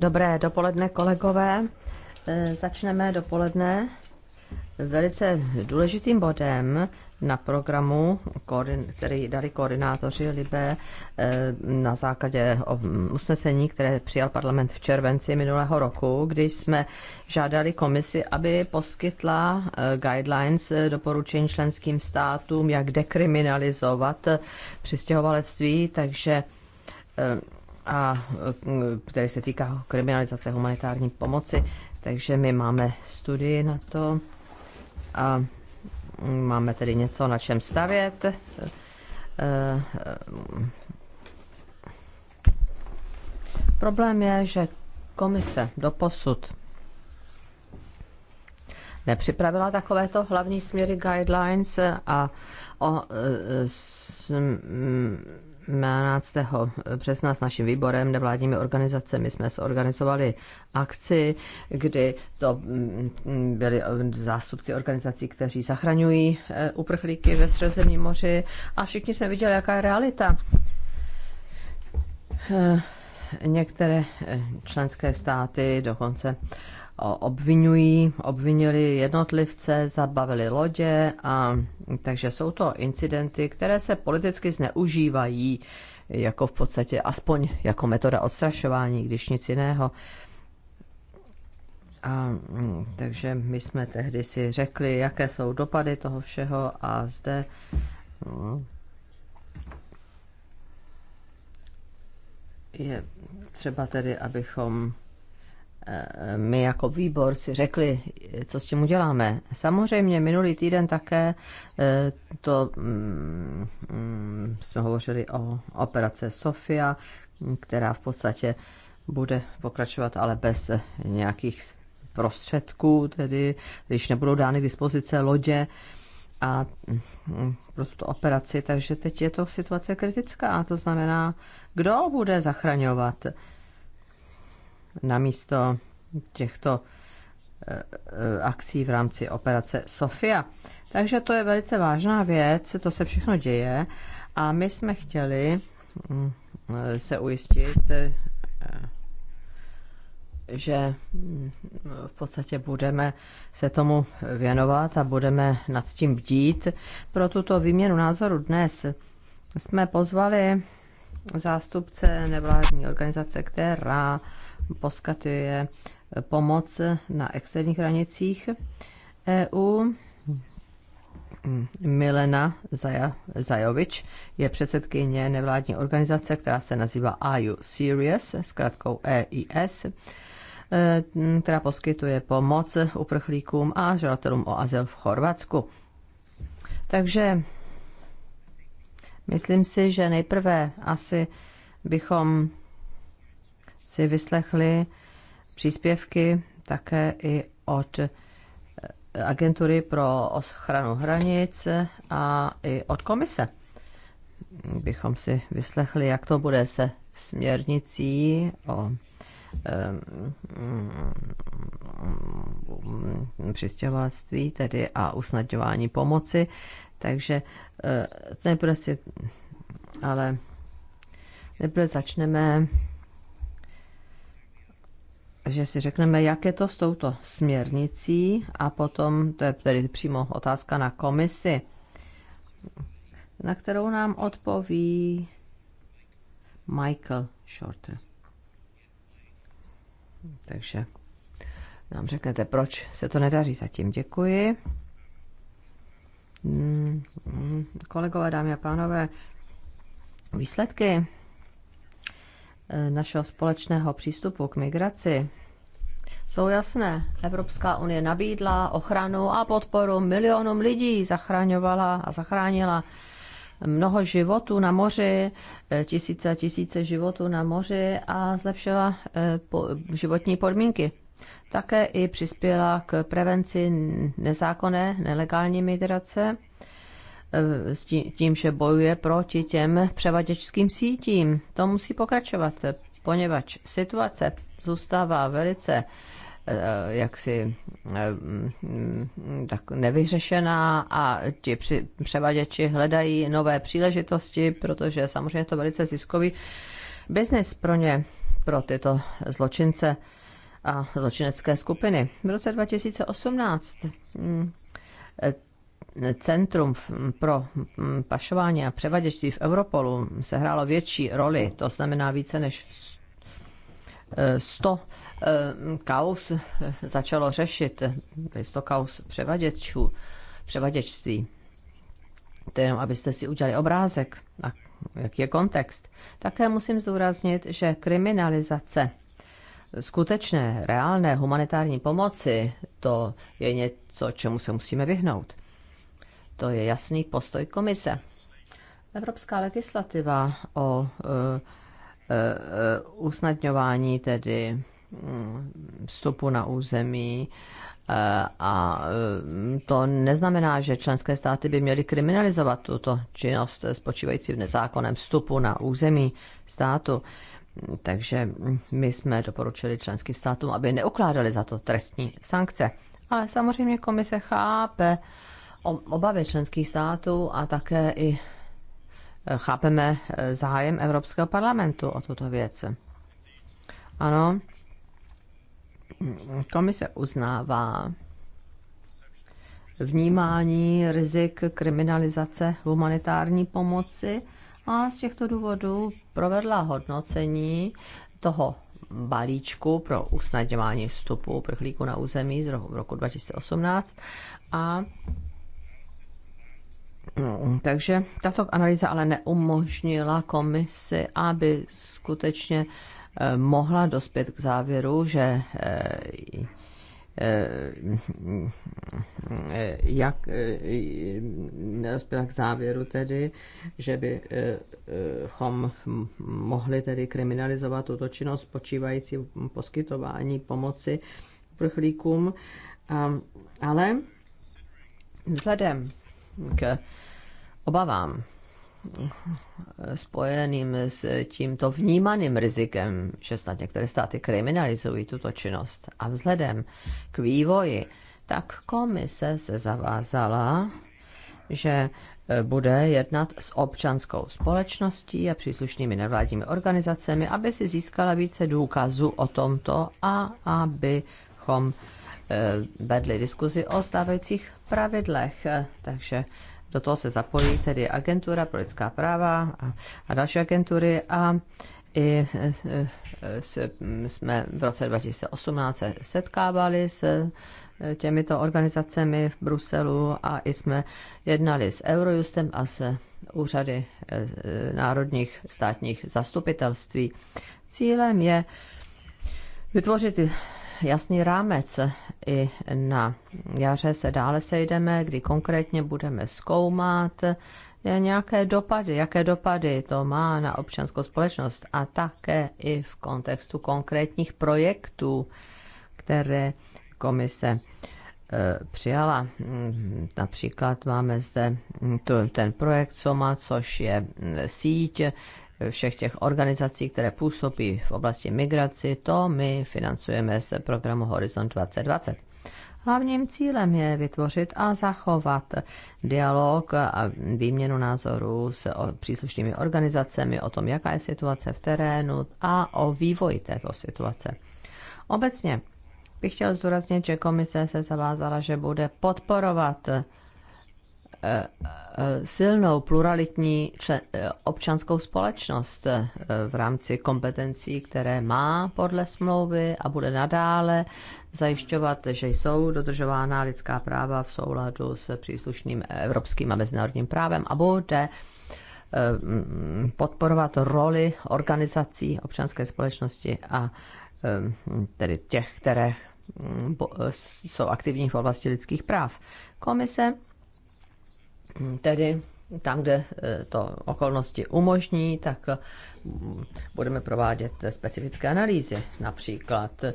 Dobré dopoledne, kolegové. Eh, začneme dopoledne velice důležitým bodem na programu, který dali koordinátoři Libe eh, na základě usnesení, které přijal parlament v červenci minulého roku, kdy jsme žádali komisi, aby poskytla eh, guidelines doporučení členským státům, jak dekriminalizovat přistěhovalectví, takže a e, který se týká kriminalizace humanitární pomoci. Takže my máme studii na to a máme tedy něco, na čem stavět. E, e, problém je, že komise doposud nepřipravila takovéto hlavní směry guidelines a o, s, m, 12. března s naším výborem nevládními organizacemi jsme zorganizovali akci, kdy to mm, mm, byli eh, zástupci organizací, kteří zachraňují eh, uprchlíky ve Středozemním moři a všichni jsme viděli, jaká je realita. Eh, některé členské státy dokonce obvinují, obvinili jednotlivce, zabavili lodě a takže jsou to incidenty, které se politicky zneužívají jako v podstatě aspoň jako metoda odstrašování, když nic jiného. A, mm, takže my jsme tehdy si řekli, jaké jsou dopady toho všeho a zde mm, je třeba tedy, abychom my jako výbor si řekli, co s tím uděláme. Samozřejmě minulý týden také eh, to mm, jsme hovořili o operace Sofia, která v podstatě bude pokračovat, ale bez nějakých prostředků, tedy když nebudou dány k dispozice lodě a mm, pro tuto operaci. Takže teď je to situace kritická. To znamená, kdo bude zachraňovat namísto těchto eh, eh, akcí v rámci operace Sofia. Takže to je velice vážná věc, to se všechno děje a my jsme chtěli mm, eh, se ujistit, že mm, v podstatě budeme se tomu věnovat a budeme nad tím bdít. Pro tuto výměnu názoru dnes jsme pozvali zástupce nevládní organizace, která poskytuje pomoc na externích hranicích EU. Milena Zaja, Zajovič je předsedkyně nevládní organizace, která se nazývá IU Serious, zkrátkou EIS, která poskytuje pomoc uprchlíkům a žadatelům o azyl v Chorvatsku. Takže myslím si, že nejprve asi bychom si vyslechli příspěvky také i od eh, agentury pro ochranu hranic a i od komise. Bychom si vyslechli, jak to bude se směrnicí o eh, přistěhovalství tedy a usnadňování pomoci. Takže eh, nejprve si, ale nejprve začneme že si řekneme, jak je to s touto směrnicí a potom, to je tedy přímo otázka na komisi, na kterou nám odpoví Michael Shorter. Takže nám řeknete, proč se to nedaří zatím. Děkuji. Hmm, kolegové, dámy a pánové, výsledky našeho společného přístupu k migraci jsou jasné. Evropská unie nabídla ochranu a podporu milionům lidí, zachraňovala a zachránila mnoho životů na moři, e, tisíce a tisíce životů na moři a zlepšila e, životní podmínky. Také i přispěla k prevenci nezákonné, nelegální migrace e, tím, že bojuje proti těm převaděčským sítím. To musí pokračovat, poněvadž situace zůstává velice eh, jaksi eh, tak nevyřešená a ti převaděči hledají nové příležitosti, protože samozřejmě je to velice ziskový biznis pro ně, pro tyto zločince a zločinecké skupiny. V roce 2018 mm, eh, Centrum pro mm, pašování a převaděčství v Europolu sehrálo větší roli, to znamená více než 100 eh, kaus začalo řešit, 100 kaus převaděčů, převaděčství. To jenom, abyste si udělali obrázek, a jaký je kontext. Také musím zdůraznit, že kriminalizace skutečné, reálné humanitární pomoci, to je něco, čemu se musíme vyhnout. To je jasný postoj komise. Evropská legislativa o e, Eh, usnadňování tedy mm, vstupu na území eh, a mm, to neznamená, že členské státy by měly kriminalizovat tuto činnost spočívající v nezákonném vstupu na území státu. Takže my jsme doporučili členským státům, aby neukládali za to trestní sankce. Ale samozřejmě komise chápe obavy členských států a také i chápeme eh, zájem Evropského parlamentu o tuto věc. Ano, komise uznává vnímání rizik kriminalizace humanitární pomoci a z těchto důvodů provedla hodnocení toho balíčku pro usnadňování vstupu uprchlíků na území z roku, roku 2018 a No. Takže tato analýza ale neumožnila komisi, aby skutečně eh, mohla dospět k závěru, že eh, eh, jak k závěru tedy, že bychom mohli tedy kriminalizovat tuto činnost spočívající v poskytování pomoci prchlíkům, ale vzhledem k obavám spojeným s tímto vnímaným rizikem, že snad některé státy kriminalizují tuto činnost. A vzhledem k vývoji, tak komise se zavázala, že e, bude jednat s občanskou společností a příslušnými nevládními organizacemi, aby si získala více důkazů o tomto a abychom Eh, vedli diskuzi o stávajících pravidlech. Eh, takže do toho se zapojí tedy agentura pro lidská práva a, a další agentury a i eh, mm, jsme v roce 2018 setkávali s těmito organizacemi v Bruselu a i jsme jednali s Eurojustem a s úřady národních státních zastupitelství. Cílem je vytvořit jasný rámec. I na jaře se dále sejdeme, kdy konkrétně budeme zkoumat eh, nějaké dopady, jaké dopady to má na občanskou společnost a také i v kontextu konkrétních projektů, které komise eh, přijala. Mm, například máme zde ten projekt SOMA, což je mm, síť všech těch organizací, které působí v oblasti migraci, to my financujeme z programu Horizont 2020. Hlavním cílem je vytvořit a zachovat dialog a výměnu názorů s příslušnými organizacemi o tom, jaká je situace v terénu a o vývoji této situace. Obecně bych chtěl zdůraznit, že komise se zavázala, že bude podporovat Eh, silnou pluralitní eh, občanskou společnost eh, v rámci kompetencí, které má podle smlouvy a bude nadále zajišťovat, že jsou dodržována lidská práva v souladu s příslušným evropským a mezinárodním právem a bude podporovat roli organizací občanské společnosti a tedy těch, které mm, jsou aktivní v oblasti lidských práv. Komise tedy tam, kde e, to okolnosti umožní, tak budeme provádět specifické analýzy. Například e,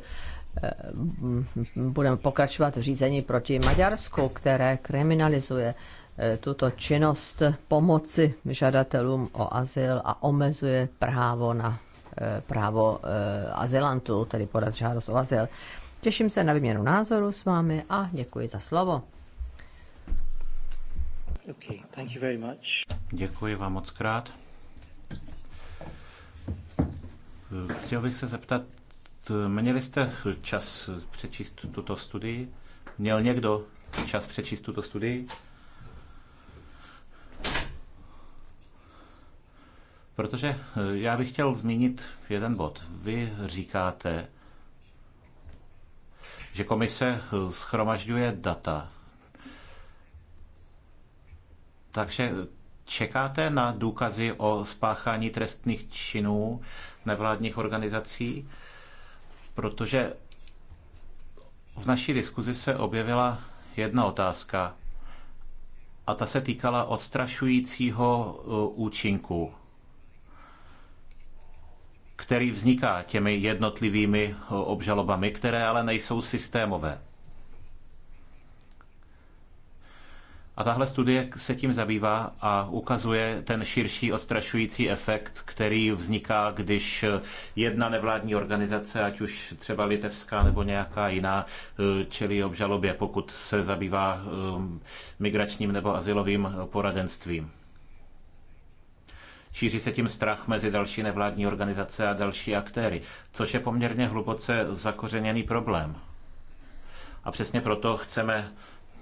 budeme pokračovat v řízení proti Maďarsku, které kriminalizuje e, tuto činnost pomoci žadatelům o azyl a omezuje právo na právo azylantů, tedy podat žádost o azyl. Těším se na výměnu názoru s vámi a děkuji za slovo. Okay, thank you very much. Děkuji vám moc krát. Chtěl bych se zeptat, měli jste čas přečíst tuto studii? Měl někdo čas přečíst tuto studii? Protože já bych chtěl zmínit jeden bod. Vy říkáte, že komise schromažďuje data takže čekáte na důkazy o spáchání trestných činů nevládních organizací? Protože v naší diskuzi se objevila jedna otázka a ta se týkala odstrašujícího uh, účinku, který vzniká těmi jednotlivými uh, obžalobami, které ale nejsou systémové. A tahle studie se tím zabývá a ukazuje ten širší odstrašující efekt, který vzniká, když eh, jedna nevládní organizace, ať už třeba litevská nebo nějaká jiná, eh, čelí obžalobě, pokud se zabývá eh, migračním nebo asilovým poradenstvím. Šíří se tím strach mezi další nevládní organizace a další aktéry, což je poměrně hluboce zakořeněný problém. A přesně proto chceme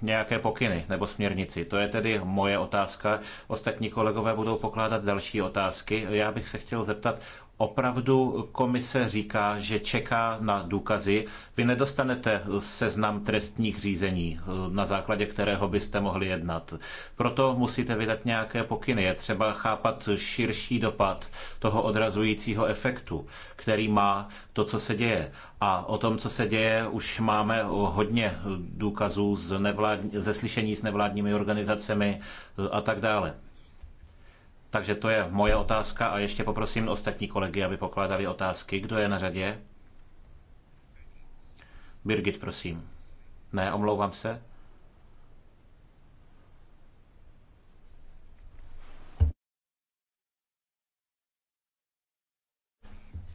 nějaké pokyny nebo směrnici? To je tedy moje otázka. Ostatní kolegové budou pokládat další otázky. Já bych se chtěl zeptat, opravdu komise říká, že čeká na důkazy. Vy nedostanete seznam trestních řízení, na základě kterého byste mohli jednat. Proto musíte vydat nějaké pokyny. Je třeba chápat širší dopad toho odrazujícího efektu, který má to, co se děje. A o tom, co se děje, už máme hodně důkazů z nevládní, ze slyšení s nevládními organizacemi a tak dále. Takže to je moje otázka a ještě poprosím ostatní kolegy, aby pokládali otázky. Kdo je na řadě? Birgit, prosím. Ne, omlouvám se.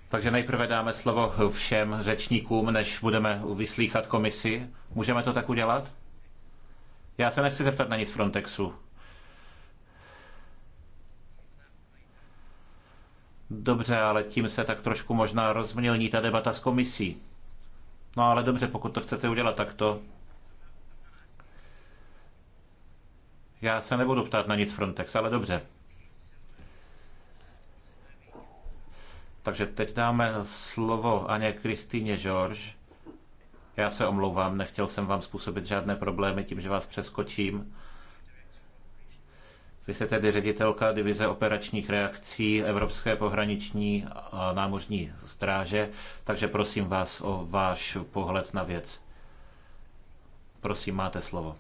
Takže nejprve dáme slovo všem řečníkům, než budeme vyslýchat komisi. Můžeme to tak udělat? Já se nechci zeptat na nic Frontexu. Dobře, ale tím se tak trošku možná rozmělní ta debata s komisí. No ale dobře, pokud to chcete udělat takto. Já se nebudu ptát na nic Frontex, ale dobře. Takže teď dáme slovo Aně Kristýně George. Já se omlouvám, nechtěl jsem vám způsobit žádné problémy tím, že vás přeskočím. Vy jste tedy ředitelka divize operačních reakcí Evropské pohraniční a námořní stráže, takže prosím vás o váš pohled na věc. Prosím, máte slovo.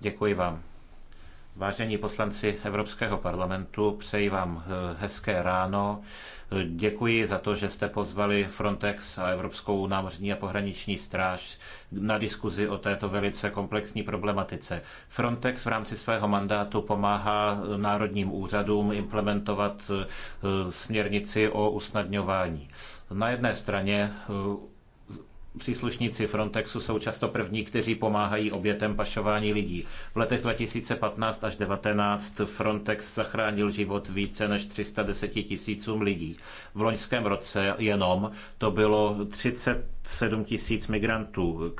Děkuji vám. Vážení poslanci Evropského parlamentu, přeji vám eh, hezké ráno. Eh, děkuji za to, že jste pozvali Frontex a Evropskou námořní a pohraniční stráž na diskuzi o této velice komplexní problematice. Frontex v rámci svého mandátu pomáhá eh, národním úřadům implementovat směrnici o usnadňování. Na jedné straně Příslušníci Frontexu jsou často první, kteří pomáhají obětem pašování lidí. V letech 2015 až 2019 Frontex zachránil život více než 310 tisícům lidí. V loňském roce jenom to bylo 30 7 tisíc migrantů.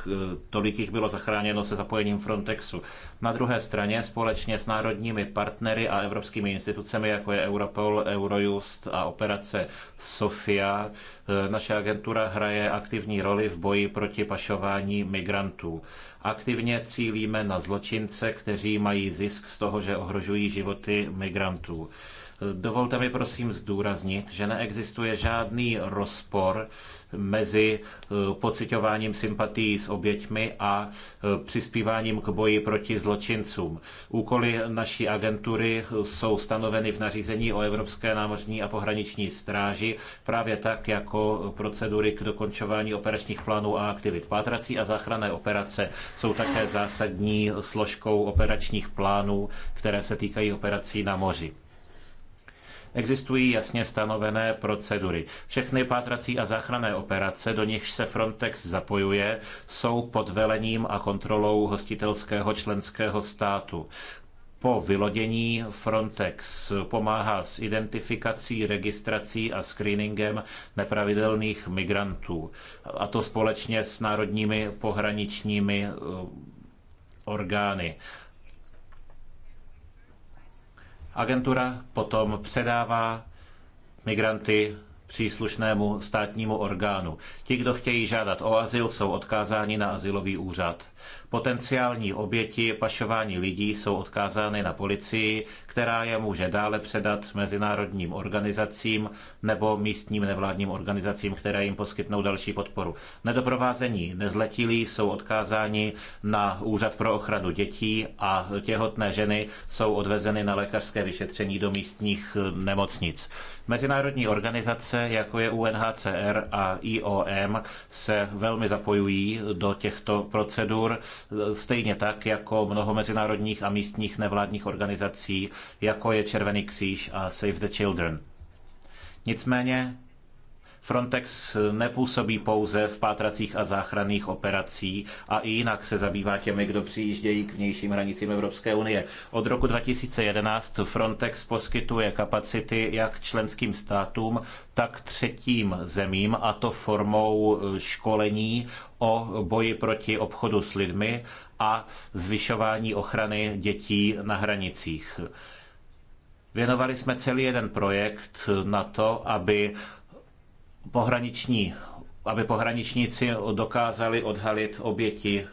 Tolik jich bylo zachráněno se zapojením Frontexu. Na druhé straně společně s národními partnery a evropskými institucemi, jako je Europol, Eurojust a operace Sofia, eh, naše agentura hraje aktivní roli v boji proti pašování migrantů. Aktivně cílíme na zločince, kteří mají zisk z toho, že ohrožují životy migrantů. Dovolte mi prosím zdůraznit, že neexistuje žádný rozpor mezi eh, pocitováním sympatií s oběťmi a eh, přispíváním k boji proti zločincům. Úkoly naší agentury eh, jsou stanoveny v nařízení o Evropské námořní a pohraniční stráži právě tak jako procedury k dokončování operačních plánů a aktivit. Pátrací a záchranné operace jsou také zásadní složkou operačních plánů, které se týkají operací na moři. Existují jasně stanovené procedury. Všechny pátrací a záchranné operace, do nichž se Frontex zapojuje, jsou pod velením a kontrolou hostitelského členského státu. Po vylodění Frontex pomáhá s identifikací, registrací a screeningem nepravidelných migrantů. A to společně s národními pohraničními eh, orgány. Agentura potom předává migranty příslušnému státnímu orgánu. Ti, kdo chtějí žádat o azyl, jsou odkázáni na azylový úřad. Potenciální oběti pašování lidí jsou odkázány na policii, která je může dále předat mezinárodním organizacím nebo místním nevládním organizacím, které jim poskytnou další podporu. Nedoprovázení nezletilí jsou odkázáni na Úřad pro ochranu dětí a těhotné ženy jsou odvezeny na lékařské vyšetření do místních eh, nemocnic. Mezinárodní organizace, jako je UNHCR a IOM, se velmi zapojují do těchto procedur stejně tak jako mnoho mezinárodních a místních nevládních organizací, jako je Červený kříž a Save the Children. Nicméně Frontex nepůsobí pouze v pátracích a záchranných operacích a i jinak se zabývá těmi, kdo přijíždějí k vnějším hranicím Evropské unie. Od roku 2011 Frontex poskytuje kapacity jak členským státům, tak třetím zemím, a to formou školení o boji proti obchodu s lidmi a zvyšování ochrany dětí na hranicích. Věnovali jsme celý jeden projekt na to, aby pohraniční aby pohraničníci dokázali odhalit oběti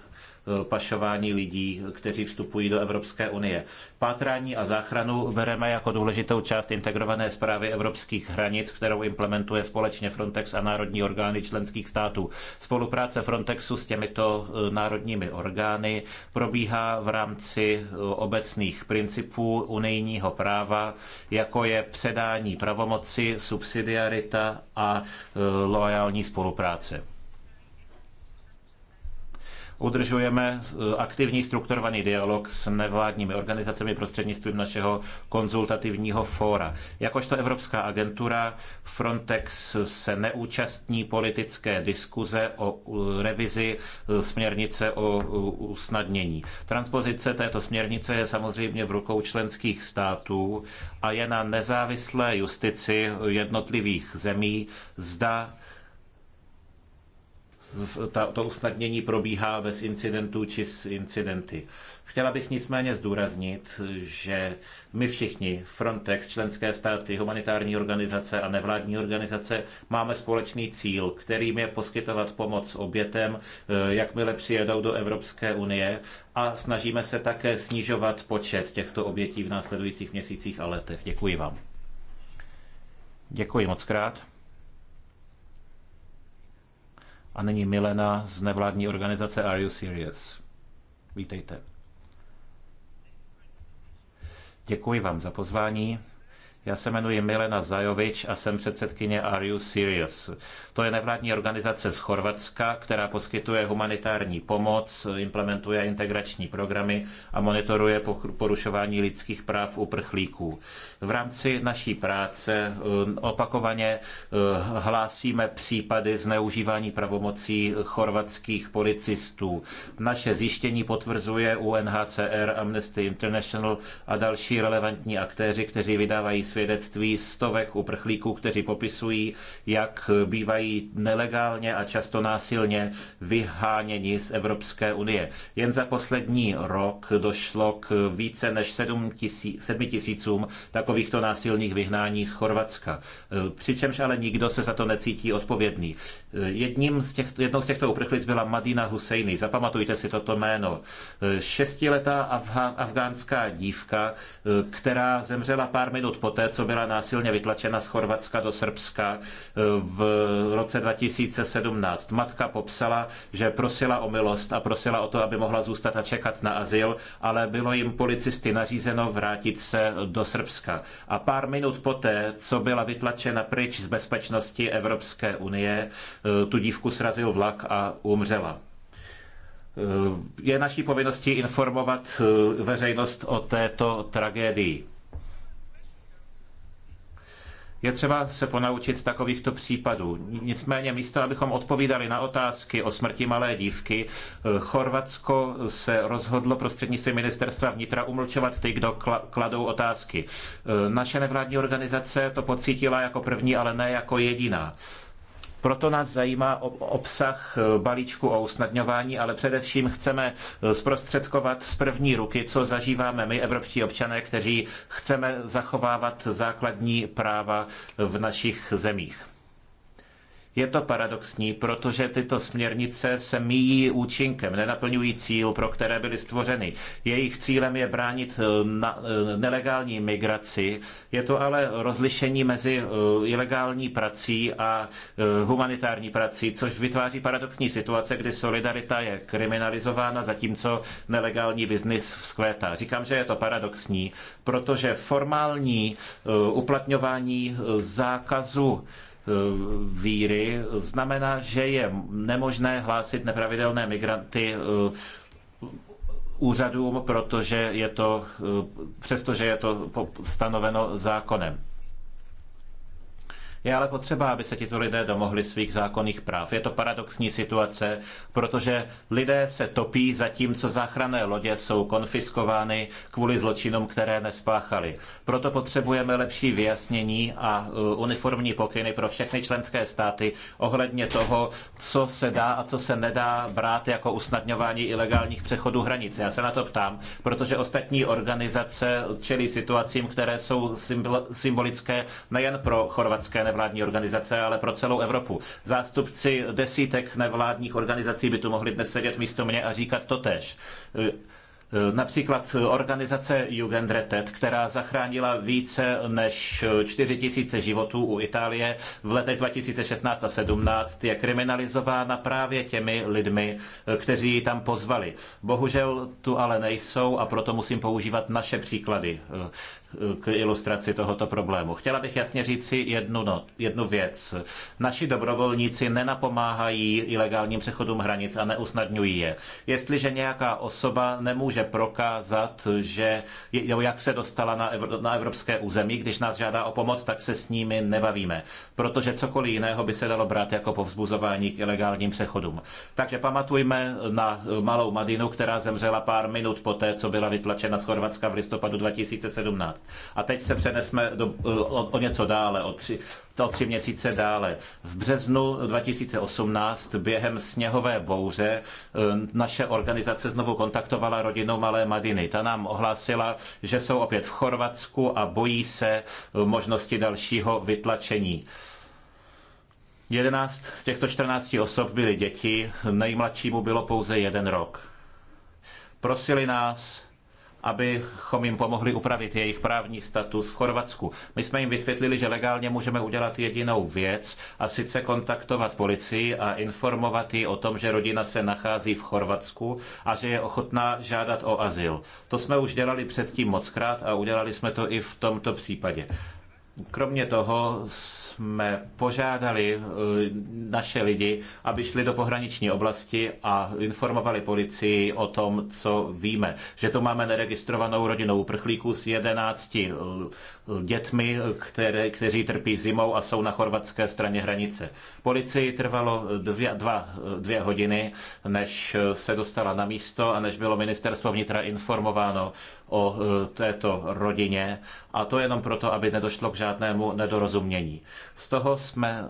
Eh, pašování lidí, kteří vstupují do Evropské unie. Pátrání a záchranu bereme jako důležitou část integrované zprávy evropských hranic, kterou implementuje společně Frontex a národní orgány členských států. Spolupráce Frontexu s těmito eh, národními orgány probíhá v rámci eh, obecných principů unijního práva, jako je předání pravomoci, subsidiarita a loajální spolupráce udržujeme e, aktivní strukturovaný dialog s nevládními organizacemi prostřednictvím našeho konzultativního fóra. Jakožto Evropská agentura Frontex se neúčastní politické diskuze o revizi e, směrnice o usnadnění. Transpozice této směrnice je samozřejmě v rukou členských států a je na nezávislé justici jednotlivých zemí, zda ta, to usnadnění probíhá bez incidentů či s incidenty. Chtěla bych nicméně zdůraznit, že my všichni, Frontex, členské státy, humanitární organizace a nevládní organizace, máme společný cíl, kterým je poskytovat pomoc obětem, eh, jakmile přijedou do Evropské unie a snažíme se také snižovat počet těchto obětí v následujících měsících a letech. Děkuji vám. Děkuji moc krát a není Milena z nevládní organizace Are You Serious? Vítejte. Děkuji vám za pozvání. Já se jmenuji Milena Zajovič a jsem předsedkyně Are You Serious? To je nevládní organizace z Chorvatska, která poskytuje humanitární pomoc, implementuje integrační programy a monitoruje porušování lidských práv uprchlíků. V rámci naší práce um, opakovaně uh, hlásíme případy zneužívání pravomocí chorvatských policistů. Naše zjištění potvrzuje UNHCR, Amnesty International a další relevantní aktéři, kteří vydávají své svědectví stovek uprchlíků, kteří popisují, jak bývají nelegálně a často násilně vyháněni z Evropské unie. Jen za poslední rok došlo k více než 7 tisícům takovýchto násilných vyhnání z Chorvatska. E, přičemž ale nikdo se za to necítí odpovědný. Jedním z těch, jednou z těchto uprchlic byla Madina Husseini. Zapamatujte si toto jméno. Šestiletá afha, afgánská dívka, která zemřela pár minut poté, co byla násilně vytlačena z Chorvatska do Srbska v roce 2017. Matka popsala, že prosila o milost a prosila o to, aby mohla zůstat a čekat na azyl, ale bylo jim policisty nařízeno vrátit se do Srbska. A pár minut poté, co byla vytlačena pryč z bezpečnosti Evropské unie, Eh, tu dívku srazil vlak a umřela. Eh, je naší povinností informovat eh, veřejnost o této tragédii. Je třeba se ponaučit z takovýchto případů. Nicméně místo, abychom odpovídali na otázky o smrti malé dívky, Chorvatsko se rozhodlo prostřednictvím ministerstva vnitra umlčovat ty, kdo kladou otázky. Naše nevládní organizace to pocítila jako první, ale ne jako jediná. Proto nás zajímá obsah eh, balíčku o usnadňování, ale především chceme eh, zprostředkovat z první ruky, co zažíváme my, evropští občané, kteří chceme zachovávat základní práva v našich zemích. Je to paradoxní, protože tyto směrnice se míjí účinkem, nenaplňují cíl, pro které byly stvořeny. Jejich cílem je bránit eh, na, eh, nelegální migraci. Je to ale rozlišení mezi eh, ilegální prací a humanitární prací, což vytváří paradoxní situace, kdy solidarita je kriminalizována, zatímco nelegální biznis vzkvétá. Říkám, že je to paradoxní, protože formální uplatňování zákazu Eh, víry znamená, že je nemožné hlásit nepravidelné migranty eh, úřadům, protože je to, eh, přestože je to stanoveno zákonem. Je ale potřeba, aby se tito lidé domohli svých zákonných práv. Je to paradoxní situace, protože lidé se topí, zatímco záchranné lodě jsou konfiskovány kvůli zločinům, které nespáchali. Proto potřebujeme lepší vyjasnění a uh, uniformní pokyny pro všechny členské státy ohledně toho, co se dá a co se nedá brát jako usnadňování ilegálních přechodů hranic. Já se na to ptám, protože ostatní organizace čelí situacím, které jsou symbolické nejen pro chorvatské nebo nevládní organizace, ale pro celou Evropu. Zástupci desítek nevládních organizací by tu mohli dnes sedět místo mě a říkat to tež. Například organizace Jugendretet, která zachránila více než 4 tisíce životů u Itálie v letech 2016 a 17, je kriminalizována právě těmi lidmi, kteří ji tam pozvali. Bohužel tu ale nejsou a proto musím používat naše příklady k ilustraci tohoto problému. Chtěla bych jasně říct si jednu, no, jednu věc. Naši dobrovolníci nenapomáhají ilegálním přechodům hranic a neusnadňují je. Jestliže nějaká osoba nemůže prokázat, že jak se dostala na, evro, na evropské území, když nás žádá o pomoc, tak se s nimi nebavíme. Protože cokoliv jiného by se dalo brát jako povzbuzování k ilegálním přechodům. Takže pamatujme na malou Madinu, která zemřela pár minut poté, co byla vytlačena z Chorvatska v listopadu 2017. A teď se přenesme do, eh, o, o něco dále, o tři, to tři měsíce dále. V březnu 2018 během sněhové bouře eh, naše organizace znovu kontaktovala rodinu Malé Madiny. Ta nám ohlásila, že jsou opět v Chorvatsku a bojí se eh, možnosti dalšího vytlačení. 11 z těchto 14 osob byly děti, nejmladšímu bylo pouze jeden rok. Prosili nás, abychom jim pomohli upravit jejich právní status v Chorvatsku. My jsme jim vysvětlili, že legálně můžeme udělat jedinou věc, a sice kontaktovat policii a informovat ji o tom, že rodina se nachází v Chorvatsku a že je ochotná žádat o azyl. To jsme už dělali předtím mockrát a udělali jsme to i v tomto případě. Kromě toho jsme požádali eh, naše lidi, aby šli do pohraniční oblasti a informovali policii o tom, co víme. Že tu máme neregistrovanou rodinu uprchlíků s 11 eh, dětmi, které, kteří trpí zimou a jsou na chorvatské straně hranice. Policii trvalo dvě, dva, eh, dvě hodiny, než se dostala na místo a než bylo ministerstvo vnitra informováno o e, této rodině a to jenom proto, aby nedošlo k žádnému nedorozumění. Z toho jsme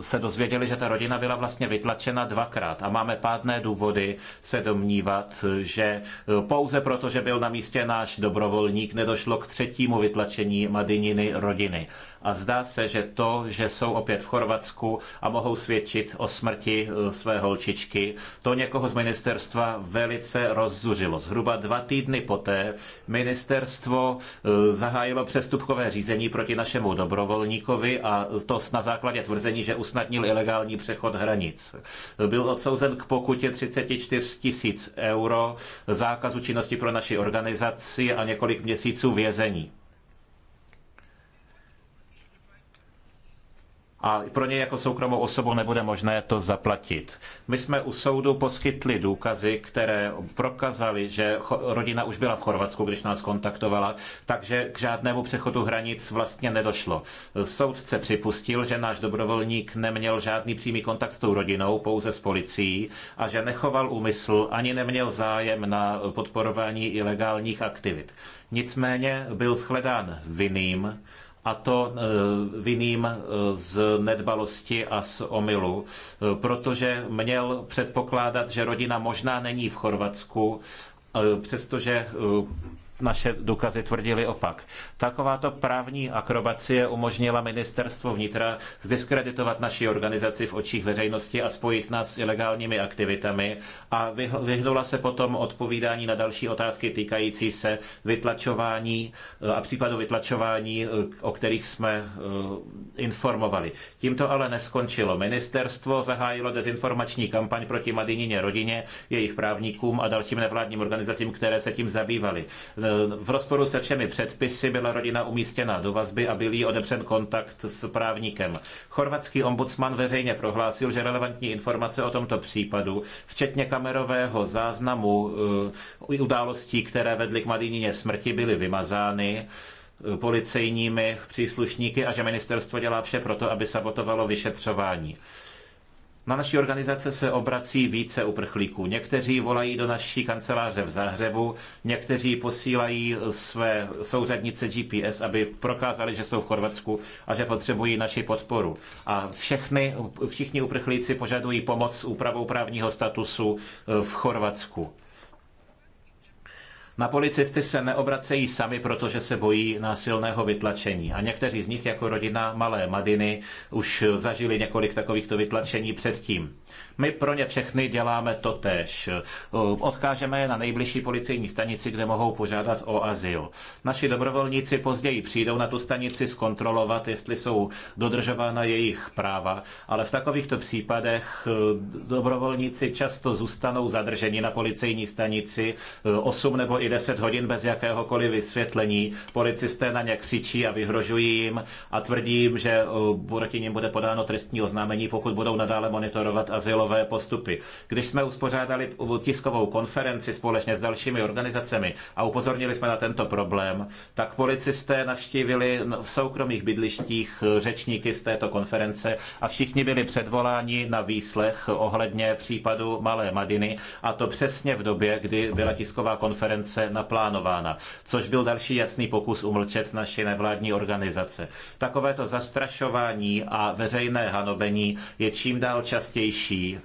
se dozvěděli, že ta rodina byla vlastně vytlačena dvakrát a máme pádné důvody se domnívat, že e, pouze proto, že byl na místě náš dobrovolník, nedošlo k třetímu vytlačení Madininy rodiny. A zdá se, že to, že jsou opět v Chorvatsku a mohou svědčit o smrti e, své holčičky, to někoho z ministerstva velice rozzuřilo. Zhruba dva týdny poté ministerstvo e, zahájilo přestupkové řízení proti našemu dobrovolníkovi a to na základě tvrzení, že usnadnil ilegální přechod hranic. Byl odsouzen k pokutě 34 tisíc euro, zákazu činnosti pro naši organizaci a několik měsíců vězení. a pro něj jako soukromou osobu nebude možné to zaplatit. My jsme u soudu poskytli důkazy, které prokazaly, že rodina už byla v Chorvatsku, když nás kontaktovala, takže k žádnému přechodu hranic vlastně nedošlo. Soudce připustil, že náš dobrovolník neměl žádný přímý kontakt s tou rodinou, pouze s policií a že nechoval úmysl ani neměl zájem na podporování ilegálních aktivit. Nicméně byl shledán vinným a to eh, viním eh, z nedbalosti a z omylu, eh, protože měl předpokládat, že rodina možná není v Chorvatsku, přestože naše důkazy tvrdili opak. Takováto právní akrobacie umožnila ministerstvo vnitra zdiskreditovat naši organizaci v očích veřejnosti a spojit nás s ilegálními aktivitami a vyhnula se potom odpovídání na další otázky týkající se vytlačování a případu vytlačování, o kterých jsme e, informovali. Tím to ale neskončilo. Ministerstvo zahájilo dezinformační kampaň proti Madinině rodině, jejich právníkům a dalším nevládním organizacím, které se tím zabývaly. V rozporu se všemi předpisy byla rodina umístěna do vazby a byl jí odepřen kontakt s právníkem. Chorvatský ombudsman veřejně prohlásil, že relevantní informace o tomto případu, včetně kamerového záznamu eh, událostí, které vedly k Madinině smrti, byly vymazány eh, policejními příslušníky a že ministerstvo dělá vše pro to, aby sabotovalo vyšetřování. Na naší organizace se obrací více uprchlíků. Někteří volají do naší kanceláře v Zahřebu, někteří posílají své souřadnice GPS, aby prokázali, že jsou v Chorvatsku a že potřebují naši podporu. A všechny, všichni uprchlíci požadují pomoc s úpravou právního statusu v Chorvatsku. Na policisty se neobracejí sami, protože se bojí násilného vytlačení. A někteří z nich, jako rodina malé Madiny, už zažili několik takovýchto vytlačení předtím. My pro ně všechny děláme to tež. Eh, odkážeme je na nejbližší policejní stanici, kde mohou požádat o azyl. Naši dobrovolníci později přijdou na tu stanici zkontrolovat, jestli jsou dodržována jejich práva, ale v takovýchto případech eh, dobrovolníci často zůstanou zadrženi na policejní stanici 8 eh, nebo i 10 hodin bez jakéhokoliv vysvětlení. Policisté na ně křičí a vyhrožují jim a tvrdí jim, že proti nim bude podáno trestní oznámení, pokud budou nadále monitorovat a azylové postupy. Když jsme uspořádali tiskovou konferenci společně s dalšími organizacemi a upozornili jsme na tento problém, tak policisté navštívili v soukromých bydlištích řečníky z této konference a všichni byli předvoláni na výslech ohledně případu Malé Madiny a to přesně v době, kdy byla tisková konference naplánována, což byl další jasný pokus umlčet naši nevládní organizace. Takovéto zastrašování a veřejné hanobení je čím dál častější jednodušší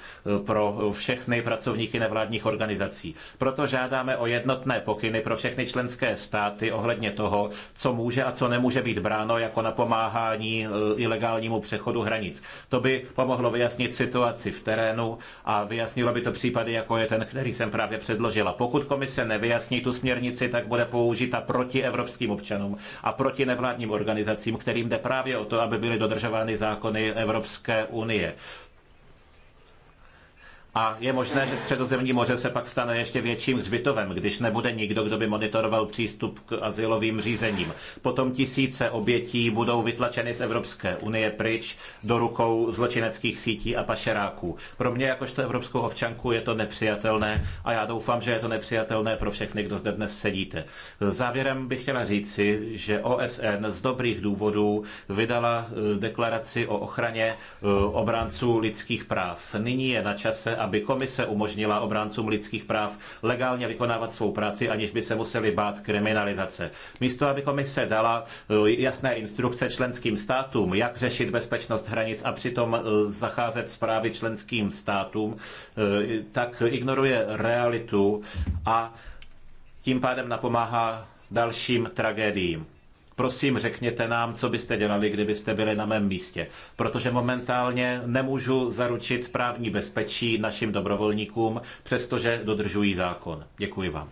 eh, pro všechny pracovníky nevládních organizací. Proto žádáme o jednotné pokyny pro všechny členské státy ohledně toho, co může a co nemůže být bráno jako napomáhání eh, ilegálnímu přechodu hranic. To by pomohlo vyjasnit situaci v terénu a vyjasnilo by to případy, jako je ten, který jsem právě předložila. Pokud komise nevyjasní tu směrnici, tak bude použita proti evropským občanům a proti nevládním organizacím, kterým jde právě o to, aby byly dodržovány zákony Evropské unie. A je možné, že středozemní moře se pak stane ještě větším hřbitovem, když nebude nikdo, kdo by monitoroval přístup k asilovým řízením. Potom tisíce obětí budou vytlačeny z Evropské unie pryč do rukou zločineckých sítí a pašeráků. Pro mě jakožto evropskou občanku je to nepřijatelné a já doufám, že je to nepřijatelné pro všechny, kdo zde dnes sedíte. Závěrem bych chtěla říci, že OSN z dobrých důvodů vydala eh, deklaraci o ochraně eh, obránců lidských práv. Nyní je na čase, aby komise umožnila obráncům lidských práv legálně vykonávat svou práci, aniž by se museli bát kriminalizace. Místo, aby komise dala eh, jasné instrukce členským státům, jak řešit bezpečnost hranic a přitom eh, zacházet zprávy členským státům, eh, tak ignoruje realitu a tím pádem napomáhá dalším tragédiím. Prosím, řekněte nám, co byste dělali, kdybyste byli na mém místě, protože momentálně nemůžu zaručit právní bezpečí našim dobrovolníkům, přestože dodržují zákon. Děkuji vám.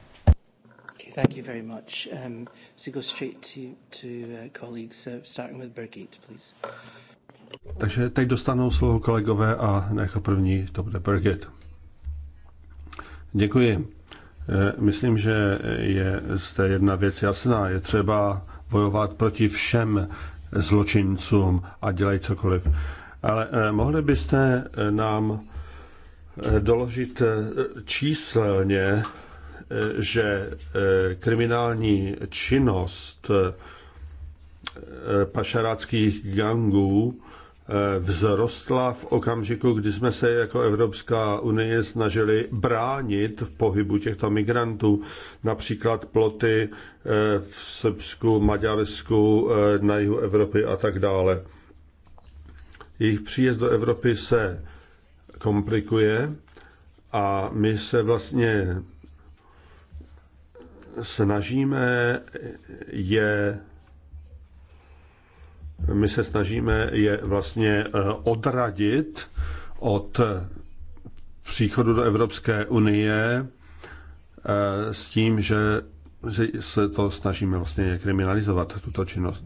Okay, thank you very much. Um, so go straight to, to uh, colleagues, uh, starting with Birgit, please. Takže teď dostanou slovo kolegové a jako první to bude Birgit. Děkuji. Eh, myslím, že je zde jedna věc jasná. Je třeba bojovat proti všem zločincům a dělají cokoliv. Ale eh, mohli byste eh, nám eh, doložit číselně, že kriminální činnost pašeráckých gangů Eh, vzrostla v okamžiku, kdy jsme se jako Evropská unie snažili bránit v pohybu těchto migrantů, například ploty eh, v Srbsku, Maďarsku, eh, na jihu Evropy a tak dále. Jejich příjezd do Evropy se komplikuje a my se vlastně snažíme je my se snažíme je vlastně eh, odradit od příchodu do Evropské unie eh, s tím, že se to snažíme vlastně kriminalizovat, tuto činnost.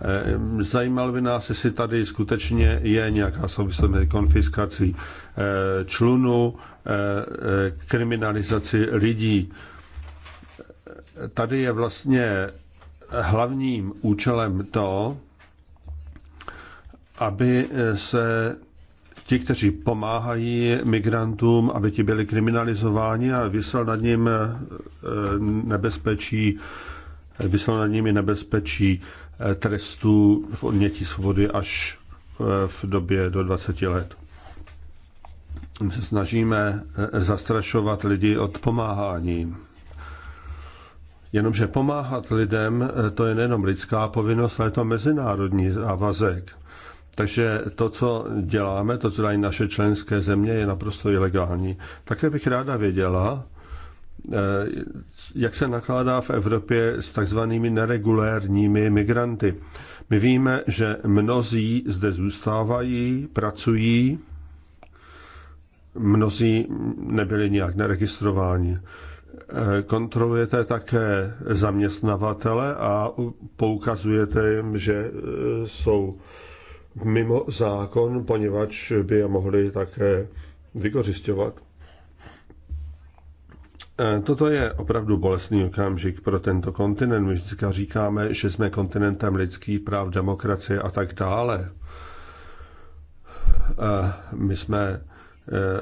Eh, zajímalo by nás, jestli tady skutečně je nějaká souvislost mezi konfiskací člunu, kriminalizaci lidí. Tady je vlastně hlavním účelem to, aby se ti, kteří pomáhají migrantům, aby ti byli kriminalizováni a vysel nad ním eh, nebezpečí, vysel nad nimi nebezpečí eh, trestů v odnětí svobody až eh, v době do 20 let. My se snažíme zastrašovat lidi od pomáhání. Jenomže pomáhat lidem, eh, to je nejenom lidská povinnost, ale je to mezinárodní závazek. Takže to, co děláme, to, co dají naše členské země, je naprosto ilegální. Také bych ráda věděla, eh, jak se nakládá v Evropě s takzvanými neregulérními migranty. My víme, že mnozí zde zůstávají, pracují, mnozí nebyli nijak neregistrováni kontrolujete také zaměstnavatele a poukazujete jim, že e, jsou mimo zákon, poněvadž by je mohli také vykořišťovat. E, toto je opravdu bolestný okamžik pro tento kontinent. My vždycky říkáme, že jsme kontinentem lidských práv, demokracie a tak dále. E, my jsme Eh,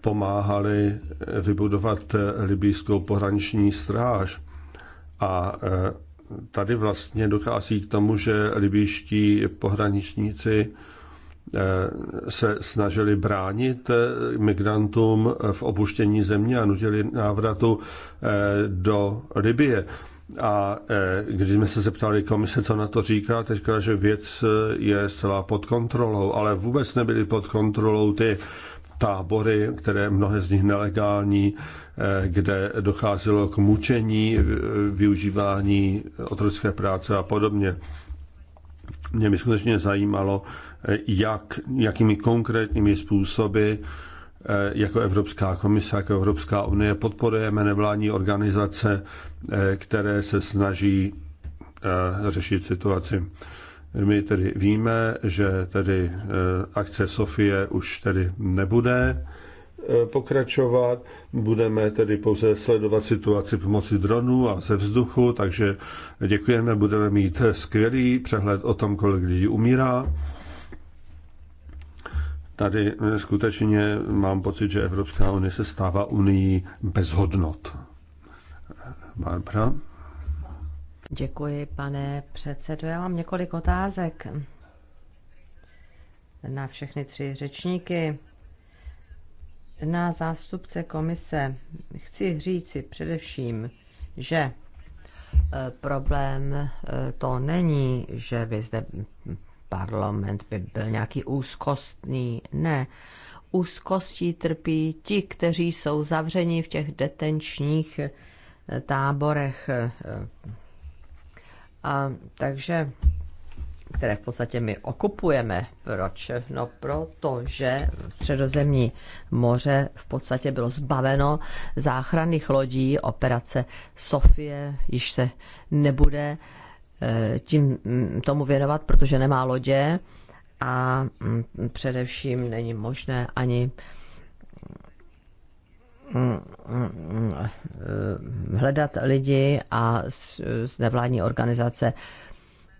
pomáhali vybudovat libijskou pohraniční stráž. A eh, tady vlastně dochází k tomu, že libýští pohraničníci eh, se snažili bránit migrantům v opuštění země a nutili návratu do Libie. A když jsme se zeptali komise, co na to říká, teďka, že věc je zcela pod kontrolou, ale vůbec nebyly pod kontrolou ty tábory, které mnohé z nich nelegální, eh, kde docházelo k mučení, využívání otrocké práce a podobně. Mě by skutečně zajímalo, eh, jak, jakými konkrétními způsoby eh, jako Evropská komise, jako Evropská unie podporujeme nevládní organizace, které se snaží řešit situaci. My tedy víme, že tedy eh, akce Sofie už tedy nebude eh, pokračovat. Budeme tedy pouze sledovat situaci pomocí dronů a ze vzduchu, takže děkujeme, budeme mít skvělý přehled o tom, kolik lidí umírá. Tady eh, skutečně mám pocit, že Evropská unie se stává unii bez hodnot. Barbara? Děkuji, pane předsedo. Já mám několik otázek na všechny tři řečníky. Na zástupce komise chci říci především, že eh, problém eh, to není, že by zde parlament by byl nějaký úzkostný. Ne, úzkostí trpí ti, kteří jsou zavřeni v těch detenčních eh, táborech a takže které v podstatě my okupujeme. Proč? No proto, že středozemní moře v podstatě bylo zbaveno záchranných lodí. Operace Sofie již se nebude e, tím mm, tomu věnovat, protože nemá lodě a mm, především není možné ani hledat lidi a z nevládní organizace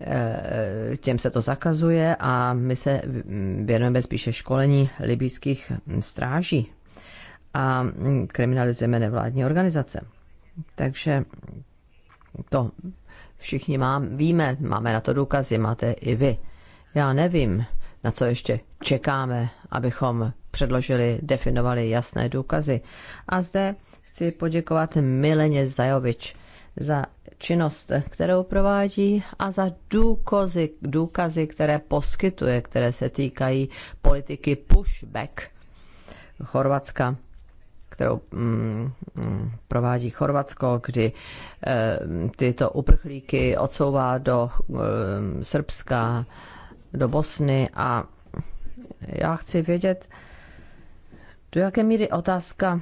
eh, těm se to zakazuje a my se věnujeme spíše školení libijských stráží a kriminalizujeme nevládní organizace. Takže to všichni mám, víme, máme na to důkazy, máte i vy. Já nevím, na co ještě čekáme, abychom předložili, definovali jasné důkazy. A zde chci poděkovat Mileně Zajovič za činnost, kterou provádí a za důkazy, důkazy, které poskytuje, které se týkají politiky pushback Chorvatska kterou mm, mm provádí Chorvatsko, kdy e, tyto uprchlíky odsouvá do e, Srbska, do Bosny a já chci vědět, do jaké míry otázka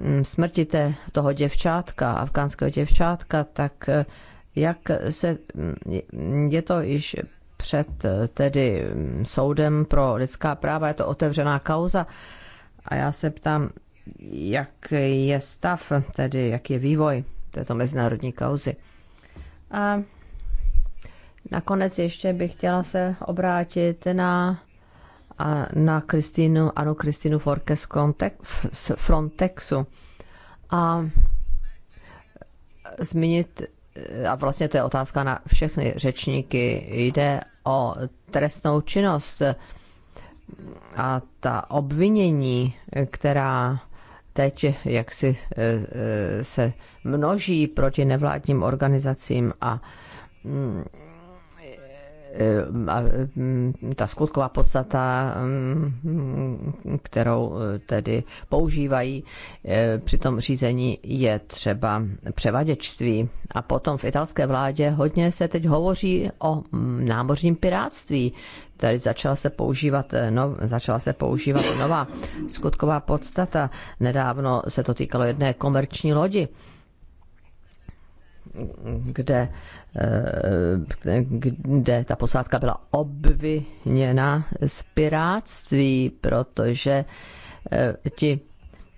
mm, smrti té, toho děvčátka, afgánského děvčátka, tak eh, jak se, mm, je to již před eh, tedy mm, soudem pro lidská práva, je to otevřená kauza a já se ptám, jak je stav, tedy jak je vývoj této mezinárodní kauzy. A nakonec ještě bych chtěla se obrátit na a na Kristinu ano Kristinu Forkes z Frontexu. A zmínit, a vlastně to je otázka na všechny řečníky, jde o trestnou činnost a ta obvinění, která teď jak si e, e, se množí proti nevládním organizacím a mm, Ehm, ehm, ta skutková podstata, ehm, kterou eh, tedy používají eh, při tom řízení, je třeba převaděčství. A potom v italské vládě hodně se teď hovoří o mm, námořním piráctví. Tady začala se používat, eh, no, začala se používat nová skutková podstata. Nedávno se to týkalo jedné komerční lodi kde Eh, kde ta posádka byla obviněna z piráctví, protože eh, ti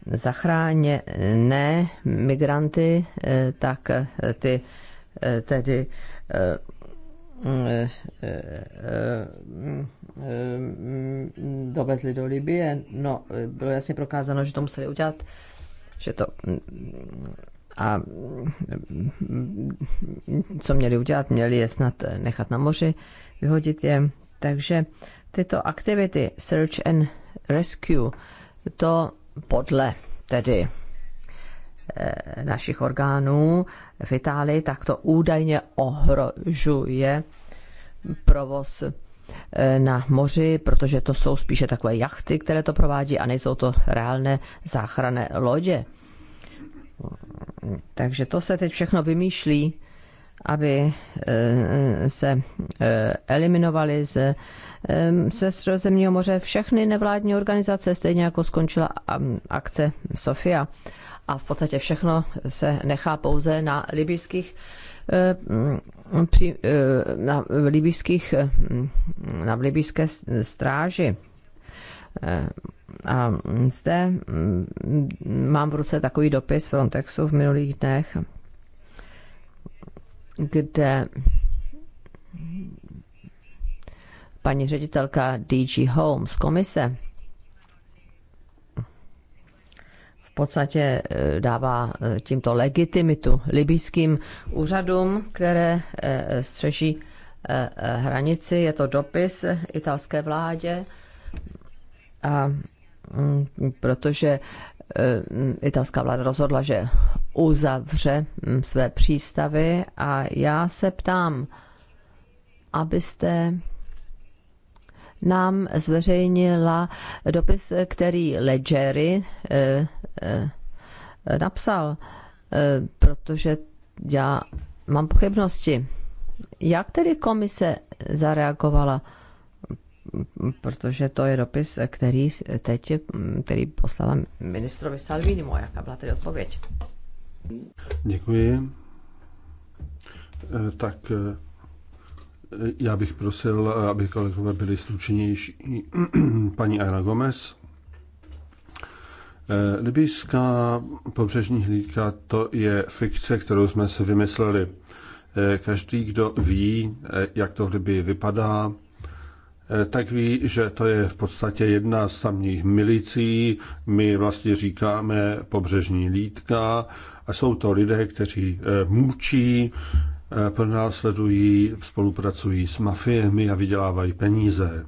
zachráněné migranty, eh, tak ty tedy dovezli do Libie. No, bylo jasně prokázáno, že to museli udělat, že to a mm, mm, co měli udělat? Měli je snad eh, nechat na moři, vyhodit je. Takže tyto aktivity Search and Rescue, to podle tedy eh, našich orgánů v Itálii, tak to údajně ohrožuje provoz eh, na moři, protože to jsou spíše takové jachty, které to provádí a nejsou to reálné záchranné lodě. Takže to se teď všechno vymýšlí, aby eh, se eh, eliminovaly eh, ze Středozemního moře všechny nevládní organizace, stejně jako skončila um, akce Sofia. A v podstatě všechno se nechá pouze na libyských mm, na libyských mm, na libyské stráži Eh, a zde mm, mám v ruce takový dopis Frontexu v minulých dnech, kde paní ředitelka DG Holmes, komise v podstatě eh, dává eh, tímto legitimitu libýským úřadům, které střeží hranici. Je to dopis italské vládě a mm, protože e, mm, italská vláda rozhodla, že uzavře mm, své přístavy a já se ptám, abyste nám zveřejnila dopis, který Ledgery e, e, napsal, protože já mám pochybnosti. Jak tedy komise zareagovala? protože to je dopis, který teď mm, který poslala ministrovi Salvinimu. Jaká byla tedy odpověď? Děkuji. Eh, tak eh, já bych prosil, aby kolegové byli stručnější. Paní Aina Gomez. Eh, Libijská pobřežní hlídka to je fikce, kterou jsme si vymysleli. Každý, kdo ví, jak to v Libii vypadá, Eh, tak ví, že to je v podstatě jedna z tamních milicí. My vlastně říkáme pobřežní lídka a jsou to lidé, kteří eh, mučí, eh, pronásledují, spolupracují s mafiemi a vydělávají peníze.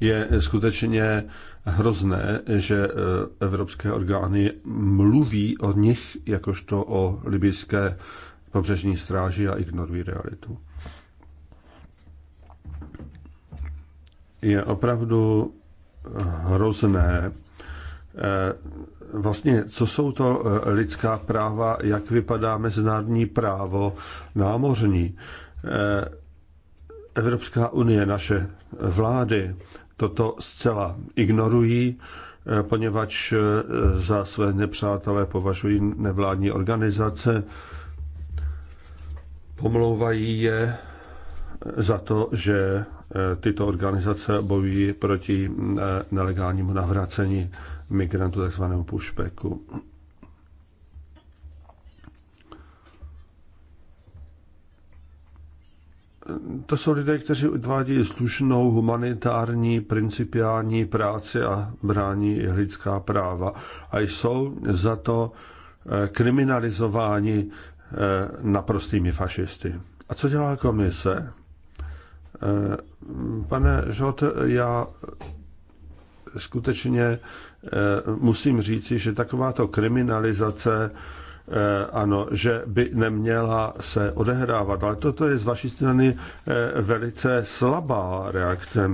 Je skutečně hrozné, že evropské orgány mluví o nich jakožto o libijské pobřežní stráži a ignorují realitu. je opravdu hrozné. Eh, vlastně, co jsou to eh, lidská práva, jak vypadá mezinárodní právo námořní. Eh, Evropská unie, naše vlády toto zcela ignorují, poněvadž za své nepřátelé považují nevládní organizace, pomlouvají je za to, že Eh, tyto organizace bojují proti eh, nelegálnímu navracení migrantů, takzvanému pushbacku. Eh, to jsou lidé, kteří odvádí slušnou humanitární principiální práci a brání lidská práva. A jsou za to kriminalizováni naprostými fašisty. A co dělá komise? Eh, pane Žot, já skutečně eh, musím říci, že takováto kriminalizace eh, ano, že by neměla se odehrávat. Ale toto je z vaší strany velice slabá reakce.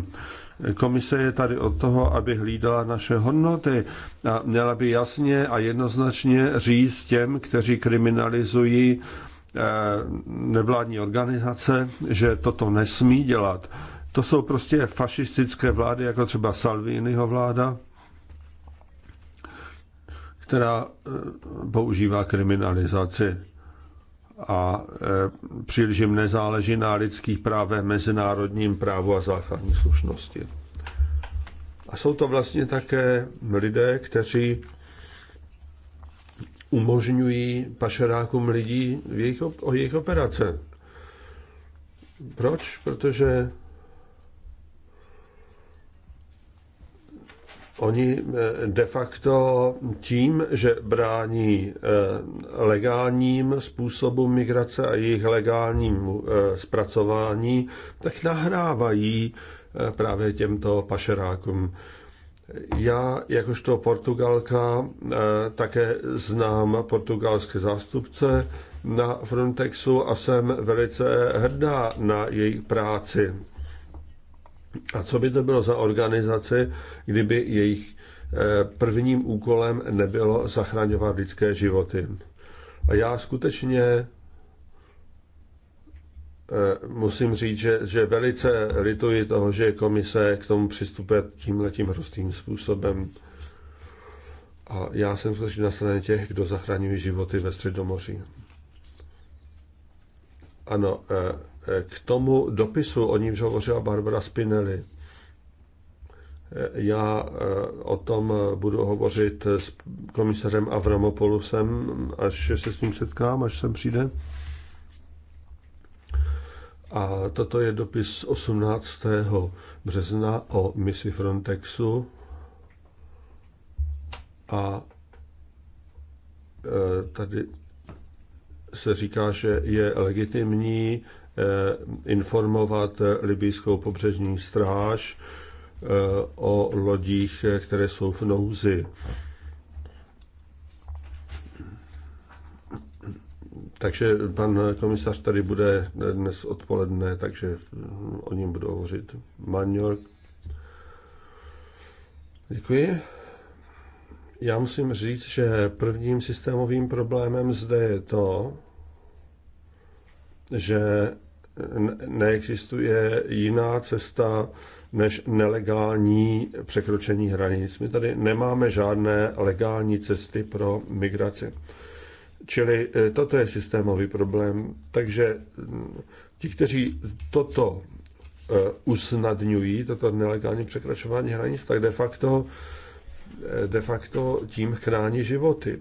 Komise je tady od toho, aby hlídala naše hodnoty a měla by jasně a jednoznačně říct těm, kteří kriminalizují Eh, nevládní organizace, že toto nesmí dělat. To jsou prostě fašistické vlády, jako třeba Salviniho vláda, která eh, používá kriminalizaci a eh, příliš jim nezáleží na lidských právech, mezinárodním právu a základní slušnosti. A jsou to vlastně také lidé, kteří umožňují pašerákům lidí jejich, o jejich operace. Proč? Protože Oni eh, de facto tím, že brání eh, legálním způsobům migrace a jejich legálnímu eh, zpracování, tak nahrávají právě těmto pašerákům. Já, jakožto Portugalka, eh, také znám portugalské zástupce na Frontexu a jsem velice hrdá na jejich práci. A co by to bylo za organizaci, kdyby jejich eh, prvním úkolem nebylo zachraňovat lidské životy? A já skutečně Eh, musím říct, že, že velice lituji toho, že komise k tomu přistupuje tímhletím hrostým způsobem. A já jsem skutečně na straně těch, kdo zachraňují životy ve Středomoří. Ano, eh, eh, k tomu dopisu, o nímž hovořila Barbara Spinelli, já o tom budu hovořit s komisařem Avramopolusem, až se s ním setkám, až sem přijde. A toto je dopis 18. března o misi Frontexu. A e, tady se říká, že je legitimní e, informovat libýskou pobřežní stráž e, o lodích, které jsou v nouzi. Takže pan komisař tady bude dnes odpoledne, takže hm, o něm budu hovořit. Manjor. Děkuji. Já musím říct, že prvním systémovým problémem zde je to, že neexistuje jiná cesta než nelegální překročení hranic. My tady nemáme žádné legální cesty pro migraci. Čili e, toto je systémový problém. Takže ti, kteří toto e, usnadňují, toto nelegální překračování hranic, tak de facto, e, de facto tím chrání životy.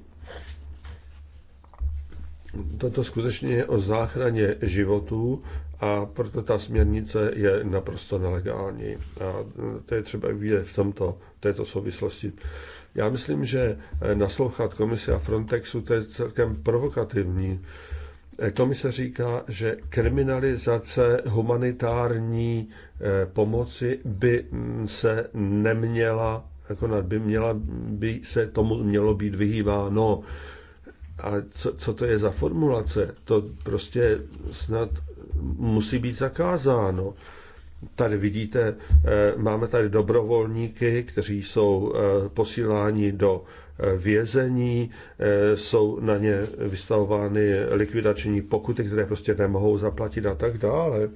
Toto skutečně je o záchraně životů a proto ta směrnice je naprosto nelegální. A to je třeba vidět v tomto, této souvislosti. Já myslím, že eh, naslouchat komise a Frontexu to je celkem provokativní. Eh, komise říká, že kriminalizace humanitární eh, pomoci by mm, se neměla konat, by, měla, by se tomu mělo být vyhýbáno. Ale co, co to je za formulace? To prostě snad musí být zakázáno. Tady vidíte, eh, máme tady dobrovolníky, kteří jsou eh, posíláni do eh, vězení, jsou na ně vystavovány likvidační pokuty, které prostě nemohou zaplatit a tak dále.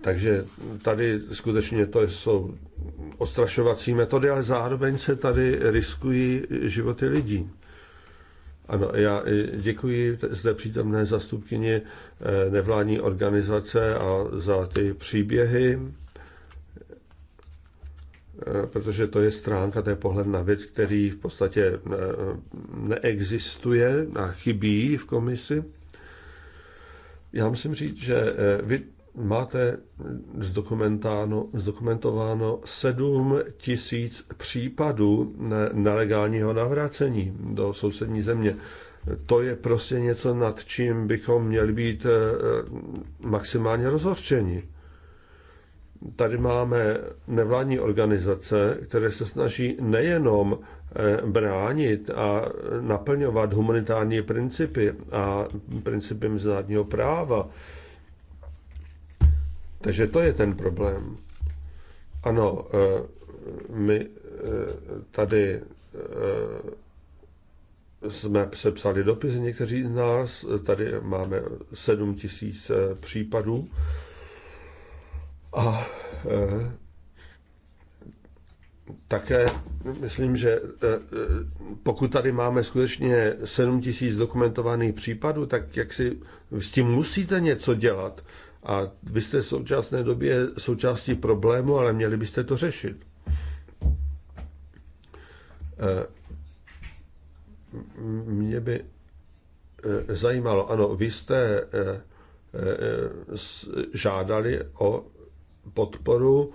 Takže tady skutečně to jsou ostrašovací metody, ale zároveň se tady riskují životy lidí. Ano, já děkuji zde přítomné zastupkyně eh, nevládní organizace a za ty příběhy, eh, protože to je stránka, to je pohled na věc, který v podstatě eh, neexistuje a chybí v komisi. Já musím říct, že vy máte zdokumentáno, zdokumentováno 7 tisíc případů nelegálního navrácení do sousední země. To je prostě něco, nad čím bychom měli být eh, maximálně rozhorčeni. Tady máme nevládní organizace, které se snaží nejenom eh, bránit a naplňovat humanitární principy a principy mezinárodního práva, takže to je ten problém. Ano, eh, my eh, tady eh, jsme sepsali dopisy, někteří z nás, tady máme 7 tisíc případů a také myslím, že pokud tady máme skutečně 7 tisíc dokumentovaných případů, tak jak si s tím musíte něco dělat, a vy jste v současné době součástí problému, ale měli byste to řešit. Eh, mě by eh, zajímalo, ano, vy jste eh, žádali o podporu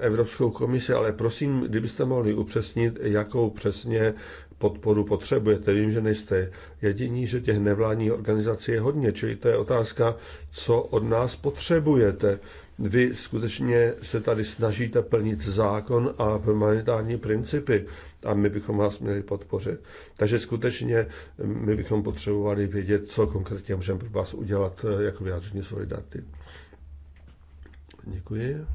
Evropskou komisi, ale prosím, kdybyste mohli upřesnit, jakou přesně podporu potřebujete. Vím, že nejste jediní, že těch nevládních organizací je hodně, čili to je otázka, co od nás potřebujete. Vy skutečně se tady snažíte plnit zákon a humanitární principy a my bychom vás měli podpořit. Takže skutečně mm, my bychom potřebovali vědět, co konkrétně můžeme pro vás udělat eh, jako vyjádření solidarity. Děkuji.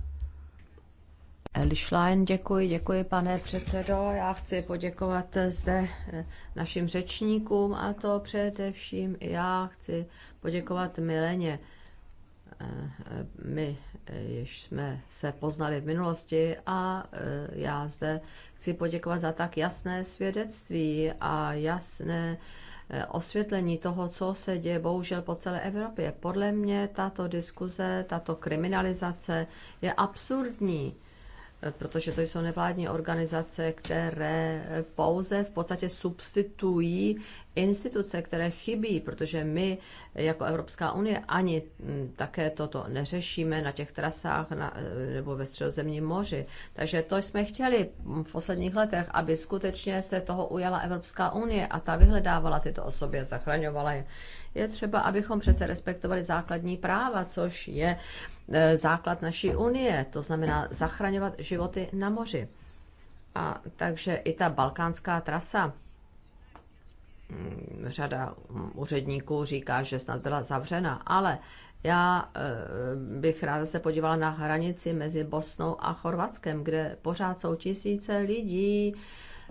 Lišlein, děkuji, děkuji pane předsedo. Já chci poděkovat zde eh, našim řečníkům a to především já chci poděkovat Mileně. Eh, eh, my již jsme se poznali v minulosti a já zde chci poděkovat za tak jasné svědectví a jasné osvětlení toho, co se děje bohužel po celé Evropě. Podle mě tato diskuze, tato kriminalizace je absurdní protože to jsou nevládní organizace, které pouze v podstatě substitují instituce, které chybí, protože my jako Evropská unie ani mm, také toto neřešíme na těch trasách na, eh, nebo ve středozemním moři. Takže to jsme chtěli v posledních letech, aby skutečně se toho ujala Evropská unie a ta vyhledávala tyto osoby a zachraňovala je. Je třeba, abychom přece respektovali základní práva, což je eh, základ naší unie, to znamená zachraňovat životy na moři. A takže i ta balkánská trasa, Mm, řada mm, úředníků říká, že snad byla zavřena, ale já eh, bych ráda se podívala na hranici mezi Bosnou a Chorvatskem, kde pořád jsou tisíce lidí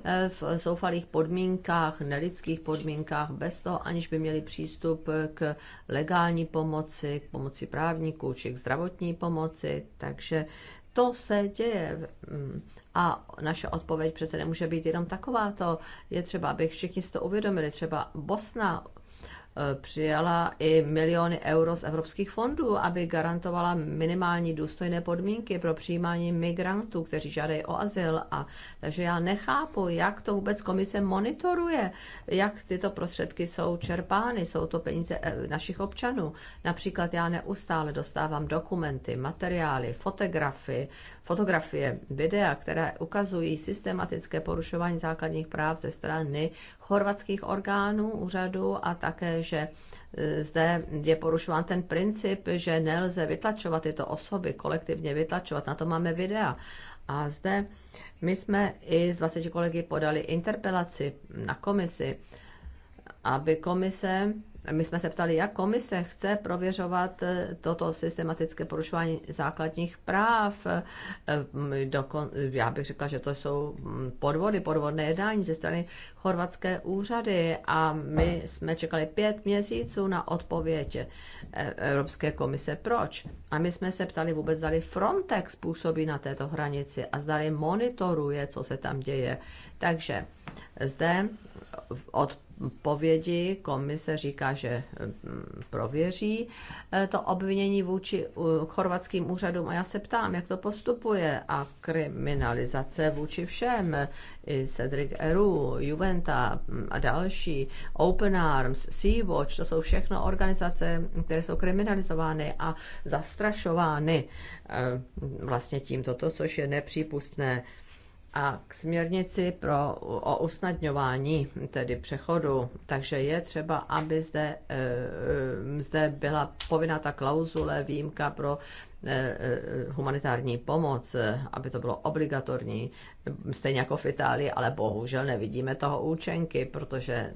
eh, v soufalých podmínkách, nelidských podmínkách, bez toho, aniž by měli přístup k legální pomoci, k pomoci právníků či k zdravotní pomoci. Takže to se děje. Mm. A naše odpověď přece nemůže být jenom taková. To je třeba, aby všichni si to uvědomili. Třeba Bosna Eh, přijala i miliony euro z evropských fondů, aby garantovala minimální důstojné podmínky pro přijímání migrantů, kteří žádají o azyl. A, takže já nechápu, jak to vůbec komise monitoruje, jak tyto prostředky jsou čerpány. Jsou to peníze eh, našich občanů. Například já neustále dostávám dokumenty, materiály, fotografy fotografie, videa, které ukazují systematické porušování základních práv ze strany chorvatských orgánů, úřadu a také, že e, zde je porušován ten princip, že nelze vytlačovat tyto osoby, kolektivně vytlačovat, na to máme videa. A zde my jsme i s 20 kolegy podali interpelaci na komisi, aby komise my jsme se ptali, jak komise chce prověřovat eh, toto systematické porušování základních práv. Eh, eh, dokon, já bych řekla, že to jsou mm, podvody, podvodné jednání ze strany chorvatské úřady a my jsme čekali pět měsíců na odpověď Evropské komise. Proč? A my jsme se ptali vůbec, zdali Frontex působí na této hranici a zdali monitoruje, co se tam děje. Takže zde od povědi, komise říká, že mm, prověří eh, to obvinění vůči chorvatským úřadům a já se ptám, jak to postupuje a kriminalizace vůči všem, eh, i Cedric Eru, Juventa mm, a další, Open Arms, Sea-Watch, to jsou všechno organizace, které jsou kriminalizovány a zastrašovány eh, vlastně tímto, což je nepřípustné a k směrnici pro, o usnadňování tedy přechodu. Takže je třeba, aby zde, e, e, zde byla povinna ta klauzule výjimka pro e, humanitární pomoc, aby to bylo obligatorní, stejně jako v Itálii, ale bohužel nevidíme toho účenky, protože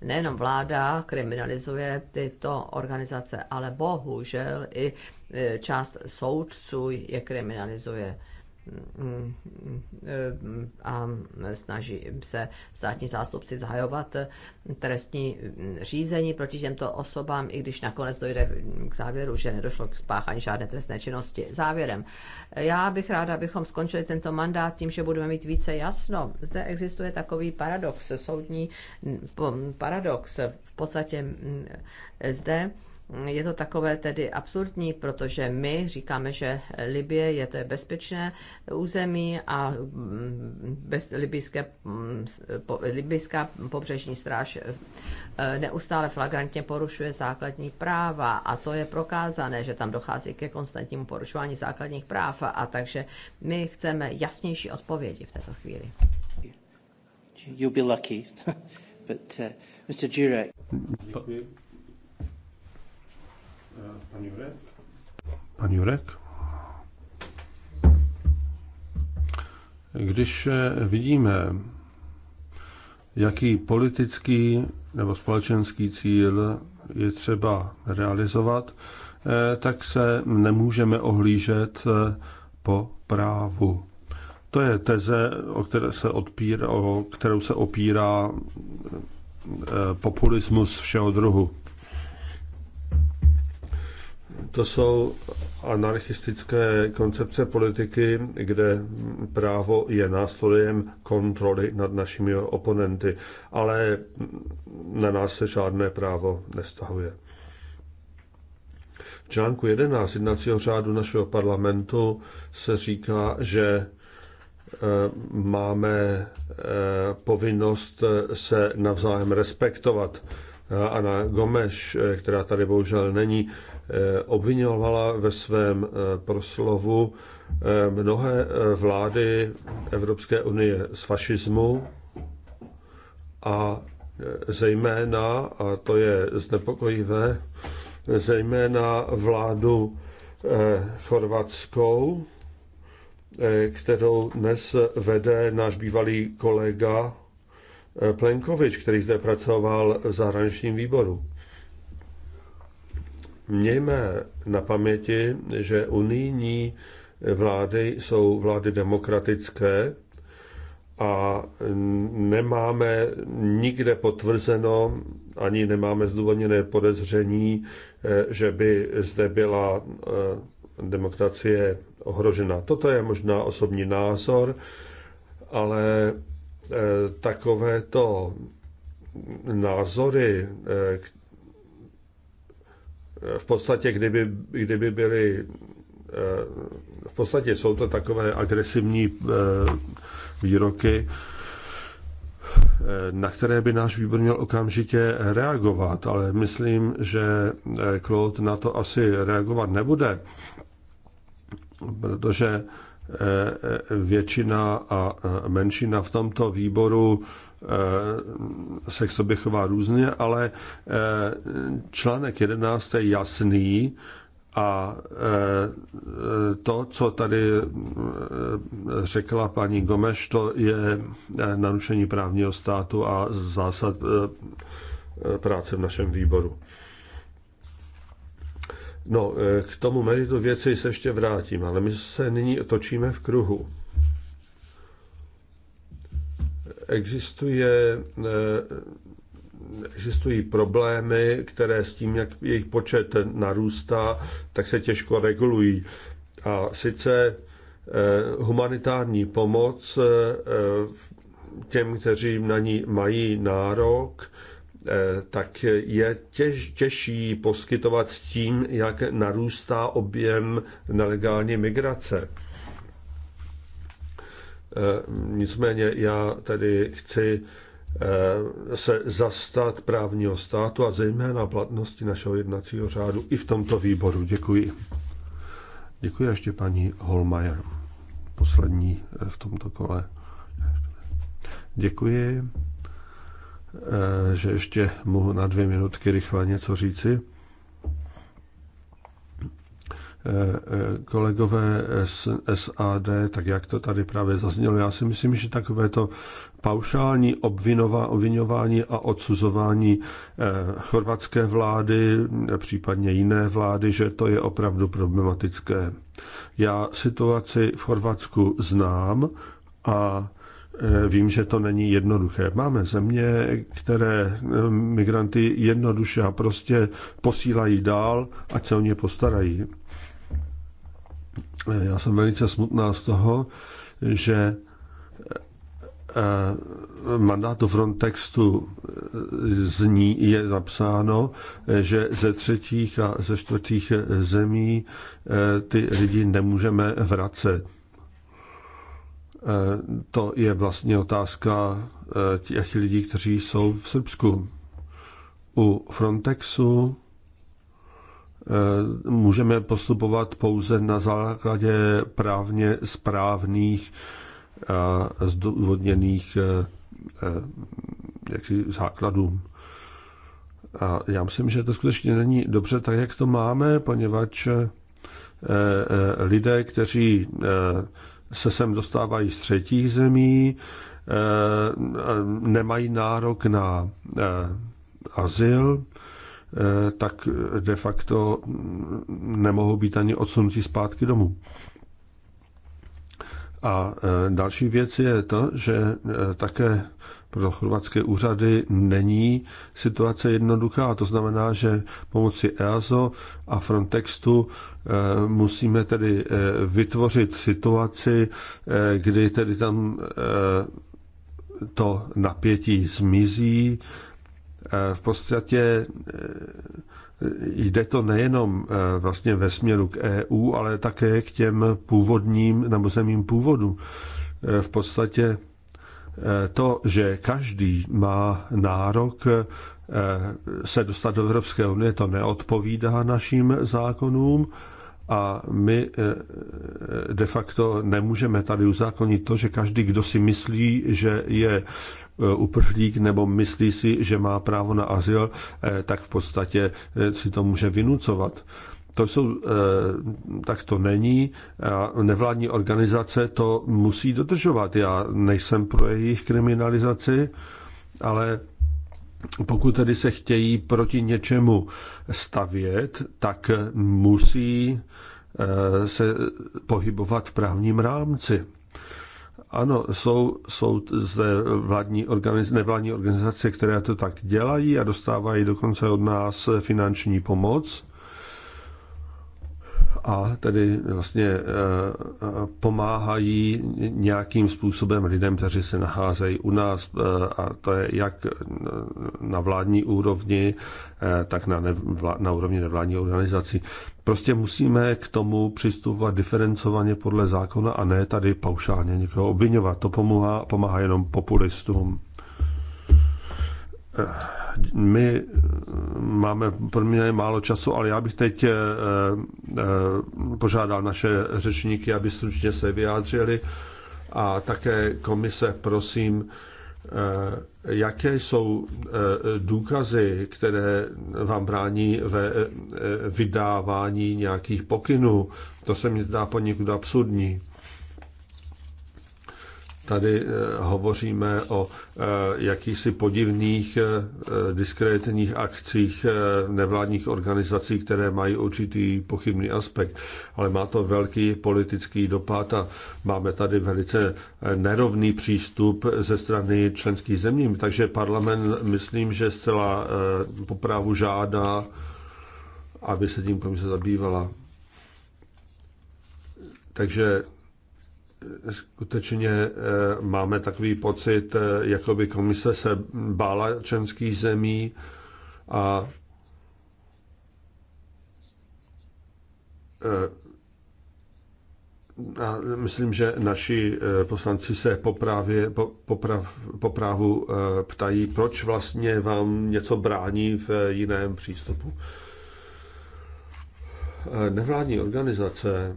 nejenom vláda kriminalizuje tyto organizace, ale bohužel i část soudců je kriminalizuje. Mm, mm, mm, eh, a snaží se státní zástupci zahajovat eh, trestní řízení proti těmto osobám, i když nakonec dojde k závěru, že nedošlo k spáchání žádné trestné činnosti. Závěrem, eh, já bych ráda, abychom skončili tento mandát tím, že budeme mít více jasno. Zde existuje takový paradox, soudní paradox. V podstatě zde je to takové tedy absurdní, protože my říkáme, že Libie je to je bezpečné území a mm, bez libijské, mm, po, libijská pobřežní stráž e, neustále flagrantně porušuje základní práva a to je prokázané, že tam dochází ke konstantnímu porušování základních práv a takže my chceme jasnější odpovědi v této chvíli. You'll be lucky. But, uh, Mr. Jurek. Pan Jurek? Pan Jurek? Když eh, vidíme, jaký politický nebo společenský cíl je třeba realizovat, eh, tak se nemůžeme ohlížet eh, po právu. To je teze, o, které se odpír, o kterou se opírá populismus všeho druhu. To jsou anarchistické koncepce politiky, kde právo je nástrojem kontroly nad našimi oponenty, ale na nás se žádné právo nestahuje. V článku 11 jednacího řádu našeho parlamentu se říká, že eh, máme eh, povinnost se navzájem respektovat No Ana Gomeš, eh, která tady bohužel není, eh, obvinovala ve svém eh, proslovu mnohé vlády Evropské unie z fašismu a zejména, a to je znepokojivé, zejména vládu chorvatskou, kterou dnes vede náš bývalý kolega Plenkovič, který zde pracoval v zahraničním výboru. Mějme na paměti, že unijní vlády jsou vlády demokratické a nemáme nikde potvrzeno, ani nemáme zdůvodněné podezření, že by zde byla eh, demokracie ohrožena. Toto je možná osobní názor, ale Eh, takovéto názory eh, eh, v podstatě, kdyby, kdyby byly v podstatě jsou to takové agresivní výroky, na které by náš výbor měl okamžitě reagovat, ale myslím, že Claude na to asi reagovat nebude, protože Eh, eh, většina a eh, menšina v tomto výboru se k sobě chová různě, ale článek 11 je jasný a to, co tady řekla paní Gomeš, to je narušení právního státu a zásad práce v našem výboru. No, e, k tomu meritu věci se ještě vrátím, ale my se nyní točíme v kruhu. Existuje, e, existují problémy, které s tím, jak jejich počet narůstá, tak se těžko regulují. A sice e, humanitární pomoc těm, kteří na ní mají nárok, Eh, tak je těž, těžší poskytovat s tím, jak narůstá objem nelegální migrace. Eh, nicméně já tedy chci eh, se zastat právního státu a zejména platnosti našeho jednacího řádu i v tomto výboru. Děkuji. Děkuji ještě paní Holmajer, poslední v tomto kole. Děkuji. Eh, že ještě mohu na dvě minutky rychle něco říci. Eh, eh, kolegové z SAD, tak jak to tady právě zaznělo, já si myslím, že takové to paušální obvinování a odsuzování chorvatské vlády, případně jiné vlády, že to je opravdu problematické. Já situaci v Chorvatsku znám a Eh, vím, že to není jednoduché. Máme země, které eh, migranty jednoduše a prostě posílají dál, ať se o ně postarají. Eh, já jsem velice smutná z toho, že mandátu Frontextu zní, je zapsáno, že ze třetích a ze čtvrtých zemí ty lidi nemůžeme vracet. Eh, to je vlastně otázka eh, těch lidí, kteří jsou v Srbsku. U Frontexu eh, můžeme postupovat pouze na základě právně správných a zdůvodněných jaksi základů. A já myslím, že to skutečně není dobře tak, jak to máme, poněvadž lidé, kteří se sem dostávají z třetích zemí, eh, nemají nárok na eh, azyl, eh, tak de facto nemohou být ani odsunutí zpátky domů. A další věc je to, že také pro chorvatské úřady není situace jednoduchá. To znamená, že pomocí EASO a Frontextu Eh, musíme tedy eh, vytvořit situaci, eh, kdy tedy tam to napětí zmizí. V podstatě jde to nejenom vlastně ve směru k EU, ale také k těm původním nebo zemím původu. V podstatě to, že každý má nárok se dostat do Evropské unie, to neodpovídá našim zákonům a my eh, eh, de facto nemůžeme tady uzákonit to, že každý, kdo si myslí, že je eh, uprchlík nebo myslí si, že má právo na azyl, tak v podstatě si to může vynucovat. To jsou, tak to není. Nevládní organizace to musí dodržovat. Já nejsem pro jejich kriminalizaci, ale pokud tedy se chtějí proti něčemu stavět, tak musí eh, se pohybovat v právním rámci. Ano, jsou, jsou zde vládní organizace, nevládní organizace, které to tak dělají a dostávají dokonce od nás finanční pomoc a tedy vlastně eh, eh, pomáhají nějakým způsobem lidem, kteří se nacházejí u nás eh, a to je jak na vládní úrovni, tak na, nevla, na úrovni nevládní organizací. Prostě musíme k tomu přistupovat diferencovaně podle zákona a ne tady paušálně někoho obvinovat. To pomáhá, pomáhá jenom populistům. My eh, máme pro mě málo času, ale já bych teď eh, eh, požádal naše řečníky, aby stručně se vyjádřili a také komise, prosím, jaké jsou důkazy, které vám brání ve vydávání nějakých pokynů. To se mi zdá poněkud absurdní. Tady eh, hovoříme o eh, jakýchsi podivných eh, diskrétních akcích nevládních organizací, které mají určitý pochybný aspekt, ale má to velký politický dopad a máme tady velice nerovný přístup ze strany členských zemí. Takže parlament, myslím, že zcela poprávu žádá, aby se tím komise zabývala. Takže skutečně eh, máme takový pocit, eh, jako by komise se bála členských zemí a eh, a myslím, že naši poslanci se poprávě, po, poprav, poprávu ptají, proč vlastně vám něco brání v jiném přístupu nevládní organizace eh,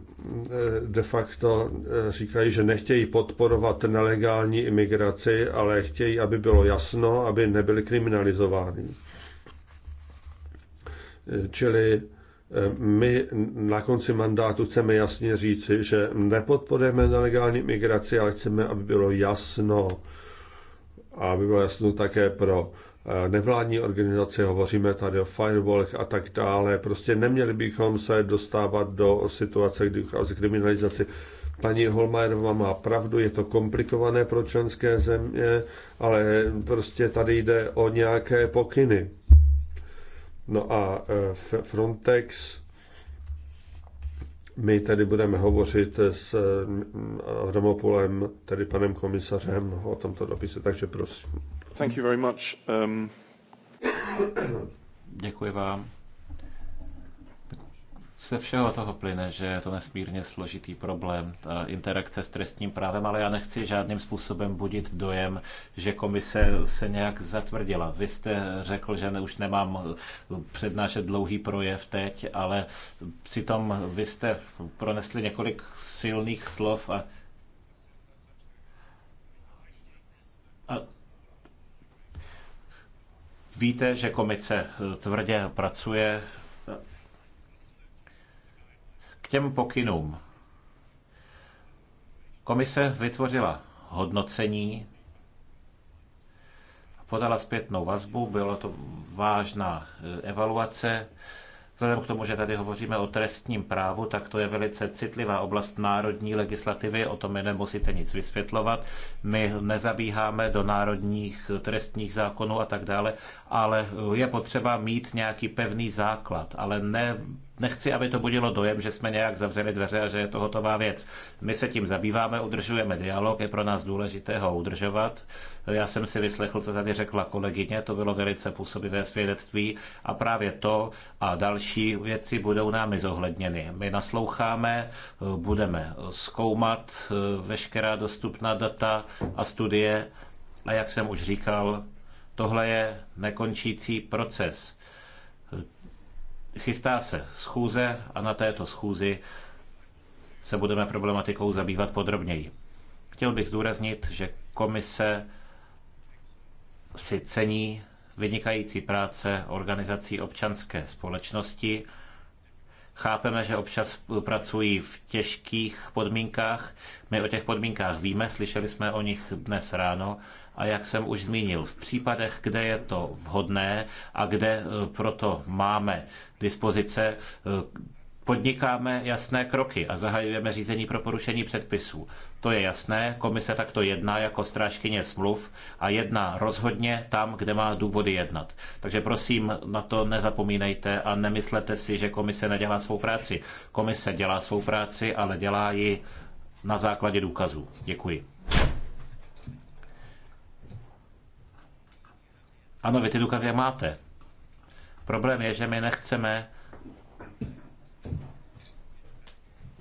de facto eh, říkají, že nechtějí podporovat nelegální imigraci, ale chtějí, aby bylo jasno, aby nebyly kriminalizovány. Eh, čili my na konci mandátu chceme jasně říci, že nepodporujeme nelegální migraci, ale chceme, aby bylo jasno, a aby bylo jasno také pro nevládní organizace, hovoříme tady o firewallech a tak dále. Prostě neměli bychom se dostávat do situace, kdy dochází kriminalizaci. Paní Holmajerová má pravdu, je to komplikované pro členské země, ale prostě tady jde o nějaké pokyny. No a e, Frontex, my tedy budeme hovořit s Avramopolem, tedy panem komisařem o tomto dopise, takže prosím. Thank you very much. Um... Děkuji vám. Se všeho toho plyne, že je to nesmírně složitý problém, ta interakce s trestním právem, ale já nechci žádným způsobem budit dojem, že komise se nějak zatvrdila. Vy jste řekl, že ne, už nemám přednášet dlouhý projev teď, ale přitom vy jste pronesli několik silných slov a Víte, že komice eh, tvrdě pracuje eh, k těm pokynům. Komise vytvořila hodnocení, podala zpětnou vazbu, byla to vážná eh, evaluace Vzhledem k tomu, že tady hovoříme o trestním právu, tak to je velice citlivá oblast národní legislativy, o tom my nemusíte nic vysvětlovat. My nezabíháme do národních trestních zákonů a tak dále, ale je potřeba mít nějaký pevný základ, ale ne nechci, aby to budilo dojem, že jsme nějak zavřeli dveře a že je to hotová věc. My se tím zabýváme, udržujeme dialog, je pro nás důležité ho udržovat. Já jsem si vyslechl, co tady řekla kolegyně, to bylo velice působivé svědectví a právě to a další věci budou námi zohledněny. My nasloucháme, budeme zkoumat eh, veškerá dostupná data a studie a jak jsem už říkal, tohle je nekončící proces Chystá se schůze a na této schůzi se budeme problematikou zabývat podrobněji. Chtěl bych zdůraznit, že komise si cení vynikající práce organizací občanské společnosti. Chápeme, že občas pracují v těžkých podmínkách. My o těch podmínkách víme, slyšeli jsme o nich dnes ráno a jak jsem už zmínil, v případech, kde je to vhodné a kde eh, proto máme dispozice, eh, podnikáme jasné kroky a zahajujeme řízení pro porušení předpisů. To je jasné, komise takto jedná jako strážkyně smluv a jedná rozhodně tam, kde má důvody jednat. Takže prosím, na to nezapomínejte a nemyslete si, že komise nedělá svou práci. Komise dělá svou práci, ale dělá ji na základě důkazů. Děkuji. Ano, vy ty důkazy máte. Problém je, že my nechceme,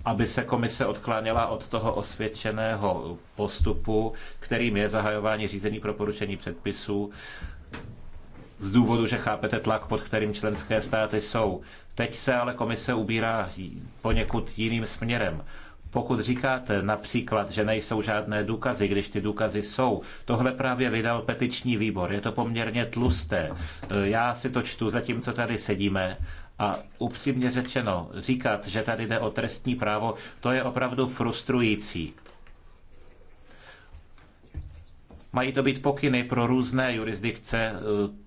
aby se komise odklánila od toho osvědčeného postupu, kterým je zahajování řízení pro porušení předpisů, z důvodu, že chápete tlak, pod kterým členské státy jsou. Teď se ale komise ubírá poněkud jiným směrem. Pokud říkáte například, že nejsou žádné důkazy, když ty důkazy jsou, tohle právě vydal petiční výbor. Je to poměrně tlusté. Já si to čtu, co tady sedíme. A upřímně řečeno, říkat, že tady jde o trestní právo, to je opravdu frustrující. Mají to být pokyny pro různé jurisdikce, eh,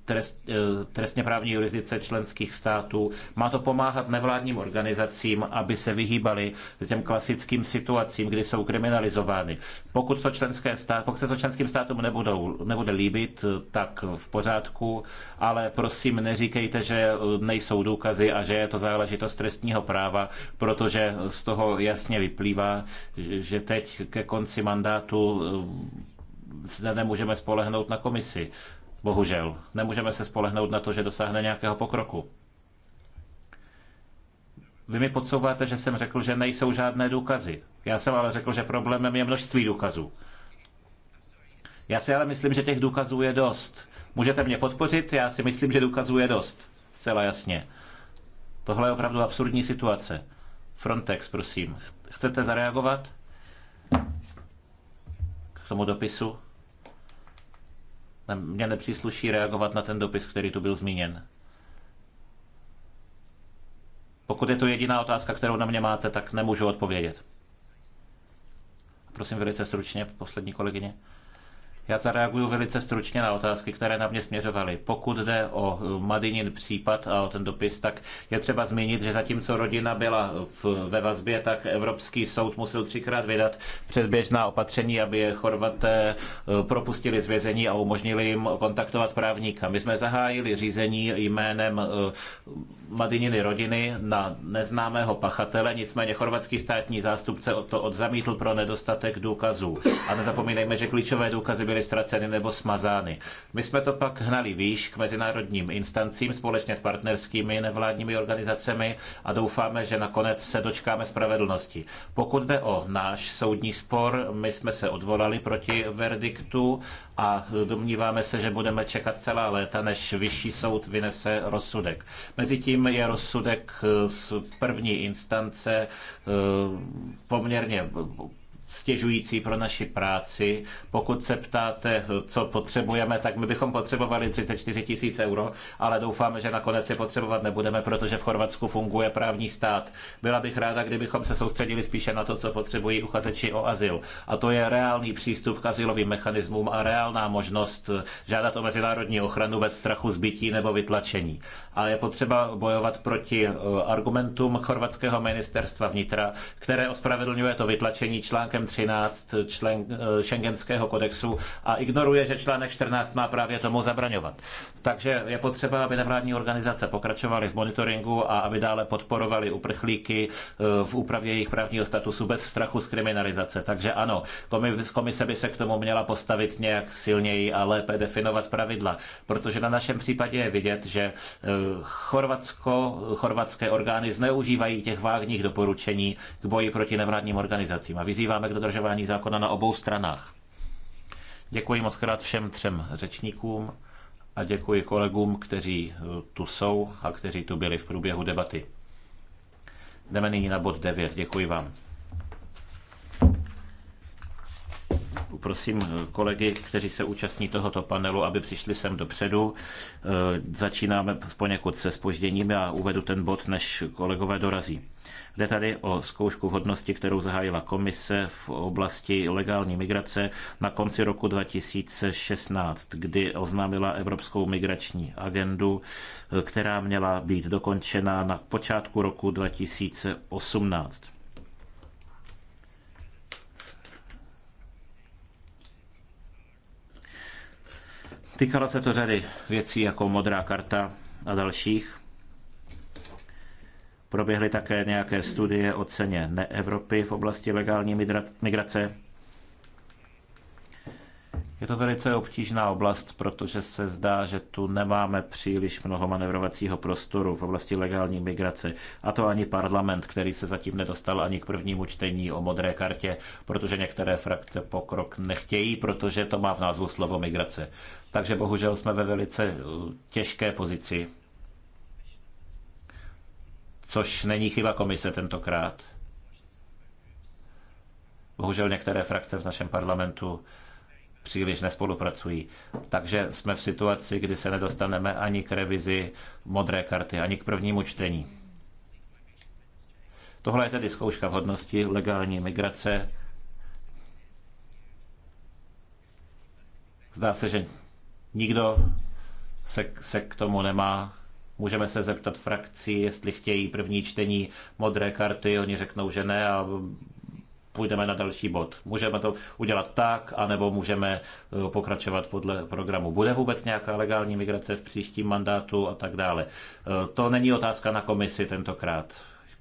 trest, eh, trestně právní jurisdikce členských států. Má to pomáhat nevládním organizacím, aby se vyhýbali těm klasickým situacím, kdy jsou kriminalizovány. Pokud, to členské stát, pokud se to členským státům nebudou, nebude líbit, eh, tak v pořádku, ale prosím neříkejte, že nejsou důkazy a že je to záležitost trestního práva, protože z toho jasně vyplývá, že teď ke konci mandátu se nemůžeme spolehnout na komisi. Bohužel. Nemůžeme se spolehnout na to, že dosáhne nějakého pokroku. Vy mi podsouváte, že jsem řekl, že nejsou žádné důkazy. Já jsem ale řekl, že problémem je množství důkazů. Já si ale myslím, že těch důkazů je dost. Můžete mě podpořit, já si myslím, že důkazů je dost. Zcela jasně. Tohle je opravdu absurdní situace. Frontex, prosím. Chcete zareagovat? k tomu dopisu? Mně nepřísluší reagovat na ten dopis, který tu byl zmíněn. Pokud je to jediná otázka, kterou na mě máte, tak nemůžu odpovědět. Prosím velice stručně, poslední kolegyně. Já zareaguju velice stručně na otázky, které na mě směřovaly. Pokud jde o eh, Madinin případ a o ten dopis, tak je třeba zmínit, že zatímco rodina byla v, ve vazbě, tak Evropský soud musel třikrát vydat předběžná opatření, aby je Chorvaté eh, propustili z vězení a umožnili jim kontaktovat právníka. My jsme zahájili řízení jménem eh, Madininy rodiny na neznámého pachatele, nicméně chorvatský státní zástupce to odzamítl pro nedostatek důkazů. A nezapomínejme, že klíčové důkazy byly ztraceny nebo smazány. My jsme to pak hnali výš k mezinárodním instancím společně s partnerskými nevládními organizacemi a doufáme, že nakonec se dočkáme spravedlnosti. Pokud jde o náš soudní spor, my jsme se odvolali proti verdiktu a domníváme se, že budeme čekat celá léta, než vyšší soud vynese rozsudek. Mezitím Zatím je rozsudek z první instance eh, poměrně stěžující pro naši práci. Pokud se ptáte, co potřebujeme, tak my bychom potřebovali 34 tisíc euro, ale doufáme, že nakonec je potřebovat nebudeme, protože v Chorvatsku funguje právní stát. Byla bych ráda, kdybychom se soustředili spíše na to, co potřebují uchazeči o azyl. A to je reálný přístup k azylovým mechanismům a reálná možnost žádat o mezinárodní ochranu bez strachu zbytí nebo vytlačení. A je potřeba bojovat proti eh, argumentům chorvatského ministerstva vnitra, které ospravedlňuje to vytlačení článkem 13 člen, šengenského eh, kodexu a ignoruje, že článek 14 má právě tomu zabraňovat. Takže je potřeba, aby nevládní organizace pokračovaly v monitoringu a aby dále podporovali uprchlíky eh, v úpravě jejich právního statusu bez strachu z kriminalizace. Takže ano, komise by se k tomu měla postavit nějak silněji a lépe definovat pravidla, protože na našem případě je vidět, že eh, Chorvatsko, chorvatské orgány zneužívají těch vágních doporučení k boji proti nevládním organizacím a vyzýváme k dodržování zákona na obou stranách. Děkuji moc krát všem třem řečníkům a děkuji kolegům, kteří eh, tu jsou a kteří tu byli v průběhu debaty. Jdeme nyní na bod 9. Děkuji vám. Prosím eh, kolegy, kteří se účastní tohoto panelu, aby přišli sem dopředu. Eh, začínáme poněkud se spožděním a uvedu ten bod, než kolegové dorazí. Jde tady o zkoušku vhodnosti, kterou zahájila komise v oblasti legální migrace na konci roku 2016, kdy oznámila Evropskou migrační agendu, eh, která měla být dokončena na počátku roku 2018. Týkalo se to řady věcí jako modrá karta a dalších. Proběhly také nějaké studie o ceně neevropy v oblasti legální migrace. Je to velice obtížná oblast, protože se zdá, že tu nemáme příliš mnoho manevrovacího prostoru v oblasti legální migrace. A to ani parlament, který se zatím nedostal ani k prvnímu čtení o modré kartě, protože některé frakce pokrok nechtějí, protože to má v názvu slovo migrace. Takže bohužel jsme ve velice uh, těžké pozici. Což není chyba komise tentokrát. Bohužel některé frakce v našem parlamentu příliš nespolupracují. Takže jsme v situaci, kdy se nedostaneme ani k revizi modré karty, ani k prvnímu čtení. Tohle je tedy zkouška vhodnosti legální migrace. Zdá se, že nikdo se, se k tomu nemá. Můžeme se zeptat frakcí, jestli chtějí první čtení modré karty, oni řeknou, že ne a půjdeme na další bod. Můžeme to udělat tak, anebo můžeme eh, pokračovat podle programu. Bude vůbec nějaká legální migrace v příštím mandátu a tak dále. Eh, to není otázka na komisi tentokrát.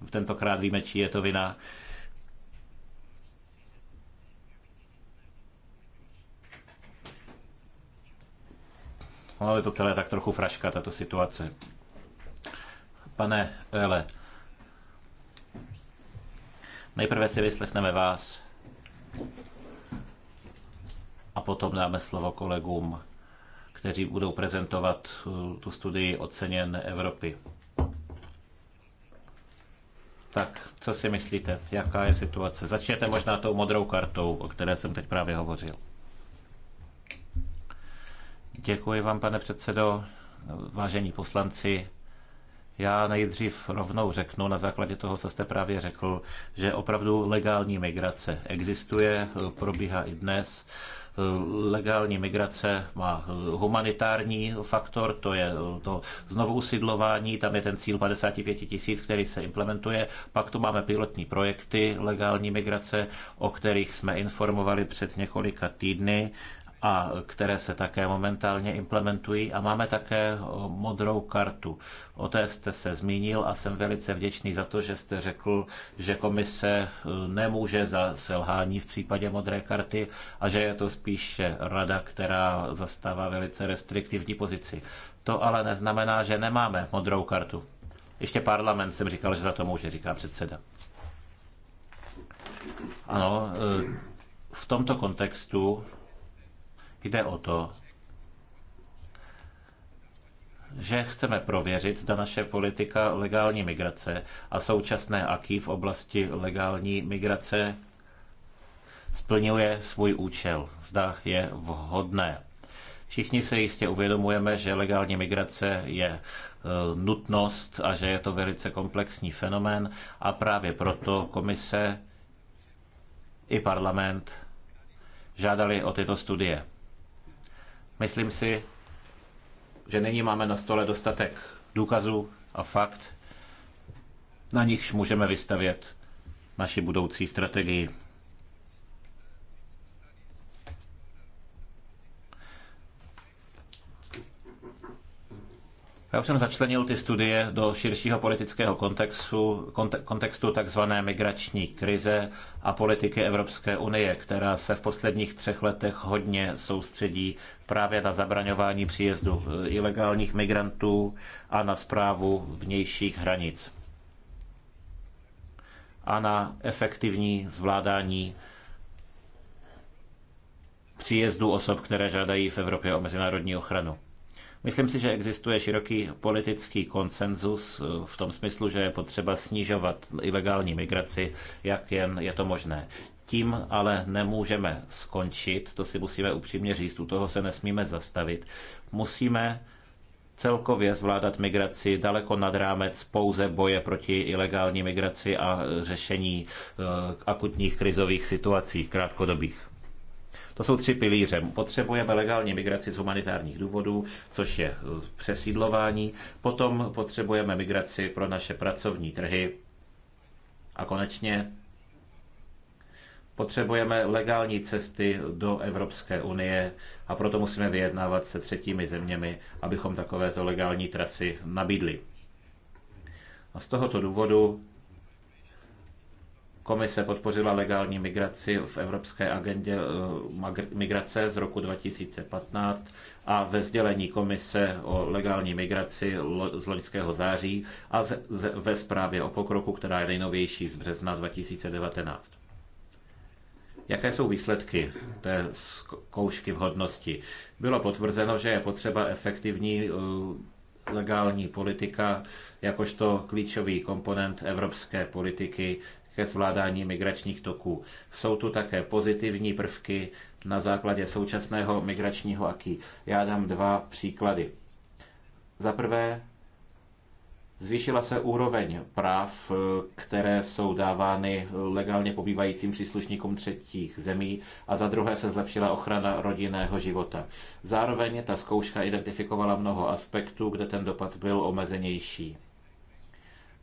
Tentokrát víme, či je to vina. No, je to celé tak trochu fraška, tato situace. Pane Ele, Nejprve si vyslechneme vás a potom dáme slovo kolegům, kteří budou prezentovat eh, tu studii oceněn Evropy. Tak, co si myslíte? Jaká je situace? Začněte možná tou modrou kartou, o které jsem teď právě hovořil. Děkuji vám, pane předsedo, vážení poslanci. Já nejdřív rovnou řeknu, na základě toho, co jste právě řekl, že opravdu legální migrace existuje, probíhá i dnes legální migrace má humanitární faktor, to je to znovu usidlování, tam je ten cíl 55 tisíc, který se implementuje. Pak tu máme pilotní projekty legální migrace, o kterých jsme informovali před několika týdny a které se také momentálně implementují. A máme také modrou kartu. O té jste se zmínil a jsem velice vděčný za to, že jste řekl, že komise eh, nemůže za selhání v případě modré karty a že je to spíše rada, která zastává velice restriktivní pozici. To ale neznamená, že nemáme modrou kartu. Ještě parlament jsem říkal, že za to může, říká předseda. Ano, eh, v tomto kontextu Jde o to, že chceme prověřit, zda naše politika legální migrace a současné aký v oblasti legální migrace splňuje svůj účel, zda je vhodné. Všichni se jistě uvědomujeme, že legální migrace je e, nutnost a že je to velice komplexní fenomén a právě proto komise i parlament žádali o tyto studie. Myslím si, že nyní máme na stole dostatek důkazů a fakt, na nichž můžeme vystavět naši budoucí strategii. Já už jsem začlenil ty studie do širšího politického kontextu, kontextu takzvané migrační krize a politiky Evropské unie, která se v posledních třech letech hodně soustředí právě na zabraňování příjezdu eh, ilegálních migrantů a na zprávu vnějších hranic a na efektivní zvládání příjezdu osob, které žádají v Evropě o mezinárodní ochranu. Myslím si, že existuje široký politický konsenzus eh, v tom smyslu, že je potřeba snižovat ilegální migraci, jak jen je to možné. Tím ale nemůžeme skončit, to si musíme upřímně říct, u toho se nesmíme zastavit. Musíme celkově zvládat migraci daleko nad rámec pouze boje proti ilegální migraci a eh, řešení eh, akutních krizových situací krátkodobých. To jsou tři pilíře. Potřebujeme legální migraci z humanitárních důvodů, což je eh, přesídlování. Potom potřebujeme migraci pro naše pracovní trhy. A konečně potřebujeme legální cesty do Evropské unie a proto musíme vyjednávat se třetími zeměmi, abychom takovéto legální trasy nabídli. A z tohoto důvodu Komise podpořila legální migraci v Evropské agendě eh, migrace z roku 2015 a ve sdělení Komise o legální migraci z loňského září a ve zprávě o pokroku, která je nejnovější z března 2019. Jaké jsou výsledky té zkoušky vhodnosti? Bylo potvrzeno, že je potřeba efektivní eh, legální politika jakožto klíčový komponent evropské politiky, ke zvládání migračních toků. Jsou tu také pozitivní prvky na základě současného migračního aký. Já dám dva příklady. Za prvé, Zvýšila se úroveň práv, které jsou dávány legálně pobývajícím příslušníkům třetích zemí a za druhé se zlepšila ochrana rodinného života. Zároveň ta zkouška identifikovala mnoho aspektů, kde ten dopad byl omezenější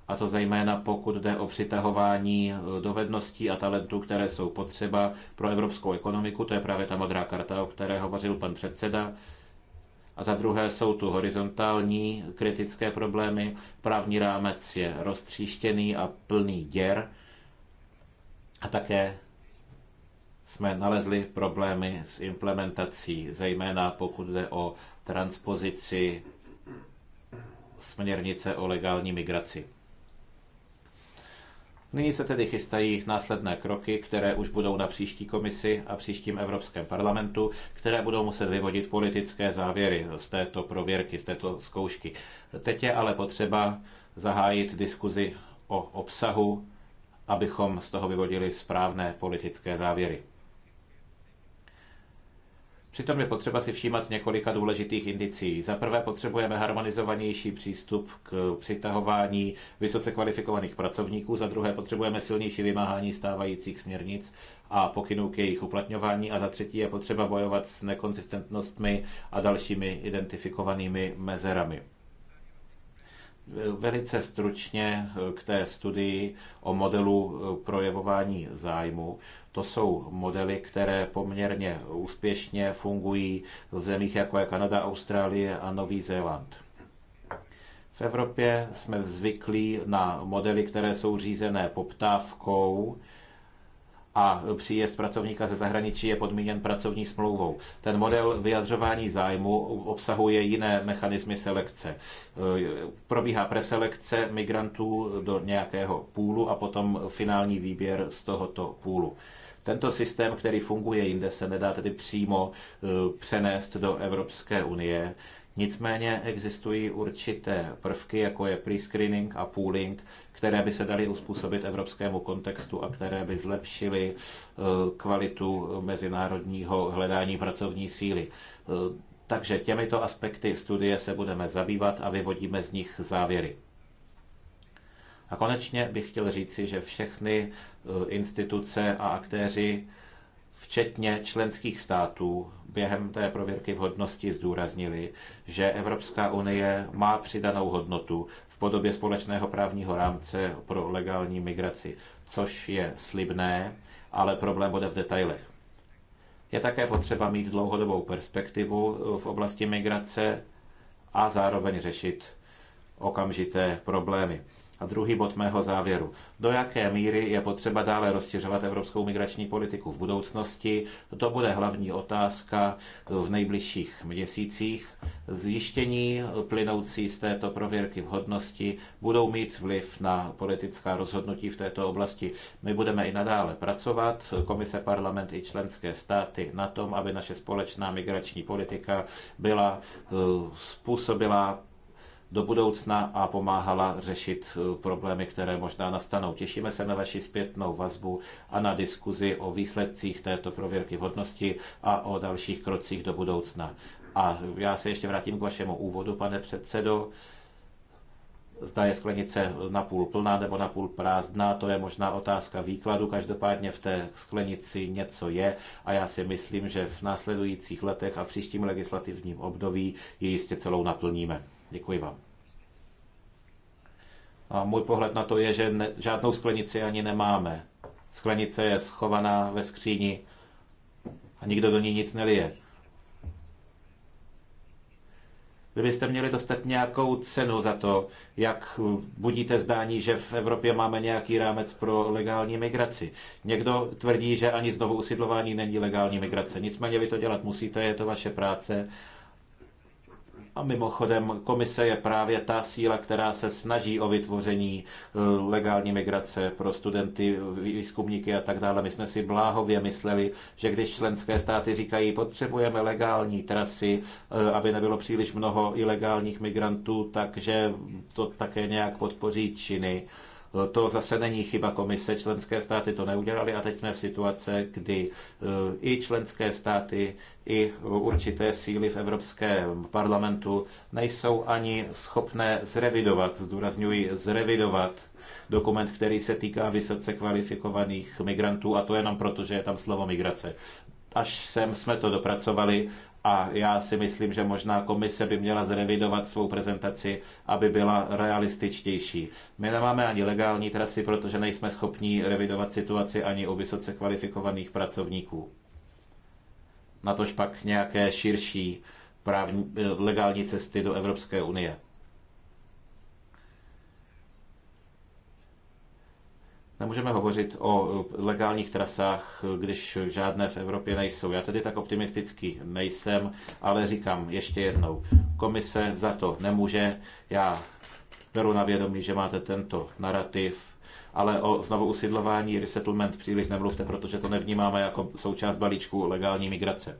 a to zejména pokud jde o přitahování eh, dovedností a talentů, které jsou potřeba pro evropskou ekonomiku, to je právě ta modrá karta, o které hovořil pan předseda, a za druhé jsou tu horizontální kritické problémy. Právní rámec je roztříštěný a plný děr. A také jsme nalezli problémy s implementací, zejména pokud jde o transpozici směrnice o legální migraci. Nyní se tedy chystají následné kroky, které už budou na příští komisi a příštím Evropském parlamentu, které budou muset vyvodit politické závěry z této prověrky, z této zkoušky. Teď je ale potřeba zahájit diskuzi o obsahu, abychom z toho vyvodili správné politické závěry. Přitom je potřeba si všímat několika důležitých indicí. Za prvé potřebujeme harmonizovanější přístup k přitahování vysoce kvalifikovaných pracovníků, za druhé potřebujeme silnější vymáhání stávajících směrnic a pokynů k jejich uplatňování a za třetí je potřeba bojovat s nekonzistentnostmi a dalšími identifikovanými mezerami. Velice stručně k té studii o modelu projevování zájmu. To jsou modely, které poměrně úspěšně fungují v zemích jako je Kanada, Austrálie a Nový Zéland. V Evropě jsme zvyklí na modely, které jsou řízené poptávkou, a příjezd pracovníka ze zahraničí je podmíněn pracovní smlouvou. Ten model vyjadřování zájmu obsahuje jiné mechanismy selekce. Probíhá preselekce migrantů do nějakého půlu a potom finální výběr z tohoto půlu. Tento systém, který funguje jinde, se nedá tedy přímo eh, přenést do Evropské unie. Nicméně existují určité prvky, jako je prescreening a pooling, které by se daly uspůsobit evropskému kontextu a které by zlepšily eh, kvalitu mezinárodního hledání pracovní síly. Eh, takže těmito aspekty studie se budeme zabývat a vyvodíme z nich závěry. A konečně bych chtěl říci, že všechny Eh, instituce a aktéři, včetně členských států, během té prověrky vhodnosti zdůraznili, že Evropská unie má přidanou hodnotu v podobě společného právního rámce pro legální migraci, což je slibné, ale problém bude v detailech. Je také potřeba mít dlouhodobou perspektivu eh, v oblasti migrace a zároveň řešit okamžité problémy. A druhý bod mého závěru. Do jaké míry je potřeba dále rozšiřovat evropskou migrační politiku v budoucnosti? To bude hlavní otázka v nejbližších měsících. Zjištění plynoucí z této prověrky vhodnosti budou mít vliv na politická rozhodnutí v této oblasti. My budeme i nadále pracovat, komise, parlament i členské státy, na tom, aby naše společná migrační politika byla eh, způsobila do budoucna a pomáhala řešit eh, problémy, které možná nastanou. Těšíme se na vaši zpětnou vazbu a na diskuzi o výsledcích této prověrky vhodnosti a o dalších krocích do budoucna. A já se ještě vrátím k vašemu úvodu, pane předsedo. Zda je sklenice napůl plná nebo napůl prázdná, to je možná otázka výkladu. Každopádně v té sklenici něco je a já si myslím, že v následujících letech a v příštím legislativním období ji jistě celou naplníme. Děkuji vám. A můj pohled na to je, že ne, žádnou sklenici ani nemáme. Sklenice je schovaná ve skříni a nikdo do ní nic nelije. Kdybyste měli dostat nějakou cenu za to, jak budíte zdání, že v Evropě máme nějaký rámec pro legální migraci. Někdo tvrdí, že ani znovu usidlování není legální migrace. Nicméně vy to dělat musíte, je to vaše práce a mimochodem, komise je právě ta síla, která se snaží o vytvoření eh, legální migrace pro studenty, výzkumníky a tak dále. My jsme si bláhově mysleli, že když členské státy říkají, potřebujeme legální trasy, eh, aby nebylo příliš mnoho ilegálních migrantů, takže to také nějak podpoří činy. To zase není chyba komise, členské státy to neudělali a teď jsme v situace, kdy e, i členské státy, i určité síly v Evropském parlamentu nejsou ani schopné zrevidovat, zdůrazňuji zrevidovat dokument, který se týká vysoce kvalifikovaných migrantů a to jenom proto, že je tam slovo migrace až sem jsme to dopracovali a já si myslím, že možná komise by měla zrevidovat svou prezentaci, aby byla realističtější. My nemáme ani legální trasy, protože nejsme schopni revidovat situaci ani u vysoce kvalifikovaných pracovníků. Na tož pak nějaké širší právní, eh, legální cesty do Evropské unie. Nemůžeme hovořit o eh, legálních trasách, eh, když žádné v Evropě nejsou. Já tedy tak optimistický nejsem, ale říkám ještě jednou, komise za to nemůže. Já beru na vědomí, že máte tento narrativ, ale o znovu usidlování resettlement příliš nemluvte, protože to nevnímáme jako součást balíčku legální migrace.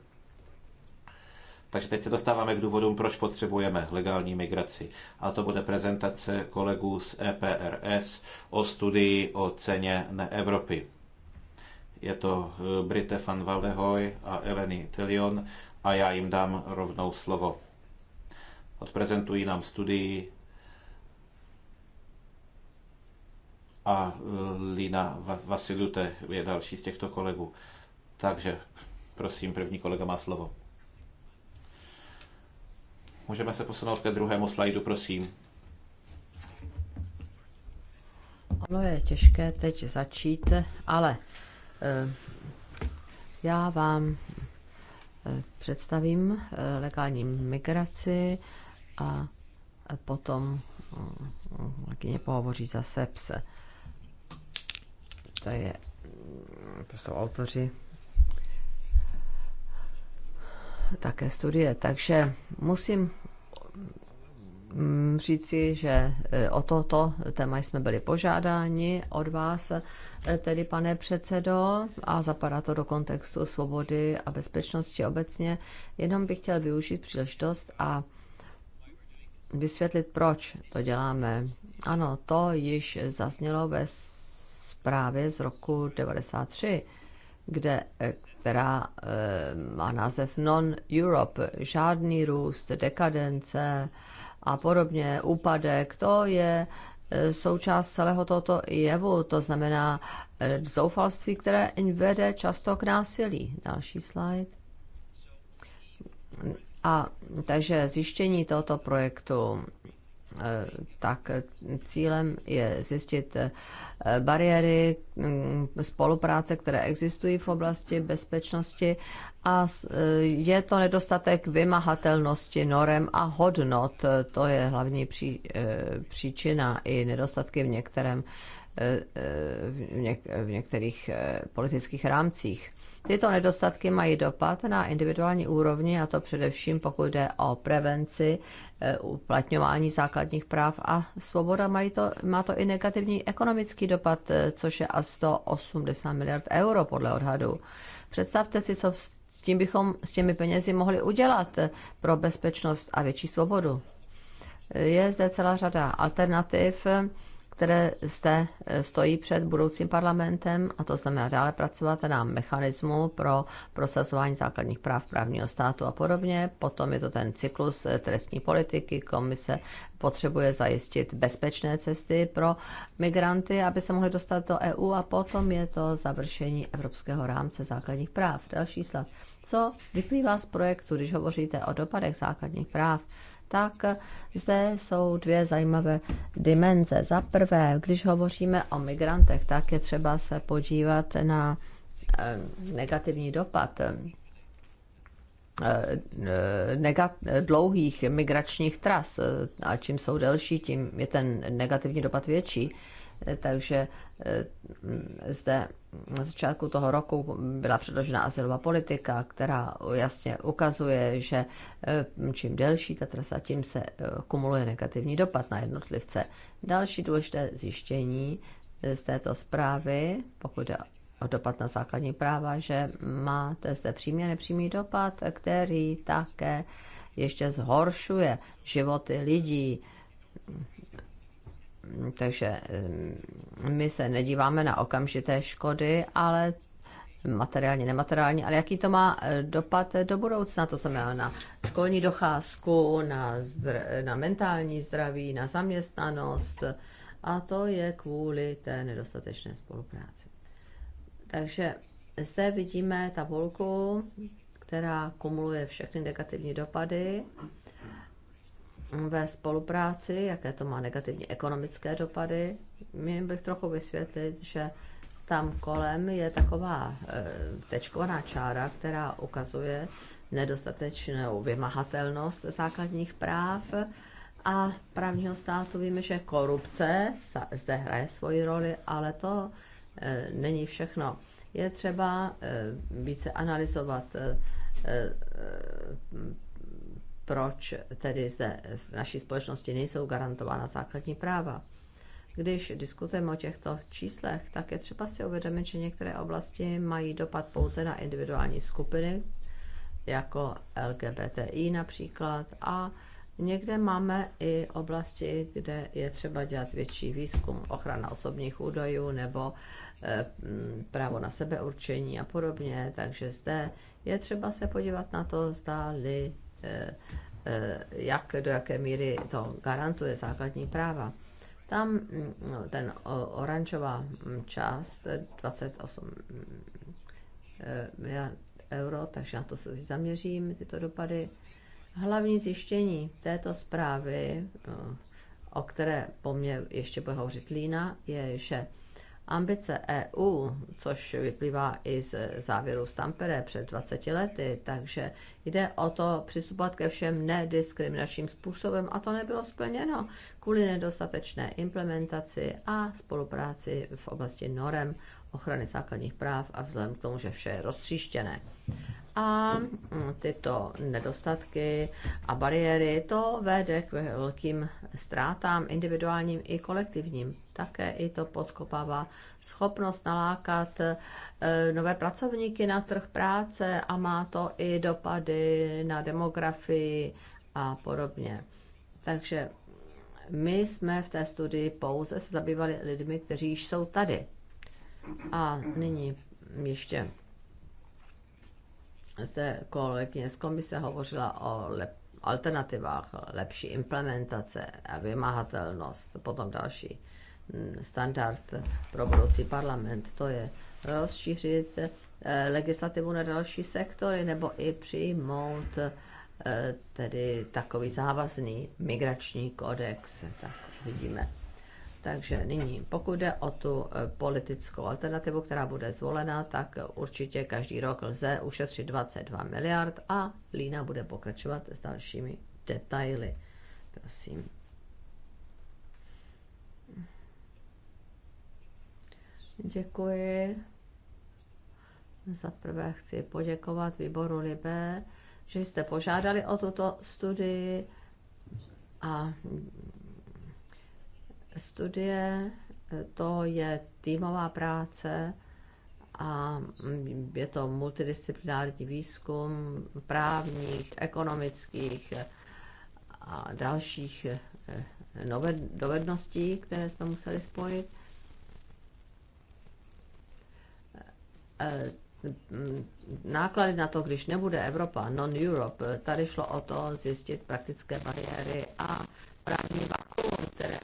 Takže teď se dostáváme k důvodům, proč potřebujeme legální migraci. A to bude prezentace kolegů z EPRS o studii o ceně Evropy. Je to eh, Brite van Valdehoy a Eleni Tillion a já jim dám rovnou slovo. Odprezentují nám studii a eh, Lina Vasilute je další z těchto kolegů. Takže prosím, první kolega má slovo. Můžeme se posunout ke druhému slajdu, prosím. Ono je těžké teď začít, ale eh, já vám eh, představím eh, legální migraci a potom kolegyně pohovoří za SEPS. To, je, to jsou autoři také studie. Takže musím mm, říci, že e, o toto téma jsme byli požádáni od vás, e, tedy pane předsedo, a zapadá to do kontextu svobody a bezpečnosti obecně. Jenom bych chtěl využít příležitost a vysvětlit, proč to děláme. Ano, to již zaznělo ve zprávě z roku 93, kde e, která eh, má název Non-Europe, žádný růst, dekadence a podobně, úpadek, to je eh, součást celého tohoto jevu, to znamená eh, zoufalství, které vede často k násilí. Další slide. A takže zjištění tohoto projektu Eh, tak eh, cílem je zjistit eh, bariéry mm, spolupráce, které existují v oblasti bezpečnosti a je to nedostatek vymahatelnosti norem a hodnot. To je hlavní pří, příčina i nedostatky v, některém, v, něk, v některých politických rámcích. Tyto nedostatky mají dopad na individuální úrovni, a to především pokud jde o prevenci, eh, uplatňování základních práv a svoboda. Mají to, má to i negativní ekonomický dopad, eh, což je asi 180 miliard euro podle odhadu. Představte si, co s tím bychom s těmi penězi mohli udělat eh, pro bezpečnost a větší svobodu. Je zde celá řada alternativ, které zde eh, stojí před budoucím parlamentem, a to znamená dále pracovat na mechanismu pro prosazování základních práv právního státu a podobně. Potom je to ten cyklus eh, trestní politiky, komise potřebuje zajistit bezpečné cesty pro migranty, aby se mohli dostat do EU a potom je to završení Evropského rámce základních práv. Další slad. Co vyplývá z projektu, když hovoříte o dopadech základních práv? tak zde jsou dvě zajímavé dimenze. Za prvé, když hovoříme o migrantech, tak je třeba se podívat na eh, negativní dopad eh, dlouhých migračních tras a čím jsou delší, tím je ten negativní dopad větší takže eh, zde na začátku toho roku byla předložena asilová politika, která jasně ukazuje, že eh, čím delší ta trasa, tím se eh, kumuluje negativní dopad na jednotlivce. Další důležité zjištění z této zprávy, pokud je o dopad na základní práva, že máte zde přímý a nepřímý dopad, který také ještě zhoršuje životy lidí takže eh, my se nedíváme na okamžité škody, ale materiálně, nemateriálně. ale jaký to má eh, dopad do budoucna, to znamená na školní docházku, na, zdr- na mentální zdraví, na zaměstnanost a to je kvůli té nedostatečné spolupráci. Takže zde vidíme tabulku, která kumuluje všechny negativní dopady ve spolupráci, jaké to má negativní ekonomické dopady. Mě bych trochu vysvětlit, že tam kolem je taková e, tečkovaná čára, která ukazuje nedostatečnou vymahatelnost základních práv a právního státu. Víme, že korupce zde hraje svoji roli, ale to e, není všechno. Je třeba e, více analyzovat proč tedy zde v naší společnosti nejsou garantována základní práva. Když diskutujeme o těchto číslech, tak je třeba si uvědomit, že některé oblasti mají dopad pouze na individuální skupiny, jako LGBTI například, a někde máme i oblasti, kde je třeba dělat větší výzkum, ochrana osobních údajů nebo eh, právo na sebeurčení a podobně. Takže zde je třeba se podívat na to, zdáli E, e, jak, do jaké míry to garantuje základní práva. Tam mm, ten oranžová mm, část 28 mm, e, miliard euro, takže na to se zaměřím, tyto dopady. Hlavní zjištění této zprávy, o které po mně ještě bude hovořit Lína, je, že Ambice EU, což vyplývá i z závěru Stampere před 20 lety, takže jde o to přistupovat ke všem nediskriminačním způsobem a to nebylo splněno kvůli nedostatečné implementaci a spolupráci v oblasti norem ochrany základních práv a vzhledem k tomu, že vše je roztříštěné. A tyto nedostatky a bariéry, to vede k velkým ztrátám individuálním i kolektivním. Také i to podkopává schopnost nalákat eh, nové pracovníky na trh práce a má to i dopady na demografii a podobně. Takže my jsme v té studii pouze se zabývali lidmi, kteří již jsou tady. A nyní ještě zde kolegyně z komise hovořila o lep, alternativách, lepší implementace a vymahatelnost, potom další mm, standard pro budoucí parlament, to je rozšířit eh, legislativu na další sektory nebo i přijmout eh, tedy takový závazný migrační kodex. Tak vidíme takže nyní, pokud jde o tu e, politickou alternativu, která bude zvolena, tak určitě každý rok lze ušetřit 22 miliard a Lína bude pokračovat s dalšími detaily. Prosím. Děkuji. Za prvé chci poděkovat výboru Libe, že jste požádali o tuto studii a studie, eh, to je týmová práce a mm, je to multidisciplinární výzkum právních, ekonomických eh, a dalších eh, dovedností, které jsme museli spojit. Náklady na to, když nebude Evropa, non-Europe, tady šlo o to zjistit praktické bariéry a právní vakuum, které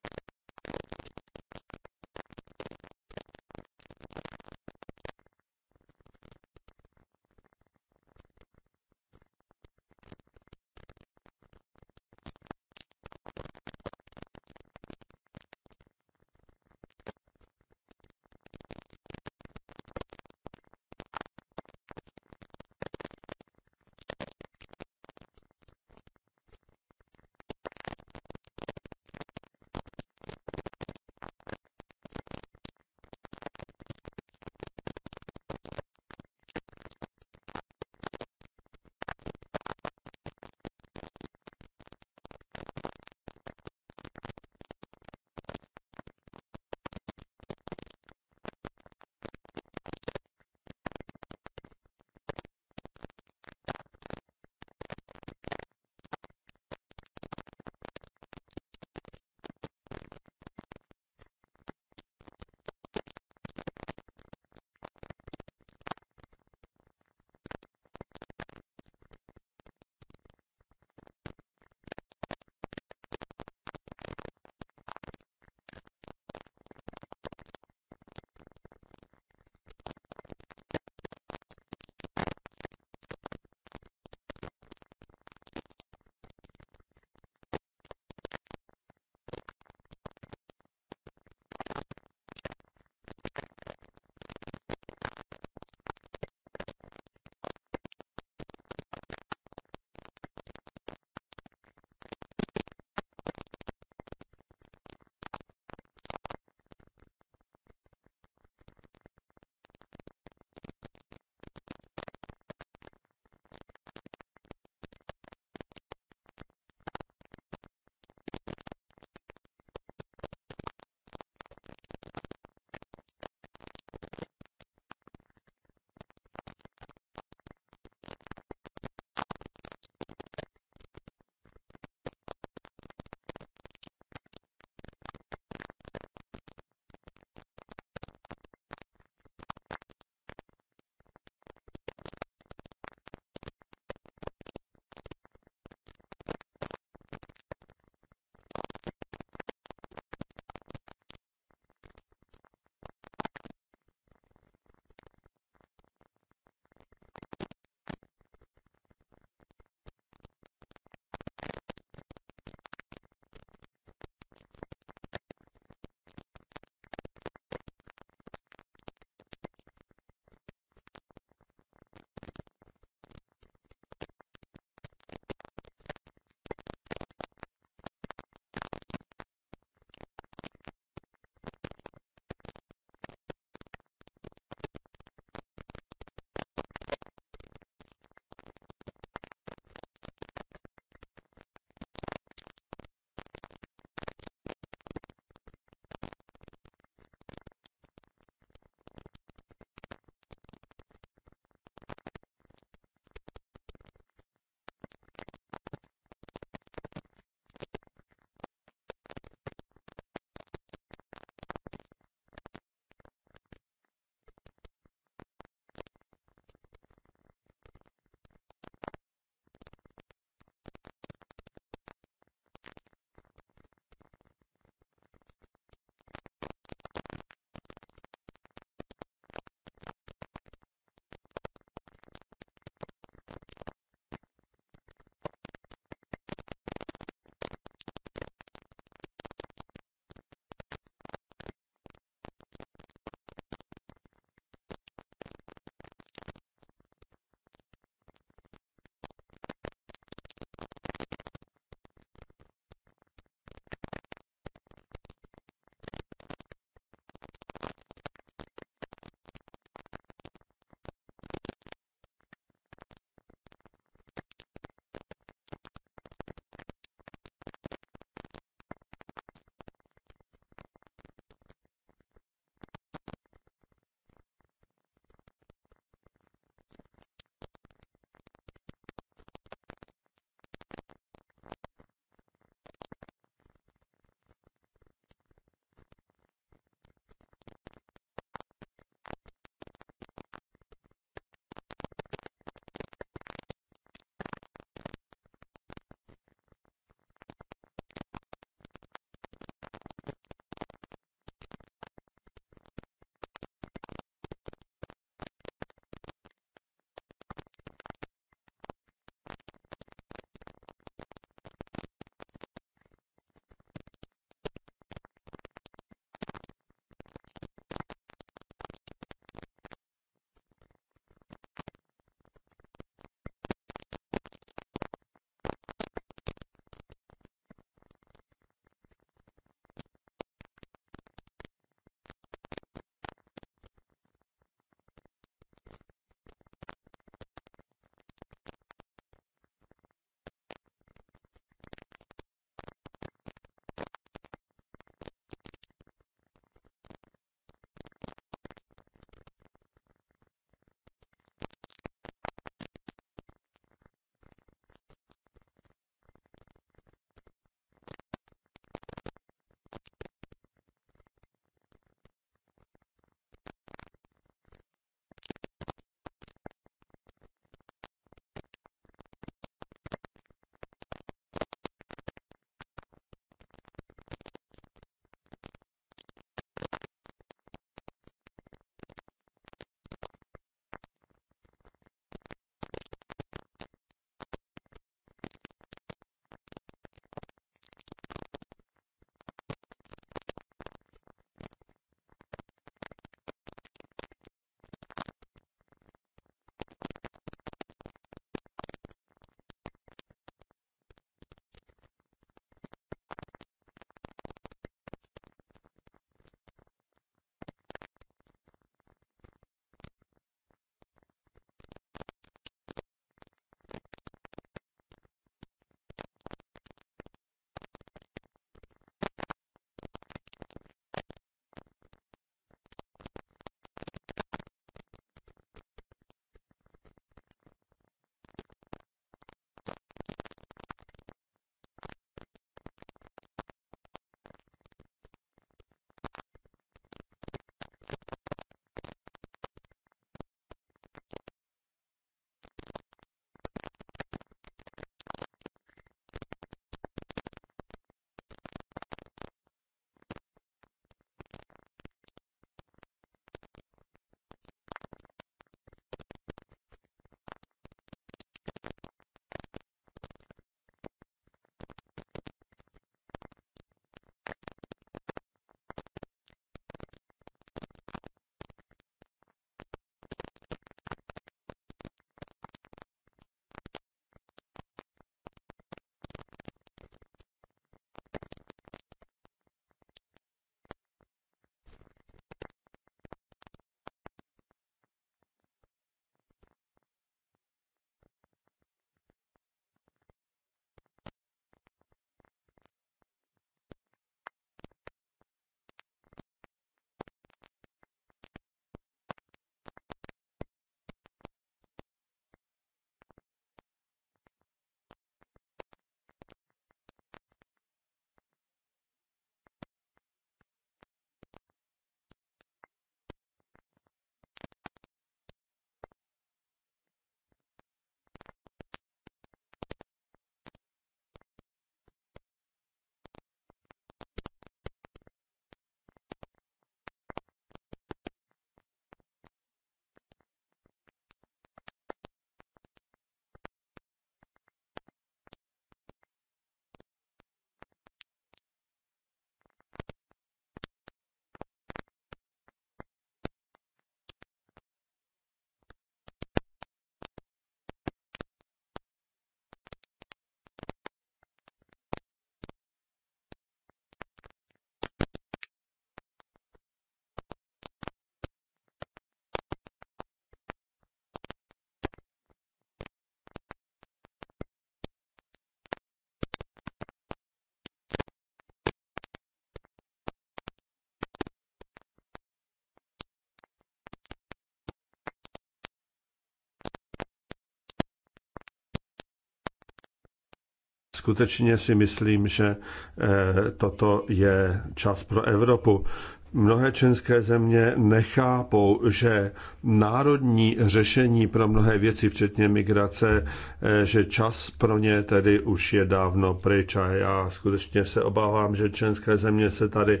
skutečně si myslím, že eh, toto je čas pro Evropu. Mnohé členské země nechápou, že národní řešení pro mnohé věci, včetně migrace, eh, že čas pro ně tedy už je dávno pryč. A já skutečně se obávám, že členské země se tady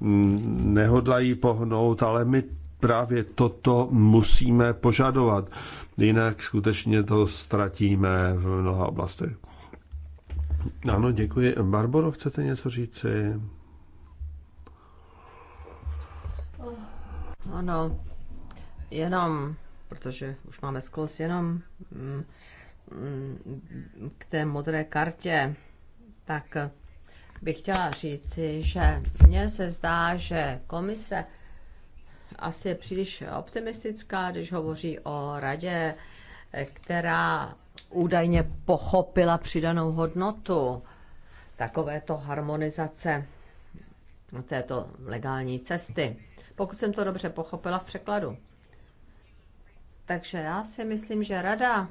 mm, nehodlají pohnout, ale my právě toto musíme požadovat. Jinak skutečně to ztratíme v mnoha oblastech. Ano, děkuji. Barboro, chcete něco říci? Ano, jenom, protože už máme sklos, jenom mm, mm, k té modré kartě, tak bych chtěla říci, že mně se zdá, že komise asi je příliš optimistická, když hovoří o radě, která údajně pochopila přidanou hodnotu takovéto harmonizace této legální cesty. Pokud jsem to dobře pochopila v překladu. Takže já si myslím, že rada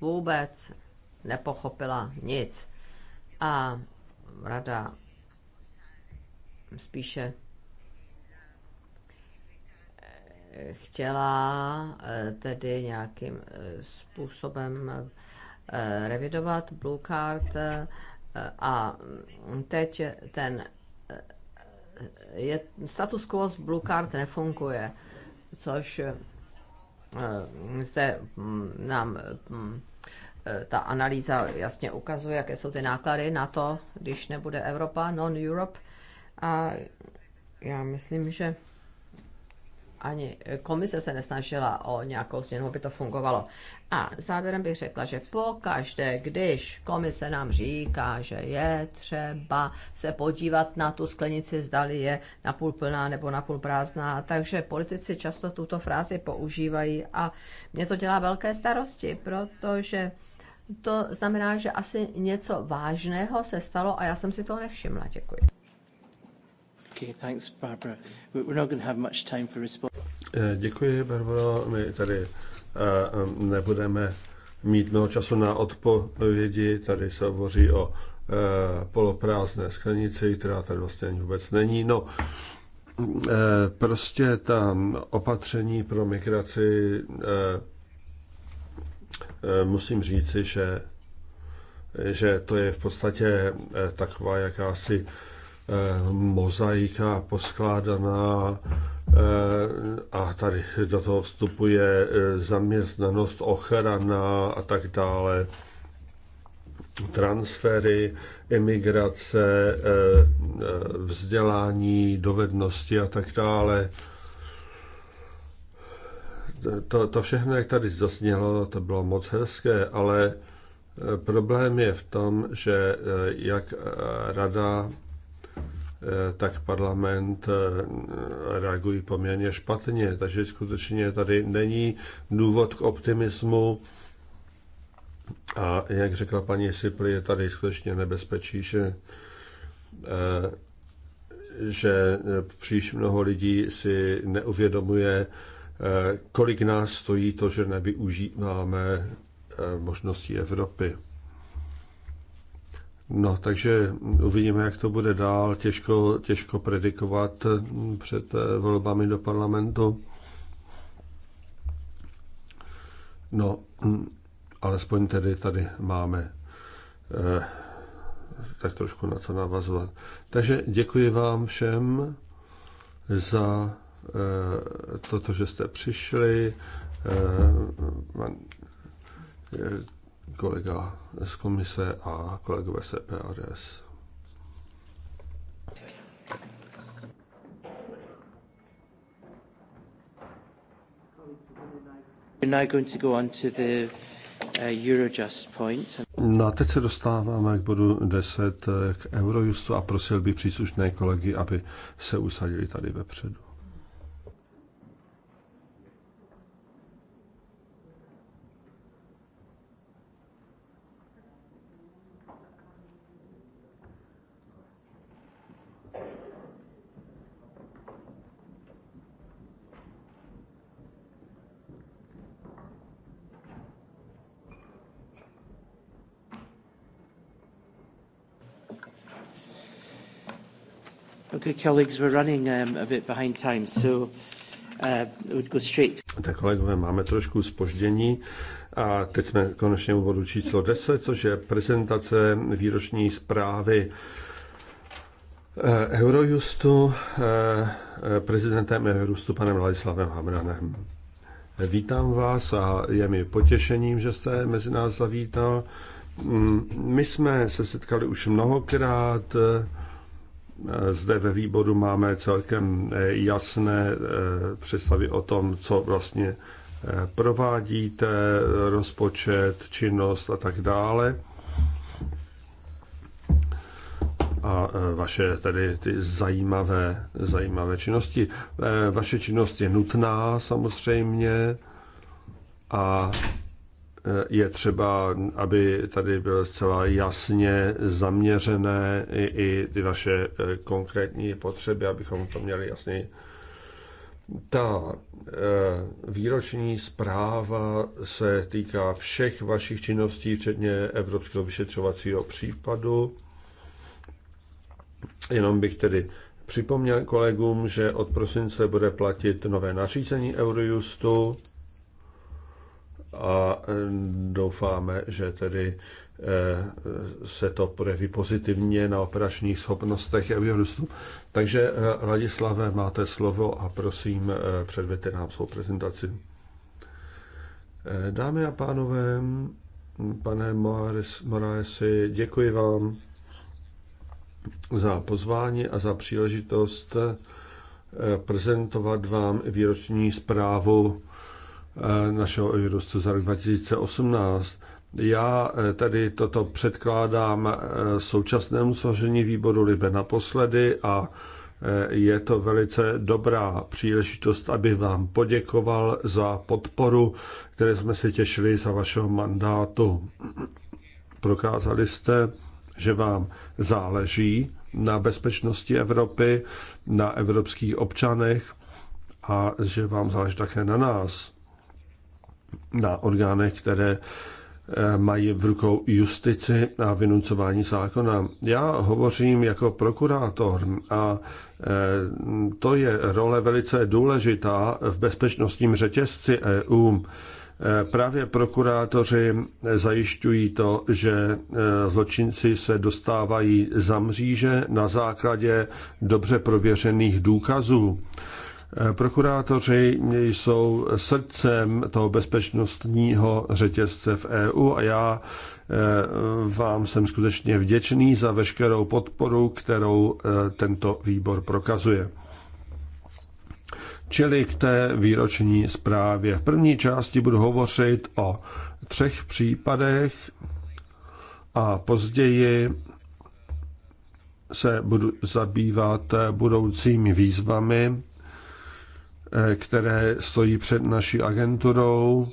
vůbec nepochopila nic. A rada spíše chtěla eh, tedy nějakým eh, způsobem eh, revidovat Blue Card a teď ten je, status quo z Blue Card nefunguje, což zde mm, nám mm, ta analýza jasně ukazuje, jaké jsou ty náklady na to, když nebude Evropa, non-Europe. A já myslím, že ani eh, komise se nesnažila o nějakou změnu, aby to fungovalo. A závěrem bych řekla, že pokaždé, když komise nám říká, že je třeba se podívat na tu sklenici, zdali je napůl plná nebo napůl prázdná, takže politici často tuto frázi používají a mě to dělá velké starosti, protože to znamená, že asi něco vážného se stalo a já jsem si toho nevšimla. Děkuji. Děkuji, Barbara. My tady eh, nebudeme mít mnoho času na odpovědi. Tady se hovoří o eh, poloprázdné sklenici, která tady vlastně ani vůbec není. No, eh, prostě tam opatření pro migraci musím říci, že, že to je v podstatě taková jakási Eh, mozaika poskládaná eh, a tady do toho vstupuje eh, zaměstnanost, ochrana a tak dále, transfery, emigrace, vzdělání, dovednosti a tak dále. To, to všechno, jak tady zasnělo, to bylo moc hezké, ale problém je v tom, že jak rada Eh, tak parlament eh, reagují poměrně špatně. Takže skutečně tady není důvod k optimismu. A jak řekla paní Sipli, je tady skutečně nebezpečí, že, eh, že příliš mnoho lidí si neuvědomuje, kolik nás stojí to, že nevyužíváme možností Evropy. No, takže uvidíme, jak to bude dál. Těžko, těžko predikovat před eh, volbami do parlamentu. No, alespoň tedy tady máme eh, tak trošku na co navazovat. Takže děkuji vám všem za eh, toto, že jste přišli. Eh, eh kolega z komise a kolegové z EPRS. Uh, no a teď se dostáváme k bodu 10 eh, k Eurojustu a prosil bych příslušné kolegy, aby se usadili tady vepředu. Okay, colleagues, we're running um, a bit behind time, so uh, go straight. Tak kolegové, máme trošku spoždění. A teď jsme konečně u bodu číslo 10, což je prezentace výroční zprávy eh, Eurojustu eh, prezidentem Eurojustu panem Ladislavem Hamranem. Vítám vás a je mi potěšením, že jste mezi nás zavítal. Mm, my jsme se setkali už mnohokrát eh, zde ve výboru máme celkem eh, jasné eh, představy o tom, co vlastně eh, provádíte, rozpočet, činnost a tak dále. A vaše tedy ty zajímavé, zajímavé činnosti. Vaše činnost je nutná samozřejmě a je třeba, aby tady bylo zcela jasně zaměřené i, i ty naše e, konkrétní potřeby, abychom to měli jasně. Ta e, výroční zpráva se týká všech vašich činností, včetně Evropského vyšetřovacího případu. Jenom bych tedy připomněl kolegům, že od prosince bude platit nové nařízení Eurojustu a e, doufáme, že tedy e, se to projeví pozitivně na operačních schopnostech a růstu. Takže e, Ladislave, máte slovo a prosím, předvěte nám svou prezentaci. Dámy a pánové, pane Moraesi, děkuji vám za pozvání a za příležitost prezentovat vám výroční zprávu Eh, našeho Eurostu za rok 2018. Já eh, tedy toto předkládám eh, současnému složení výboru Libe naposledy a je to velice dobrá příležitost, abych vám poděkoval za podporu, které jsme si těšili za vašeho mandátu. Prokázali jste, že vám záleží na bezpečnosti Evropy, na evropských občanech a že vám záleží také na nás na orgánech, které eh, mají v rukou justici a vynucování zákona. Já hovořím jako prokurátor a eh, to je role velice důležitá v bezpečnostním řetězci EU. Eh, právě prokurátoři zajišťují to, že zločinci se dostávají za mříže na základě dobře prověřených důkazů. Eh, prokurátoři jsou srdcem toho bezpečnostního řetězce v EU a já eh, vám jsem skutečně vděčný za veškerou podporu, kterou eh, tento výbor prokazuje. Čili k té výroční zprávě. V první části budu hovořit o třech případech a později se budu zabývat budoucími výzvami Eh, které stojí před naší agenturou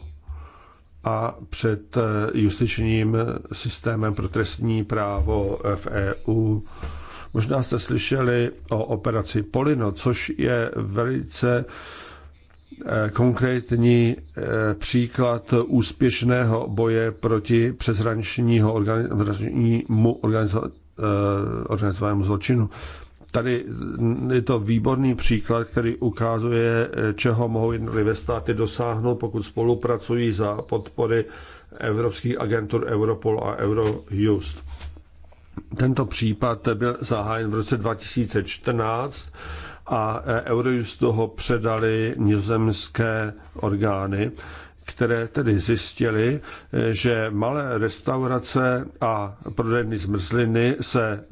a před eh, justičním systémem pro trestní právo v EU. Možná jste slyšeli o operaci Polino, což je velice eh, konkrétní příklad úspěšného boje proti přeshraničnímu organizovanému zločinu. Tady je to výborný příklad, který ukazuje, čeho mohou jednotlivé státy dosáhnout, pokud spolupracují za podpory evropských agentur Europol a Eurojust. Tento případ byl zahájen v roce 2014 a Eurojust toho předali nizozemské orgány které tedy zjistili, eh, že malé restaurace a prodejny zmrzliny se, eh,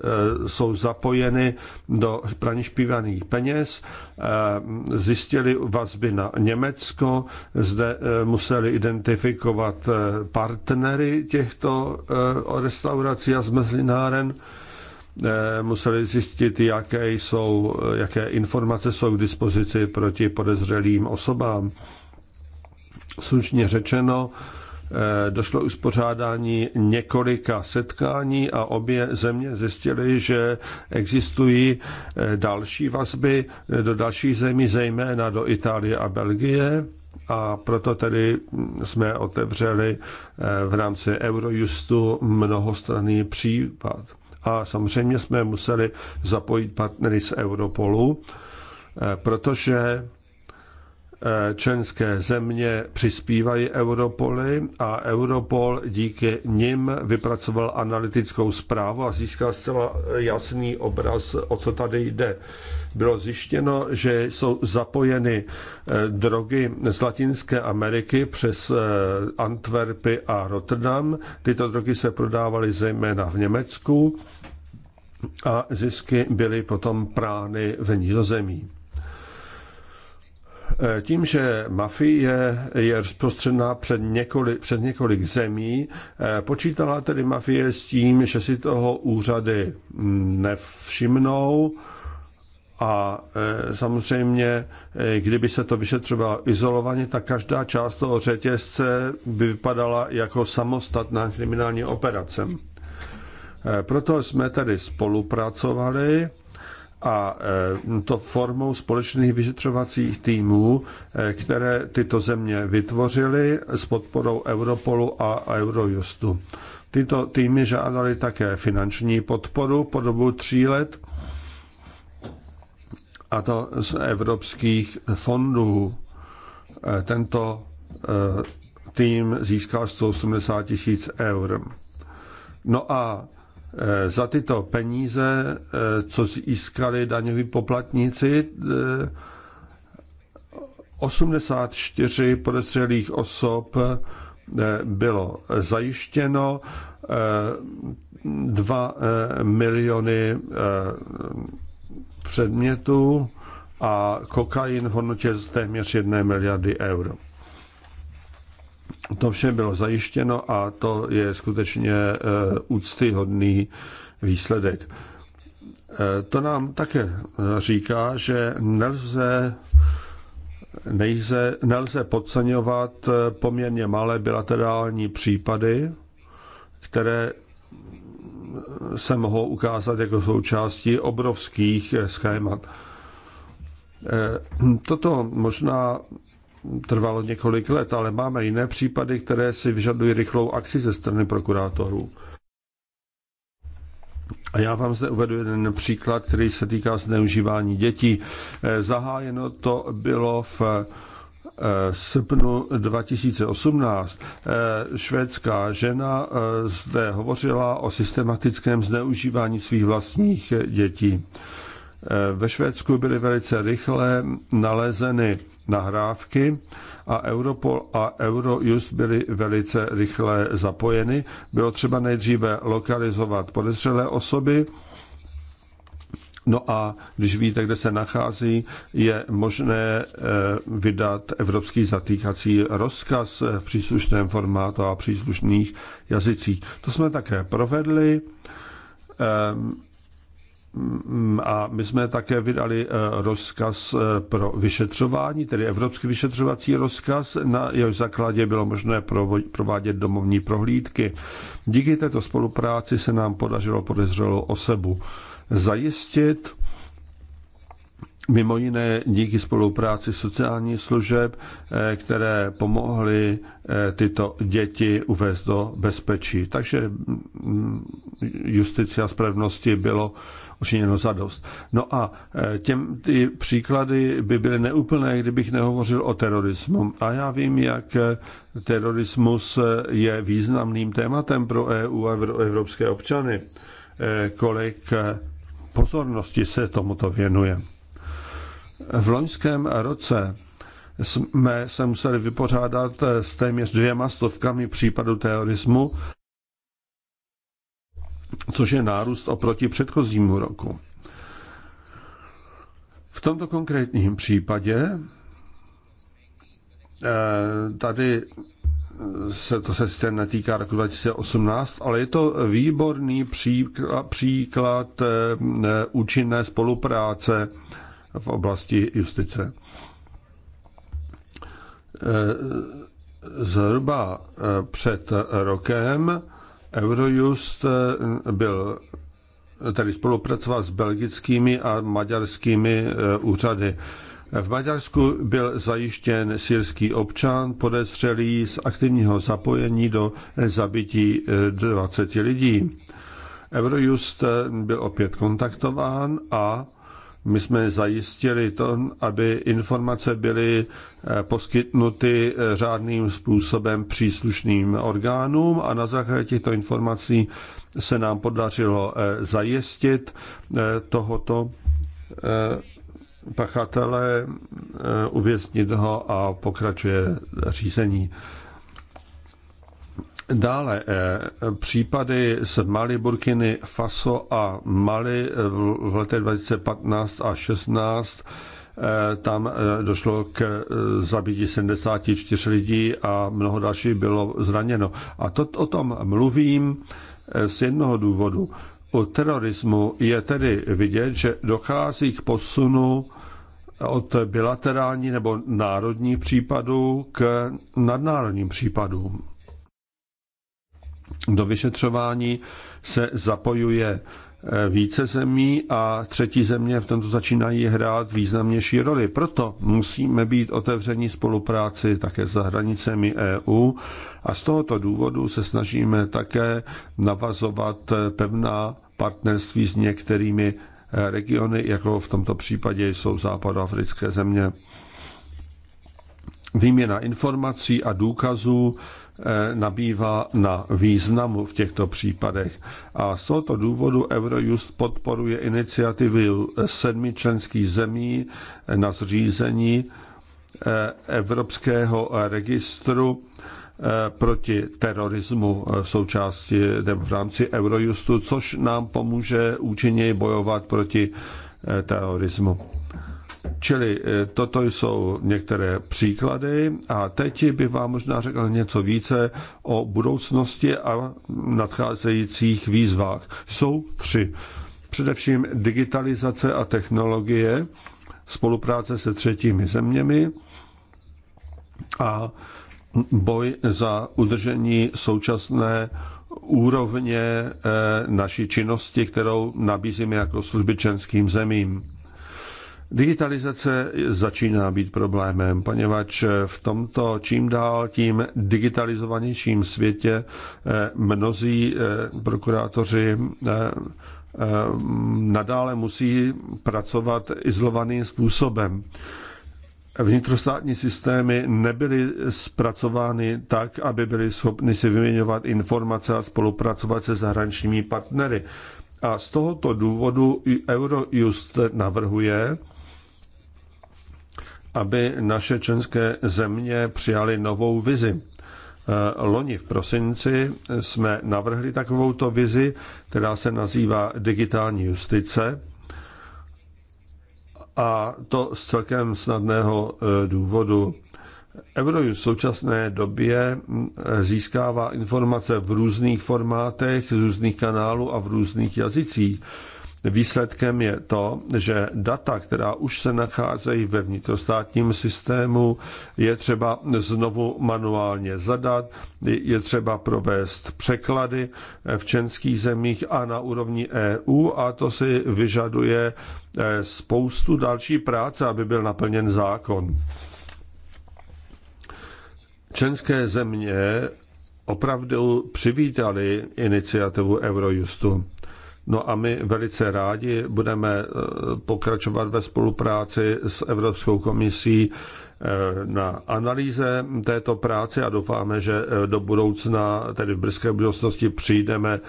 jsou zapojeny do praní špívaných peněz, eh, zjistili vazby na Německo, zde museli identifikovat partnery těchto restaurací a zmrzlináren, museli zjistit, jaké, jsou, jaké informace jsou k dispozici proti podezřelým osobám slušně řečeno, eh, došlo k uspořádání několika setkání a obě země zjistily, že existují eh, další vazby eh, do dalších zemí, zejména do Itálie a Belgie. A proto tedy hm, jsme otevřeli v rámci Eurojustu mnohostranný případ. A samozřejmě jsme museli zapojit partnery z Europolu, protože Eh, členské země přispívají Europoli a Europol díky nim vypracoval analytickou zprávu a získal zcela jasný obraz, o co tady jde. Bylo zjištěno, že jsou zapojeny eh, drogy z Latinské Ameriky přes eh, Antwerpy a Rotterdam. Tyto drogy se prodávaly zejména v Německu a zisky byly potom prány v Nizozemí. Eh, tím, že mafie je rozprostřená před několik, před několik zemí, eh, počítala tedy mafie s tím, že si toho úřady mm, nevšimnou a eh, samozřejmě, kdyby se to vyšetřovalo izolovaně, tak každá část toho řetězce by vypadala jako samostatná kriminální operace. Proto jsme tedy spolupracovali a e, to formou společných vyšetřovacích týmů, e, které tyto země vytvořily s podporou Europolu a Eurojustu. Tyto týmy žádaly také finanční podporu po dobu tří let, a to z evropských fondů. E, tento tým získal 180 tisíc eur. No a Eh, za tyto peníze, eh, co získali daňoví poplatníci, 84 eh, podezřelých osob bylo zajištěno, 2 miliony předmětů a kokain v hodnotě téměř 1 miliardy euro. To vše bylo zajištěno a to je skutečně eh, úctyhodný výsledek. Eh, to nám také eh, říká, že nelze nejze, nelze podceňovat poměrně malé bilaterální případy, které se mohou ukázat jako součástí obrovských schémat. Toto možná trvalo několik let, ale máme jiné případy, které si vyžadují rychlou akci ze strany prokurátorů. A já vám zde uvedu jeden příklad, který se týká zneužívání dětí. Eh, zahájeno to bylo v eh, srpnu 2018 eh, švédská žena zde hovořila o systematickém zneužívání svých vlastních dětí. Ve Švédsku byly velice rychle nalezeny nahrávky a Europol a Eurojust byly velice rychle zapojeny. Bylo třeba nejdříve lokalizovat podezřelé osoby, No a když víte, kde se nachází, je možné eh, vydat evropský zatýkací rozkaz v příslušném formátu a příslušných jazycích. To jsme také provedli. Ehm, Mm, a my jsme také vydali eh, rozkaz eh, pro vyšetřování, tedy evropský vyšetřovací rozkaz, na jeho základě bylo možné provádět domovní prohlídky. Díky této spolupráci se nám podařilo podezřelou osobu zajistit, mimo jiné díky spolupráci sociálních služeb, eh, které pomohly tyto děti uvést do bezpečí. Takže mm, mm, justice a spravedlnosti bylo učiněno za dost. No a e, těm ty příklady by byly neúplné, kdybych nehovořil o terorismu. A já vím, jak e, terorismus e, je významným tématem pro EU a evropské občany. Kolik pozornosti se tomuto věnuje. V loňském roce jsme se museli vypořádat s téměř dvěma stovkami případů terorismu což je nárůst oproti předchozímu roku. V tomto konkrétním případě eh, tady se to se sice netýká roku 2018, ale je to výborný příklad, příklad eh, účinné spolupráce v oblasti justice. Eh, zhruba před rokem Eurojust eh, byl tedy spolupracoval s belgickými a maďarskými eh, úřady. V Maďarsku byl zajištěn syrský občan podezřelý z aktivního zapojení do eh, zabití 20 lidí. Eurojust byl opět kontaktován a my jsme zajistili to, aby informace byly eh, poskytnuty eh, řádným způsobem příslušným orgánům a na základě těchto informací se nám podařilo eh, zajistit tohoto pachatele, uvěznit ho a pokračuje řízení. Dále eh, případy z Mali, Burkiny, Faso a Mali v letech 2015 a 16 eh, tam eh, došlo k zabití 74 lidí a mnoho dalších bylo zraněno. A to, o tom mluvím z jednoho důvodu. U terorismu je tedy vidět, že dochází k posunu od bilaterální nebo národní případů k nadnárodním případům. Do vyšetřování se zapojuje eh, více zemí a třetí země v tomto začínají hrát významnější roli. Proto musíme být otevření spolupráci také za hranicemi EU a z tohoto důvodu se snažíme také navazovat eh, pevná partnerství s některými eh, regiony, jako v tomto případě jsou západoafrické země. Výměna informací a důkazů Eh, nabývá na významu v těchto případech. A z tohoto důvodu Eurojust podporuje iniciativy sedmi členských zemí na zřízení eh, Evropského registru eh, proti terorismu v součásti v rámci Eurojustu, což nám pomůže účinněji bojovat proti terorismu. Čili e, toto jsou některé příklady a teď bych vám možná řekl něco více o budoucnosti a nadcházejících výzvách. Jsou tři. Především digitalizace a technologie, spolupráce se třetími zeměmi a boj za udržení současné úrovně e, naší činnosti, kterou nabízíme jako služby členským zemím. Digitalizace začíná být problémem, poněvadž v tomto čím dál tím digitalizovanějším světě eh, mnozí eh, prokurátoři eh, nadále musí pracovat izolovaným způsobem. Vnitrostátní systémy nebyly zpracovány tak, aby byly schopny si vyměňovat informace a spolupracovat se zahraničními partnery. A z tohoto důvodu Eurojust navrhuje, aby naše členské země přijaly novou vizi. Eh, loni v prosinci jsme navrhli takovouto vizi, která se nazývá digitální justice a to z celkem snadného eh, důvodu. Eurojust v současné době eh, získává informace v různých formátech, z různých kanálů a v různých jazycích. Výsledkem je to, že data, která už se nacházejí ve vnitrostátním systému, je třeba znovu manuálně zadat, je třeba provést překlady v českých zemích a na úrovni EU a to si vyžaduje eh, spoustu další práce, aby byl naplněn zákon. Členské země opravdu přivítali iniciativu Eurojustu. No a my velice rádi budeme eh, pokračovat ve spolupráci s Evropskou komisí eh, na analýze této práce a doufáme, že eh, do budoucna, tedy v brzké budoucnosti, přijdeme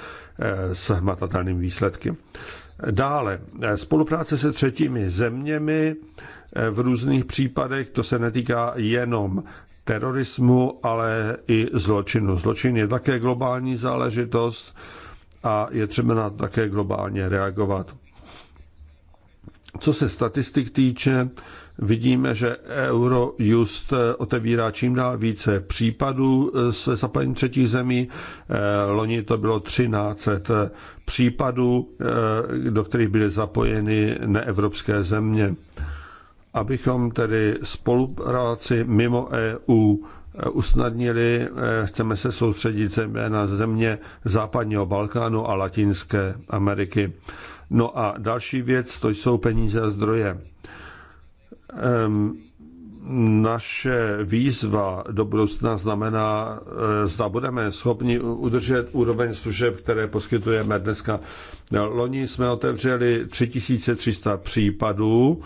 s hmatatelným výsledky. Dále, spolupráce se třetími zeměmi v různých případech, to se netýká jenom terorismu, ale i zločinu. Zločin je také globální záležitost, a je třeba na to také globálně reagovat. Co se statistik týče, vidíme, že Eurojust eh, otevírá čím dál více případů eh, se zapojením třetí zemí. Eh, loni to bylo 13 případů, do kterých byly zapojeny neevropské země. Abychom tedy spolupráci mimo EU Eh, usnadnili, eh, chceme se soustředit na země západního Balkánu a Latinské Ameriky. No a další věc, to jsou peníze a zdroje. Ehm, naše výzva do budoucna znamená, eh, zda budeme schopni udržet úroveň služeb, které poskytujeme dneska. Loni jsme otevřeli 3300 případů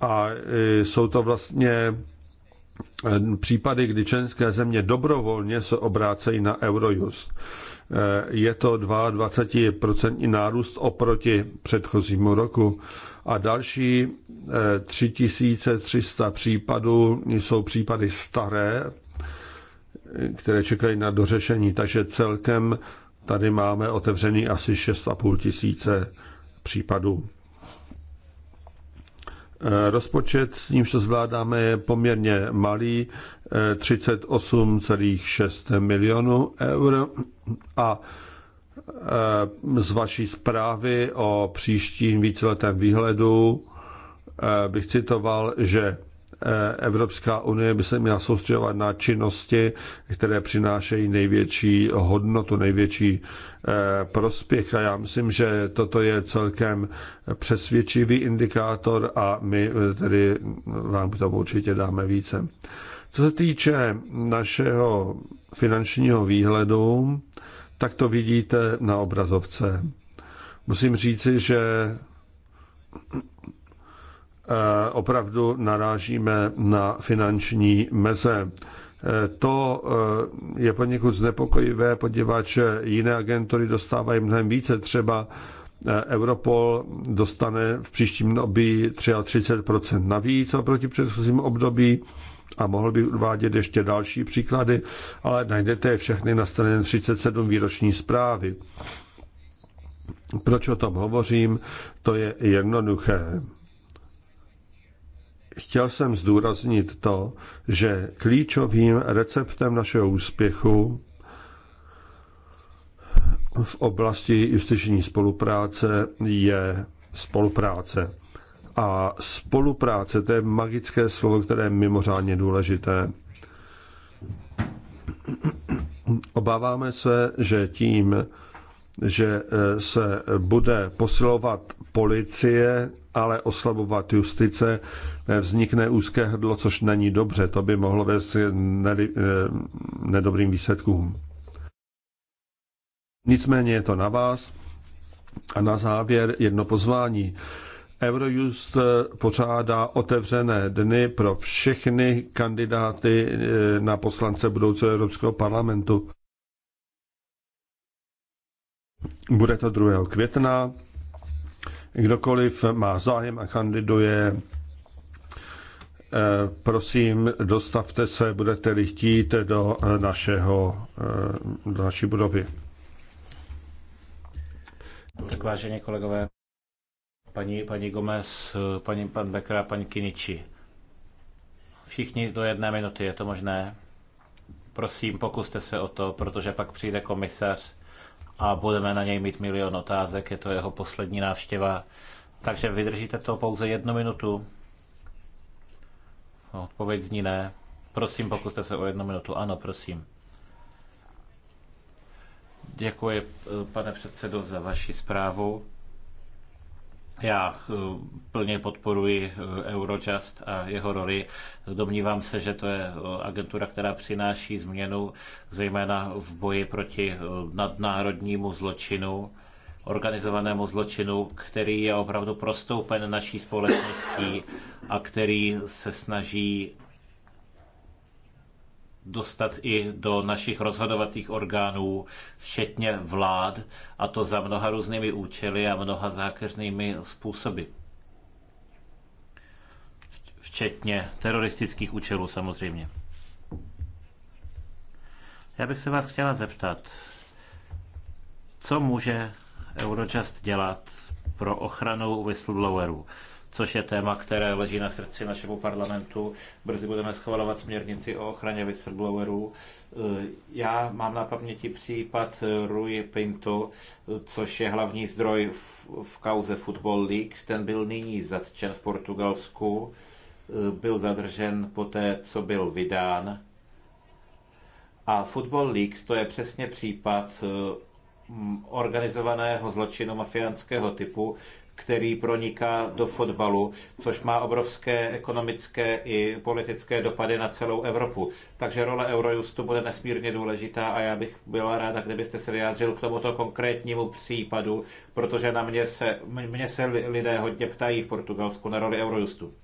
a jsou to vlastně Eh, případy, kdy členské země dobrovolně se obrácejí na Eurojust. Eh, je to 22% nárůst oproti předchozímu roku a další 3300 eh, případů jsou případy staré, které čekají na dořešení, takže celkem tady máme otevřený asi 6,5 tisíce případů. Eh, rozpočet, s nímž to zvládáme, je poměrně malý, 38,6 eh, milionů eur a eh, z vaší zprávy o příštím víceletém výhledu bych citoval, že Eh, Evropská unie by se měla soustředovat na činnosti, které přinášejí největší hodnotu, největší eh, prospěch. A já myslím, že toto je celkem přesvědčivý indikátor a my eh, tedy vám k tomu určitě dáme více. Co se týče našeho finančního výhledu, tak to vidíte na obrazovce. Musím říci, že Eh, opravdu narážíme na finanční meze. Eh, to eh, je poněkud znepokojivé, že jiné agentury dostávají mnohem více. Třeba Europol dostane v příštím období 33 navíc oproti předchozím období a mohl bych uvádět ještě další příklady, ale najdete je všechny na straně 37 výroční zprávy. Proč o tom hovořím? To je jednoduché Chtěl jsem zdůraznit to, že klíčovým receptem našeho úspěchu v oblasti justiční spolupráce je spolupráce. A spolupráce, to je magické slovo, které je mimořádně důležité. Obáváme se, že tím, že eh, se bude posilovat policie, ale oslabovat justice, vznikne úzké hrdlo, což není dobře. To by mohlo vést k eh, nedobrým výsledkům. Nicméně je to na vás. A na závěr jedno pozvání. Eurojust eh, pořádá otevřené dny pro všechny kandidáty eh, na poslance budoucího Evropského parlamentu. Bude to 2. května. Kdokoliv má zájem a kandiduje, Eh, prosím, dostavte se, budete-li chtít, do, eh, našeho, eh, do naší budovy. Tak vážení kolegové, paní, paní Gomez, paní pan Becker a paní Kiniči. Všichni do jedné minuty, je to možné? Prosím, pokuste se o to, protože pak přijde komisař a budeme na něj mít milion otázek, je to jeho poslední návštěva. Takže vydržíte to pouze jednu minutu. Odpověď zní ne. Prosím, pokuste se o jednu minutu. Ano, prosím. Děkuji, eh, pane předsedo, za vaši zprávu. Já eh, plně podporuji eh, Eurojust a jeho roli. Domnívám se, že to je agentura, která přináší změnu, zejména v boji proti nadnárodnímu zločinu organizovanému zločinu, který je opravdu prostoupen naší společností a který se snaží dostat i do našich rozhodovacích orgánů, včetně vlád, a to za mnoha různými účely a mnoha zákeřnými způsoby. Včetně teroristických účelů samozřejmě. Já bych se vás chtěla zeptat, co může Eurojust dělat pro ochranu whistleblowerů, což je téma, které leží na srdci našemu parlamentu. Brzy budeme schvalovat směrnici o ochraně whistleblowerů. E, já mám na paměti případ Rui Pinto, což je hlavní zdroj v, v kauze Football Leagues. Ten byl nyní zatčen v Portugalsku, e, byl zadržen poté, co byl vydán. A Football Leagues to je přesně případ e, organizovaného zločinu mafiánského typu, který proniká do fotbalu, což má obrovské ekonomické i politické dopady na celou Evropu. Takže role Eurojustu bude nesmírně důležitá a já bych byla ráda, kdybyste se vyjádřil k tomuto konkrétnímu případu, protože na mě se, mě se lidé hodně ptají v Portugalsku na roli Eurojustu.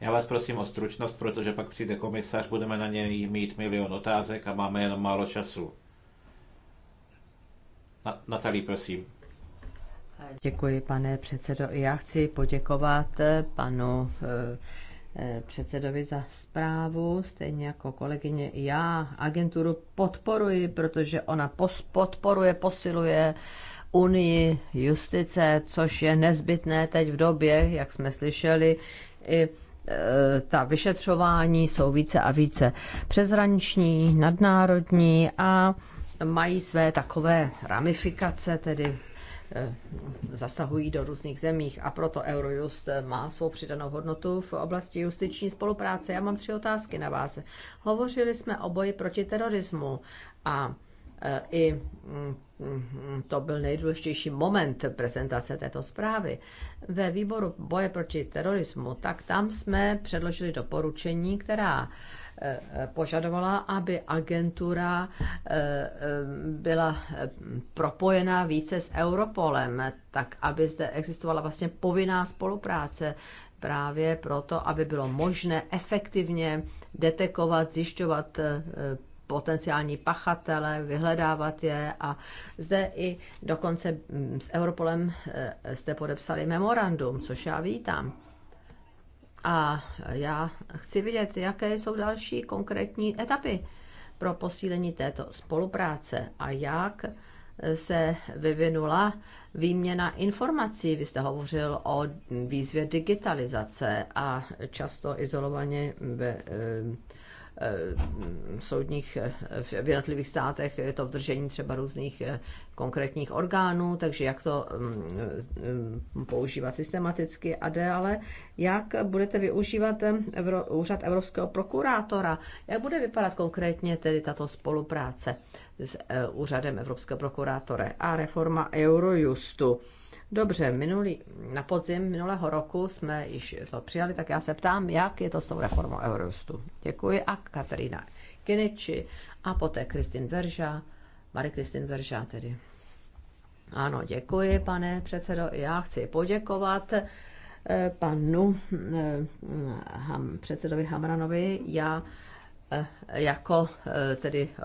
Já vás prosím o stručnost, protože pak přijde komisař, budeme na něj mít milion otázek a máme jenom málo času. Natalí, prosím. Děkuji, pane předsedo. Já chci poděkovat eh, panu eh, eh, předsedovi za zprávu, stejně jako kolegyně. Já agenturu podporuji, protože ona podporuje, posiluje unii justice, což je nezbytné teď v době, jak jsme slyšeli, i ta vyšetřování jsou více a více přezraniční, nadnárodní a mají své takové ramifikace, tedy eh, zasahují do různých zemích a proto Eurojust eh, má svou přidanou hodnotu v oblasti justiční spolupráce. Já mám tři otázky na vás. Hovořili jsme o boji proti terorismu a eh, i mm, to byl nejdůležitější moment prezentace této zprávy. Ve výboru boje proti terorismu, tak tam jsme předložili doporučení, která požadovala, aby agentura eh, eh, byla eh, propojená více s Europolem, tak aby zde existovala vlastně povinná spolupráce právě proto, aby bylo možné efektivně detekovat, zjišťovat potenciální pachatele, vyhledávat je a zde i dokonce mm, s Europolem jste podepsali memorandum, což já vítám. A já chci vidět, jaké jsou další konkrétní etapy pro posílení této spolupráce a jak se vyvinula výměna informací. Vy jste hovořil o výzvě digitalizace a často izolovaně ve, Eh, soudních, eh, v jednotlivých státech je to v držení třeba různých eh, konkrétních orgánů, takže jak to mm, mm, používat systematicky a dále, jak budete využívat Evro, úřad Evropského prokurátora, jak bude vypadat konkrétně tedy tato spolupráce s úřadem Evropského prokurátora a reforma Eurojustu Dobře, minulý, na podzim minulého roku jsme již to přijali, tak já se ptám, jak je to s tou reformou Eurostu. Děkuji a Katarína Kineči a poté Kristin Verža, Marie Kristin Verža tedy. Ano, děkuji, pane předsedo. Já chci poděkovat eh, panu eh, hm, hm, předsedovi Hamranovi. Já Eh, jako eh, tedy eh,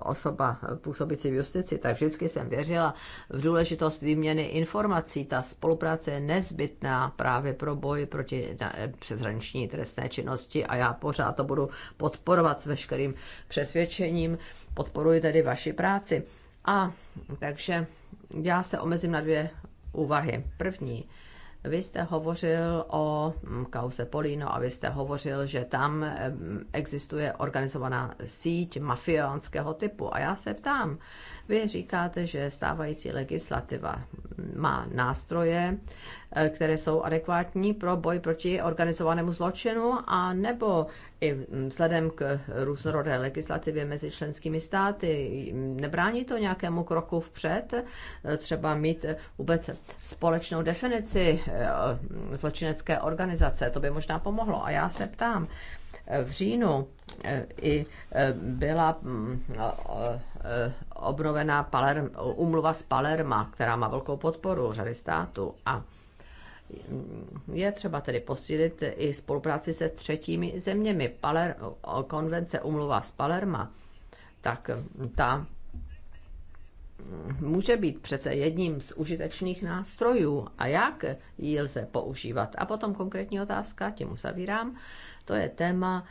osoba působící v justici, tak vždycky jsem věřila v důležitost výměny informací. Ta spolupráce je nezbytná právě pro boj proti přeshraniční trestné činnosti a já pořád to budu podporovat s veškerým přesvědčením. Podporuji tedy vaši práci. A takže já se omezím na dvě úvahy. První, vy jste hovořil o mm, kauze Polino a vy jste hovořil, že tam mm, existuje organizovaná síť mafiánského typu. A já se ptám, vy říkáte, že stávající legislativa má nástroje, eh, které jsou adekvátní pro boj proti organizovanému zločinu a nebo i mm, vzhledem k různorodé legislativě mezi členskými státy nebrání to nějakému kroku vpřed, eh, třeba mít vůbec společnou definici eh, zločinecké organizace, to by možná pomohlo. A já se ptám, v říjnu eh, i eh, byla mm, eh, obnovená umluva z Palerma, která má velkou podporu řady států a mm, je třeba tedy posílit i spolupráci se třetími zeměmi. Paler, konvence umluva z Palerma, tak ta mm, může být přece jedním z užitečných nástrojů a jak ji lze používat. A potom konkrétní otázka, tím uzavírám. To je téma,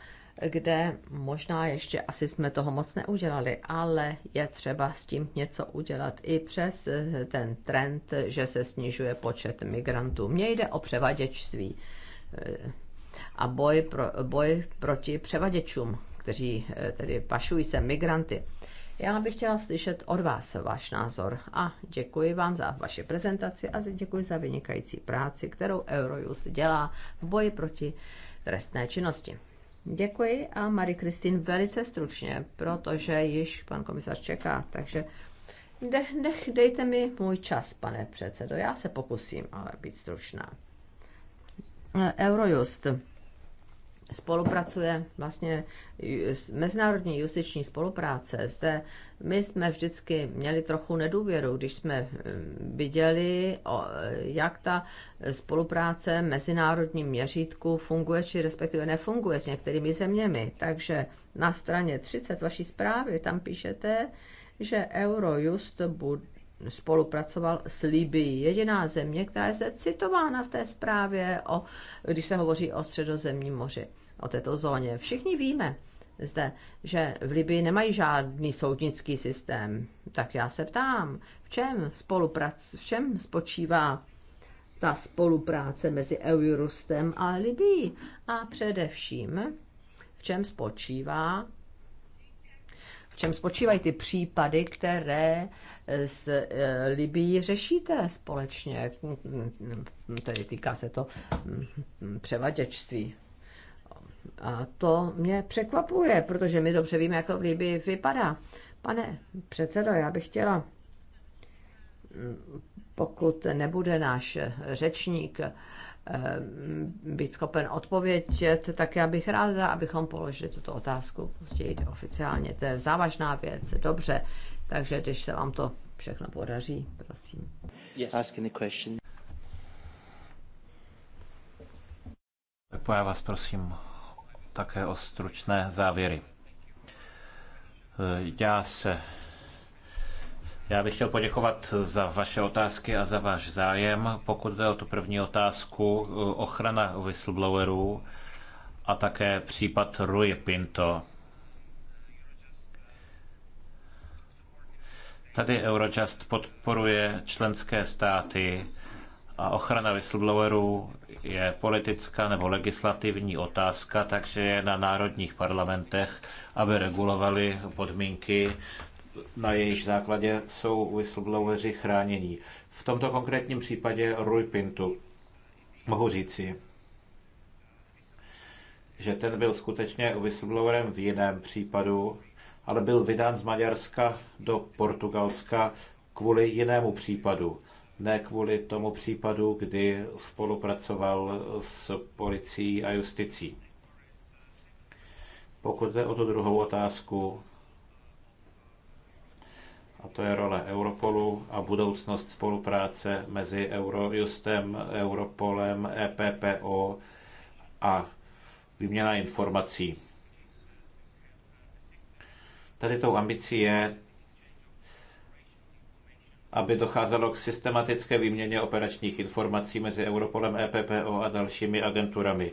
kde možná ještě asi jsme toho moc neudělali, ale je třeba s tím něco udělat i přes eh, ten trend, že se snižuje počet migrantů. Mně jde o převaděčství eh, a boj, pro, boj proti převaděčům, kteří eh, tedy pašují se migranty. Já bych chtěla slyšet od vás váš názor a děkuji vám za vaši prezentaci a děkuji za vynikající práci, kterou Eurojust dělá v boji proti trestné činnosti. Děkuji a Marie Kristin velice stručně, protože již pan komisař čeká, takže dech, dech, dejte mi můj čas, pane předsedo, já se pokusím ale být stručná. Eurojust spolupracuje vlastně mezinárodní justiční spolupráce. Zde my jsme vždycky měli trochu nedůvěru, když jsme hm, viděli, jak ta spolupráce mezinárodním měřítku funguje, či respektive nefunguje s některými zeměmi. Takže na straně 30 vaší zprávy tam píšete, že Eurojust bude spolupracoval s Libií. Jediná země, která je zde citována v té zprávě, o, když se hovoří o středozemním moři, o této zóně. Všichni víme zde, že v Libii nemají žádný soudnický systém. Tak já se ptám, v čem, spoluprac, v čem spočívá ta spolupráce mezi Eurostem a Libií? A především, v čem spočívá v čem spočívají ty případy, které s eh, Libií řešíte společně? Tedy týká se to hm, převaděčství. A to mě překvapuje, protože my dobře víme, jak to v Libii vypadá. Pane předsedo, já bych chtěla, hm, pokud nebude náš řečník hm, být schopen odpovědět, tak já bych ráda, abychom položili tuto otázku později prostě oficiálně. To je závažná věc. Dobře, takže když se vám to všechno podaří, prosím. Yes. Tak já vás prosím také o stručné závěry. Eh, já se já bych chtěl poděkovat za vaše otázky a za váš zájem. Pokud jde o tu první otázku, eh, ochrana whistleblowerů a také případ Rui Pinto, Tady Eurojust podporuje členské státy a ochrana whistleblowerů je politická nebo legislativní otázka, takže je na národních parlamentech, aby regulovali podmínky, na jejich základě jsou whistlebloweri chránění. V tomto konkrétním případě Rui Pintu mohu říci, že ten byl skutečně whistleblowerem v jiném případu, ale byl vydán z Maďarska do Portugalska kvůli jinému případu. Ne kvůli tomu případu, kdy spolupracoval s policií a justicí. Pokud jde o tu druhou otázku, a to je role Europolu a budoucnost spolupráce mezi Eurojustem, Europolem, EPPO a výměna informací. Tady tou ambicí je, aby docházelo k systematické výměně operačních informací mezi Europolem, EPPO a dalšími agenturami.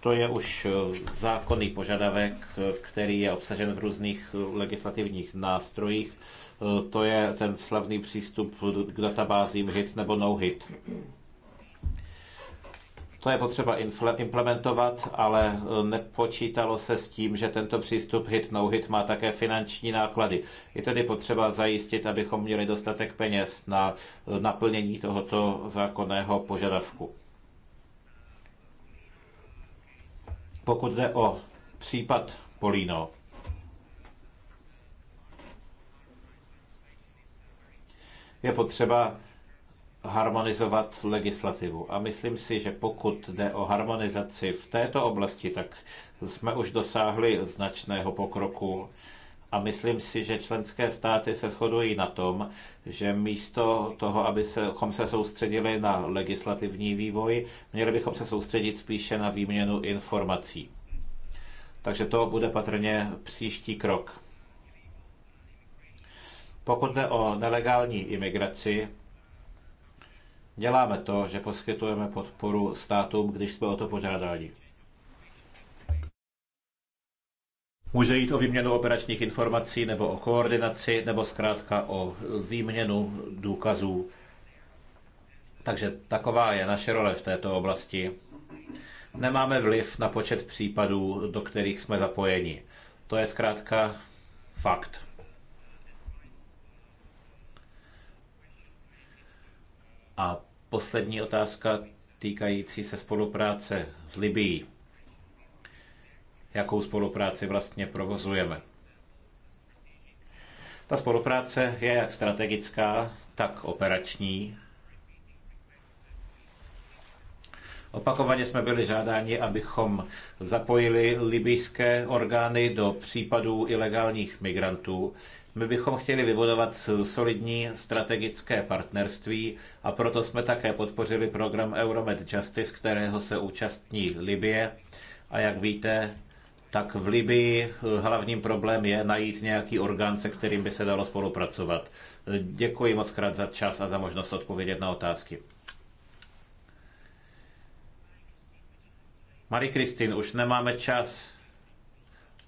To je už zákonný požadavek, který je obsažen v různých legislativních nástrojích. To je ten slavný přístup k databázím hit nebo NoHIT. hit. To je potřeba implementovat, ale eh, nepočítalo se s tím, že tento přístup hit no hit má také finanční náklady. Je tedy potřeba zajistit, abychom měli dostatek peněz na eh, naplnění tohoto zákonného požadavku. Pokud jde o případ Polino, je potřeba harmonizovat legislativu. A myslím si, že pokud jde o harmonizaci v této oblasti, tak jsme už dosáhli značného pokroku. A myslím si, že členské státy se shodují na tom, že místo toho, abychom se, se soustředili na legislativní vývoj, měli bychom se soustředit spíše na výměnu informací. Takže to bude patrně příští krok. Pokud jde o nelegální imigraci, Děláme to, že poskytujeme podporu státům, když jsme o to požádali. Může jít o výměnu operačních informací nebo o koordinaci, nebo zkrátka o výměnu důkazů. Takže taková je naše role v této oblasti. Nemáme vliv na počet případů, do kterých jsme zapojeni. To je zkrátka fakt. A poslední otázka týkající se spolupráce s Libií. Jakou spolupráci vlastně provozujeme? Ta spolupráce je jak strategická, tak operační. Opakovaně jsme byli žádáni, abychom zapojili libijské orgány do případů ilegálních migrantů. My bychom chtěli vybudovat solidní strategické partnerství a proto jsme také podpořili program Euromed Justice, kterého se účastní Libie. A jak víte, tak v Libii eh, hlavním problém je najít nějaký orgán, se kterým by se dalo spolupracovat. Eh, děkuji moc krát za čas a za možnost odpovědět na otázky. Marie Kristin, už nemáme čas.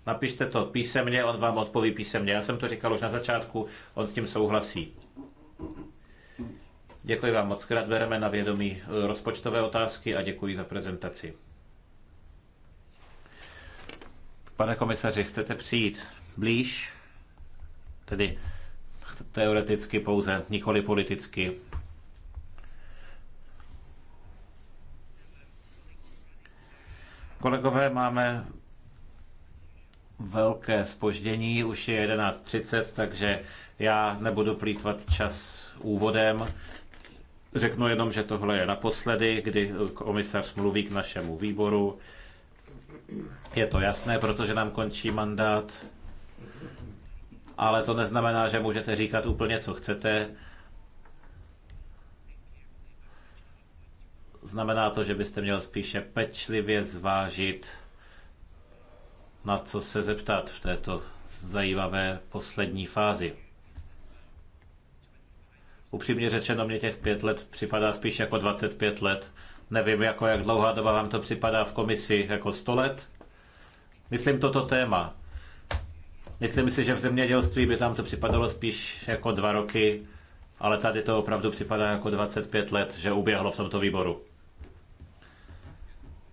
Napište to písemně, on vám odpoví písemně. Já jsem to říkal už na začátku, on s tím souhlasí. Děkuji vám moc krát, bereme na vědomí eh, rozpočtové otázky a děkuji za prezentaci. Pane komisaři, chcete přijít blíž? Tedy teoreticky pouze, nikoli politicky. Kolegové, máme velké spoždění, už je 11.30, takže já nebudu plítvat čas úvodem. Řeknu jenom, že tohle je naposledy, kdy komisař mluví k našemu výboru. Je to jasné, protože nám končí mandát, ale to neznamená, že můžete říkat úplně, co chcete. Znamená to, že byste měl spíše pečlivě zvážit, na co se zeptat v této zajímavé poslední fázi. Upřímně řečeno, mě těch pět let připadá spíš jako 25 let. Nevím, jako jak dlouhá doba vám to připadá v komisi, jako 100 let. Myslím toto téma. Myslím si, že v zemědělství by tam to připadalo spíš jako dva roky, ale tady to opravdu připadá jako 25 let, že uběhlo v tomto výboru.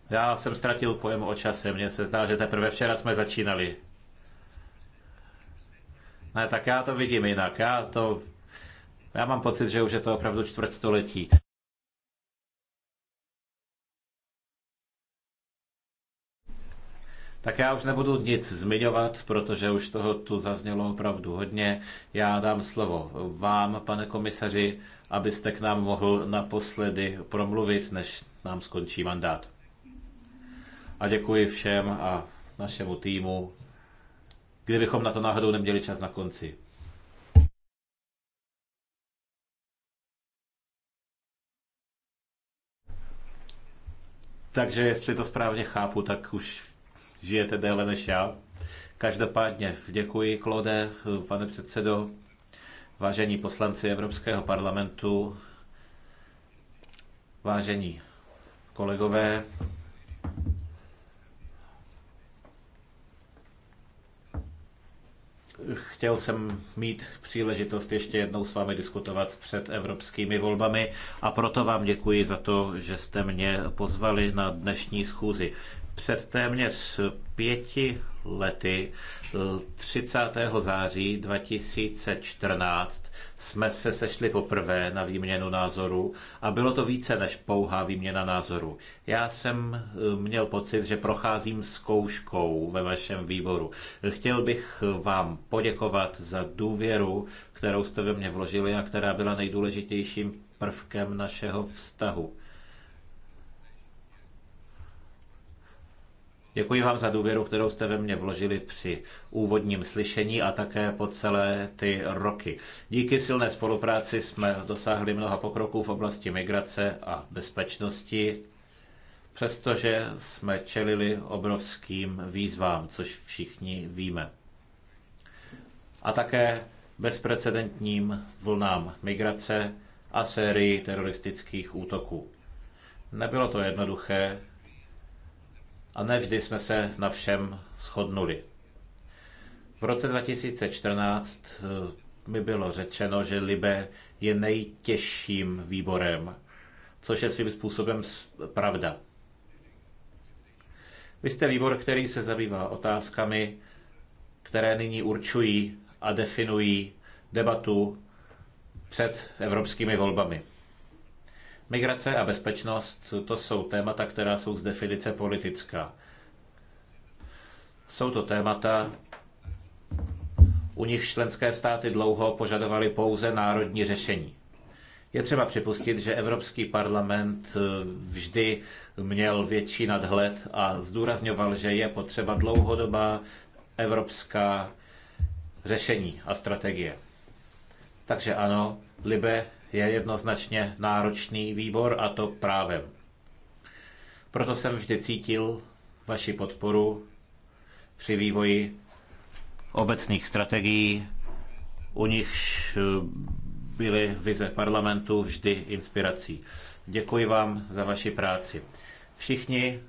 Já jsem ztratil pojem o čase, mně se zdá, že teprve včera jsme začínali. Ne, tak já to vidím jinak, já to... Já mám pocit, že už je to opravdu čtvrtstoletí. Tak já už nebudu nic zmiňovat, protože už toho tu zaznělo opravdu hodně. Já dám slovo vám, pane komisaři, abyste k nám mohl naposledy promluvit, než nám skončí mandát a děkuji všem a našemu týmu, kdybychom na to náhodou neměli čas na konci. Takže jestli to správně chápu, tak už žijete déle než já. Každopádně děkuji, Klode, pane předsedo, vážení poslanci Evropského parlamentu, vážení kolegové, chtěl jsem mít příležitost ještě jednou s vámi diskutovat před evropskými volbami a proto vám děkuji za to, že jste mě pozvali na dnešní schůzi. Před téměř pěti lety 30. E, září 2014 jsme se sešli poprvé na výměnu názorů a bylo to více než pouhá výměna názorů. Já jsem e, měl pocit, že procházím zkouškou ve vašem výboru. Chtěl bych vám poděkovat za důvěru, kterou jste ve mě vložili a která byla nejdůležitějším prvkem našeho vztahu. Děkuji vám za důvěru, kterou jste ve mně vložili při úvodním slyšení a také po celé ty roky. Díky silné spolupráci jsme dosáhli mnoha pokroků v oblasti migrace a bezpečnosti, přestože jsme čelili obrovským výzvám, což všichni víme. A také bezprecedentním vlnám migrace a sérii teroristických útoků. Nebylo to jednoduché, a nevždy jsme se na všem shodnuli. V roce 2014 eh, mi bylo řečeno, že Libe je nejtěžším výborem, což je svým způsobem pravda. Vy jste výbor, který se zabývá otázkami, které nyní určují a definují debatu před evropskými volbami. Migrace a bezpečnost to jsou témata, která jsou z definice politická. Jsou to témata, u nich členské státy dlouho požadovaly pouze národní řešení. Je třeba připustit, že Evropský parlament eh, vždy měl větší nadhled a zdůrazňoval, že je potřeba dlouhodobá evropská řešení a strategie. Takže ano, Libe je jednoznačně náročný výbor a to právem. Proto jsem vždy cítil vaši podporu při vývoji obecných strategií, u nichž eh, byly vize parlamentu vždy inspirací. Děkuji vám za vaši práci. Všichni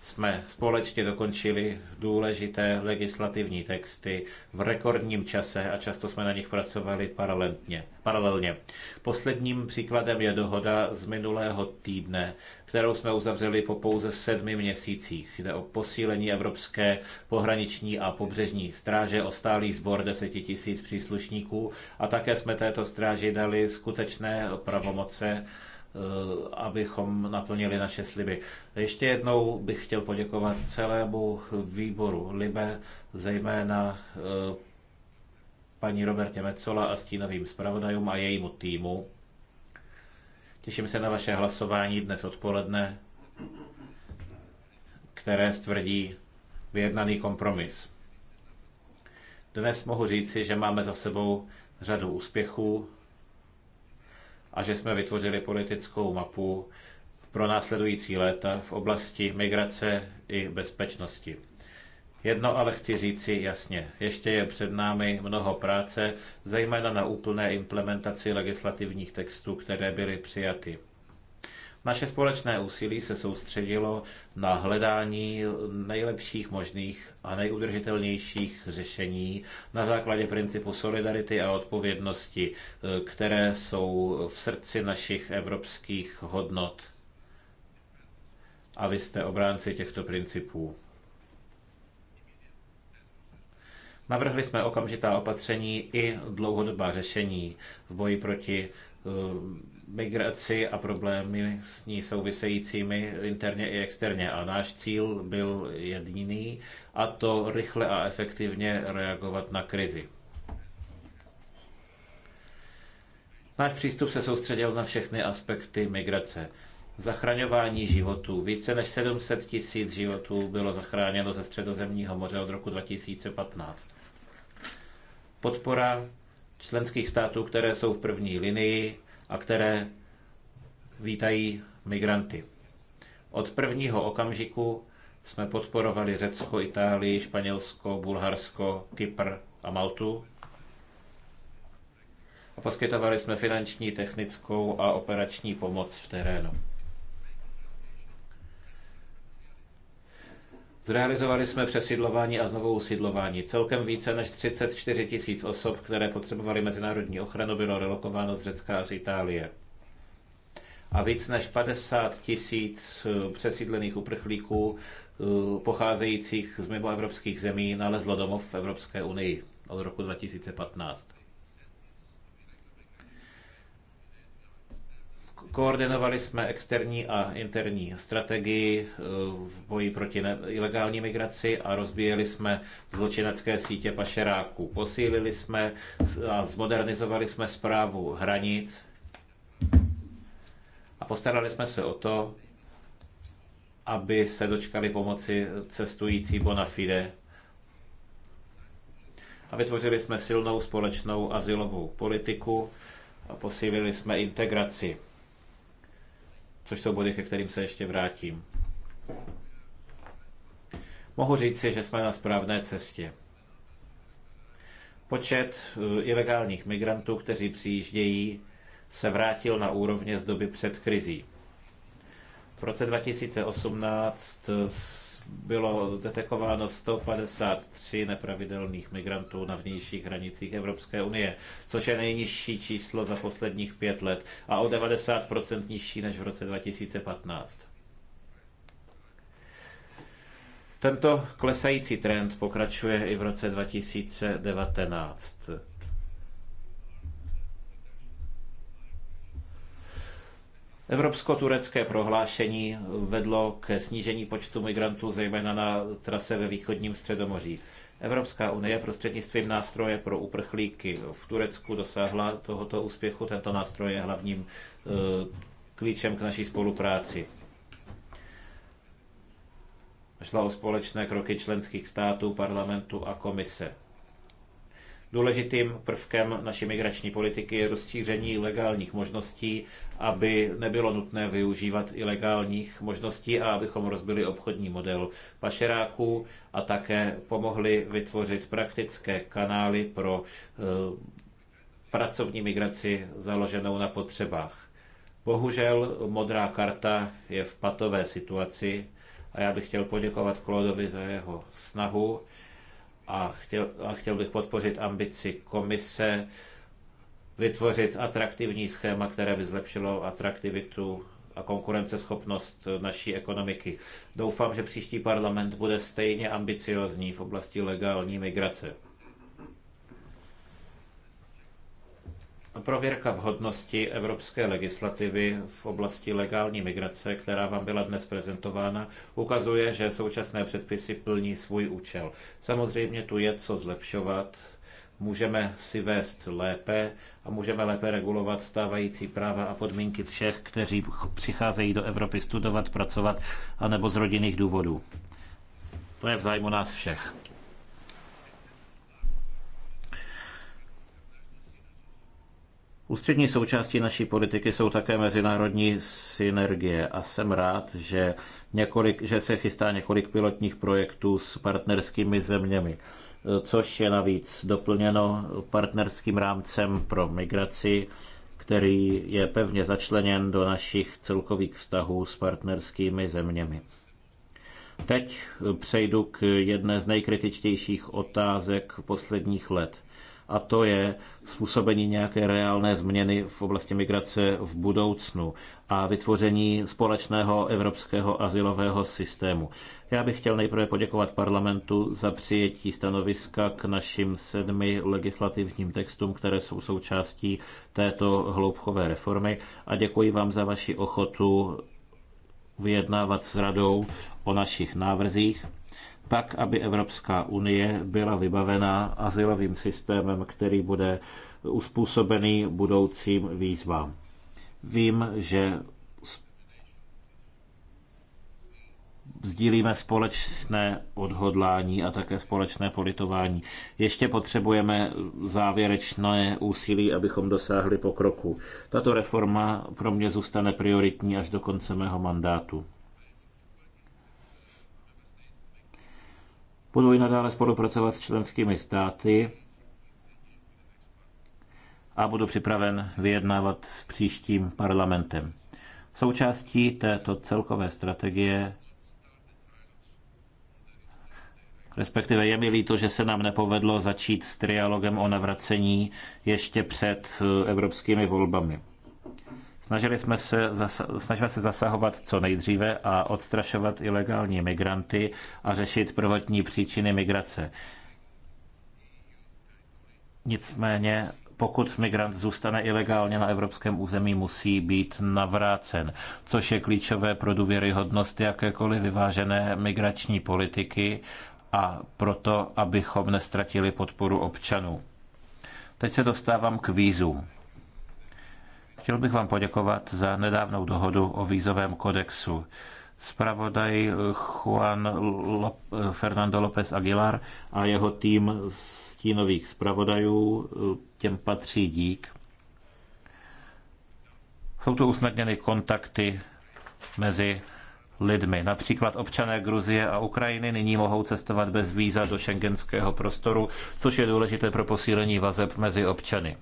jsme společně dokončili důležité legislativní texty v rekordním čase a často jsme na nich pracovali paralelně. paralelně. Posledním příkladem je dohoda z minulého týdne, kterou jsme uzavřeli po pouze sedmi měsících. Jde o posílení Evropské pohraniční a pobřežní stráže, o stálý sbor deseti tisíc příslušníků a také jsme této stráži dali skutečné pravomoce Eh, abychom naplnili naše sliby. Ještě jednou bych chtěl poděkovat celému výboru Libe, zejména eh, paní Robertě Mecola a stínovým zpravodajům a jejímu týmu. Těším se na vaše hlasování dnes odpoledne, které stvrdí vyjednaný kompromis. Dnes mohu říci, že máme za sebou řadu úspěchů, a že jsme vytvořili politickou mapu pro následující léta v oblasti migrace i bezpečnosti. Jedno ale chci říci jasně, ještě je před námi mnoho práce, zejména na úplné implementaci legislativních textů, které byly přijaty. Naše společné úsilí se soustředilo na hledání nejlepších možných a nejudržitelnějších řešení na základě principu solidarity a odpovědnosti, které jsou v srdci našich evropských hodnot. A vy jste obránci těchto principů. Navrhli jsme okamžitá opatření i dlouhodobá řešení v boji proti eh, migraci a problémy s ní souvisejícími interně i externě. A náš cíl byl jediný, a to rychle a efektivně reagovat na krizi. Náš přístup se soustředil na všechny aspekty migrace. Zachraňování životů. Více než 700 tisíc životů bylo zachráněno ze Středozemního moře od roku 2015. Podpora členských států, které jsou v první linii, a které vítají migranty. Od prvního okamžiku jsme podporovali Řecko, Itálii, Španělsko, Bulharsko, Kypr a Maltu. A poskytovali jsme finanční, technickou a operační pomoc v terénu. Zrealizovali jsme přesídlování a znovu usídlování. Celkem více než 34 tisíc osob, které potřebovaly mezinárodní ochranu, bylo relokováno z Řecka a z Itálie. A víc než 50 tisíc eh, přesídlených uprchlíků eh, pocházejících z mimoevropských zemí nalezlo domov v Evropské unii od roku 2015. Koordinovali jsme externí a interní strategii eh, v boji proti ilegální migraci a rozbíjeli jsme zločinecké sítě pašeráků. Posílili jsme a zmodernizovali jsme zprávu hranic a postarali jsme se o to, aby se dočkali pomoci cestující bona fide. A vytvořili jsme silnou společnou asilovou politiku a posílili jsme integraci což jsou body, ke kterým se ještě vrátím. Mohu si, že jsme na správné cestě. Počet eh, ilegálních migrantů, kteří přijíždějí, se vrátil na úrovně z doby před krizí. V roce 2018 bylo detekováno 153 nepravidelných migrantů na vnějších hranicích Evropské unie, což je nejnižší číslo za posledních pět let a o 90% nižší než v roce 2015. Tento klesající trend pokračuje i v roce 2019. Evropsko-turecké prohlášení vedlo ke snížení počtu migrantů, zejména na trase ve východním středomoří. Evropská unie prostřednictvím nástroje pro uprchlíky v Turecku dosáhla tohoto úspěchu. Tento nástroj je hlavním eh, klíčem k naší spolupráci. Šla o společné kroky členských států, parlamentu a komise. Důležitým prvkem naší migrační politiky je rozšíření legálních možností, aby nebylo nutné využívat ilegálních možností a abychom rozbili obchodní model pašeráků a také pomohli vytvořit praktické kanály pro eh, pracovní migraci založenou na potřebách. Bohužel modrá karta je v patové situaci a já bych chtěl poděkovat Klodovi za jeho snahu a chtěl, a chtěl bych podpořit ambici komise vytvořit atraktivní schéma, které by zlepšilo atraktivitu a konkurenceschopnost naší ekonomiky. Doufám, že příští parlament bude stejně ambiciozní v oblasti legální migrace. Prověrka vhodnosti evropské legislativy v oblasti legální migrace, která vám byla dnes prezentována, ukazuje, že současné předpisy plní svůj účel. Samozřejmě tu je co zlepšovat, můžeme si vést lépe a můžeme lépe regulovat stávající práva a podmínky všech, kteří přicházejí do Evropy studovat, pracovat anebo z rodinných důvodů. To je v zájmu nás všech. Ústřední součástí naší politiky jsou také mezinárodní synergie a jsem rád, že, několik, že se chystá několik pilotních projektů s partnerskými zeměmi, což je navíc doplněno partnerským rámcem pro migraci, který je pevně začleněn do našich celkových vztahů s partnerskými zeměmi. Teď přejdu k jedné z nejkritičtějších otázek posledních let – a to je způsobení nějaké reálné změny v oblasti migrace v budoucnu a vytvoření společného evropského asilového systému. Já bych chtěl nejprve poděkovat parlamentu za přijetí stanoviska k našim sedmi legislativním textům, které jsou součástí této hloubkové reformy a děkuji vám za vaši ochotu vyjednávat s radou o našich návrzích tak, aby Evropská unie byla vybavena asilovým systémem, který bude uspůsobený budoucím výzvám. Vím, že sdílíme společné odhodlání a také společné politování. Ještě potřebujeme závěrečné úsilí, abychom dosáhli pokroku. Tato reforma pro mě zůstane prioritní až do konce mého mandátu. budou i nadále spolupracovat s členskými státy a budu připraven vyjednávat s příštím parlamentem. Součástí této celkové strategie respektive je mi líto, že se nám nepovedlo začít s trialogem o navracení ještě před eh, evropskými volbami. Snažili jsme se, snažíme se zasahovat co nejdříve a odstrašovat ilegální migranty a řešit prvotní příčiny migrace. Nicméně pokud migrant zůstane ilegálně na evropském území, musí být navrácen, což je klíčové pro důvěryhodnost jakékoliv vyvážené migrační politiky a proto, abychom nestratili podporu občanů. Teď se dostávám k vízům. Chtěl bych vám poděkovat za nedávnou dohodu o vízovém kodexu. Spravodaj Juan Fernando López Aguilar a jeho tým stínových spravodajů, těm patří dík. Jsou to usnadněny kontakty mezi lidmi. Například občané Gruzie a Ukrajiny nyní mohou cestovat bez víza do šengenského prostoru, což je důležité pro posílení vazeb mezi občany.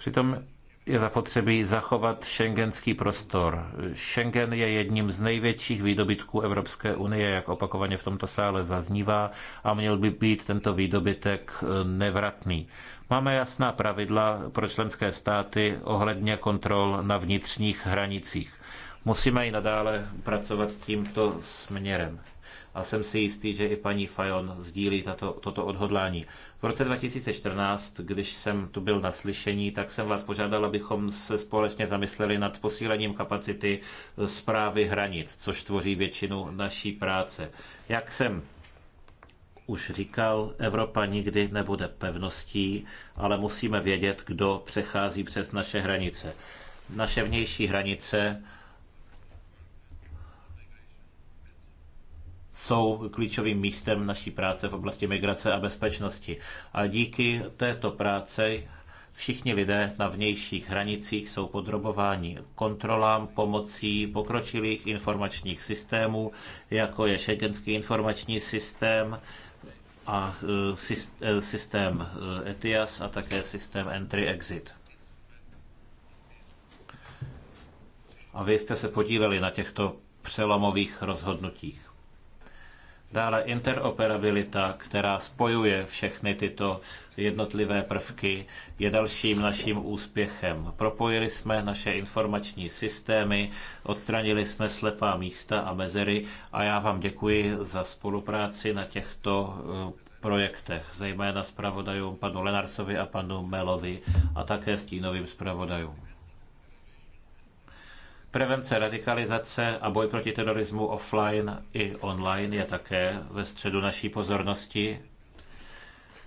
Přitom je zapotřebí zachovat šengenský prostor. Schengen je jedním z největších výdobytků Evropské unie, jak opakovaně v tomto sále zaznívá, a měl by být tento výdobytek eh, nevratný. Máme jasná pravidla pro členské státy ohledně kontrol na vnitřních hranicích. Musíme i nadále pracovat tímto směrem a jsem si jistý, že i paní Fajon sdílí tato, toto odhodlání. V roce 2014, když jsem tu byl na slyšení, tak jsem vás požádal, abychom se společně zamysleli nad posílením kapacity zprávy eh, hranic, což tvoří většinu naší práce. Jak jsem už říkal, Evropa nikdy nebude pevností, ale musíme vědět, kdo přechází přes naše hranice. Naše vnější hranice jsou klíčovým místem naší práce v oblasti migrace a bezpečnosti. A díky této práci všichni lidé na vnějších hranicích jsou podrobováni kontrolám pomocí pokročilých informačních systémů, jako je šengenský informační systém a e, e, systém e, ETIAS a také systém Entry-Exit. A vy jste se podíleli na těchto přelomových rozhodnutích. Dále interoperabilita, která spojuje všechny tyto jednotlivé prvky, je dalším naším úspěchem. Propojili jsme naše informační systémy, odstranili jsme slepá místa a mezery a já vám děkuji za spolupráci na těchto eh, projektech, zejména zpravodajům panu Lenarsovi a panu Melovi a také stínovým zpravodajům. Prevence radikalizace a boj proti terorismu offline i online je také ve středu naší pozornosti.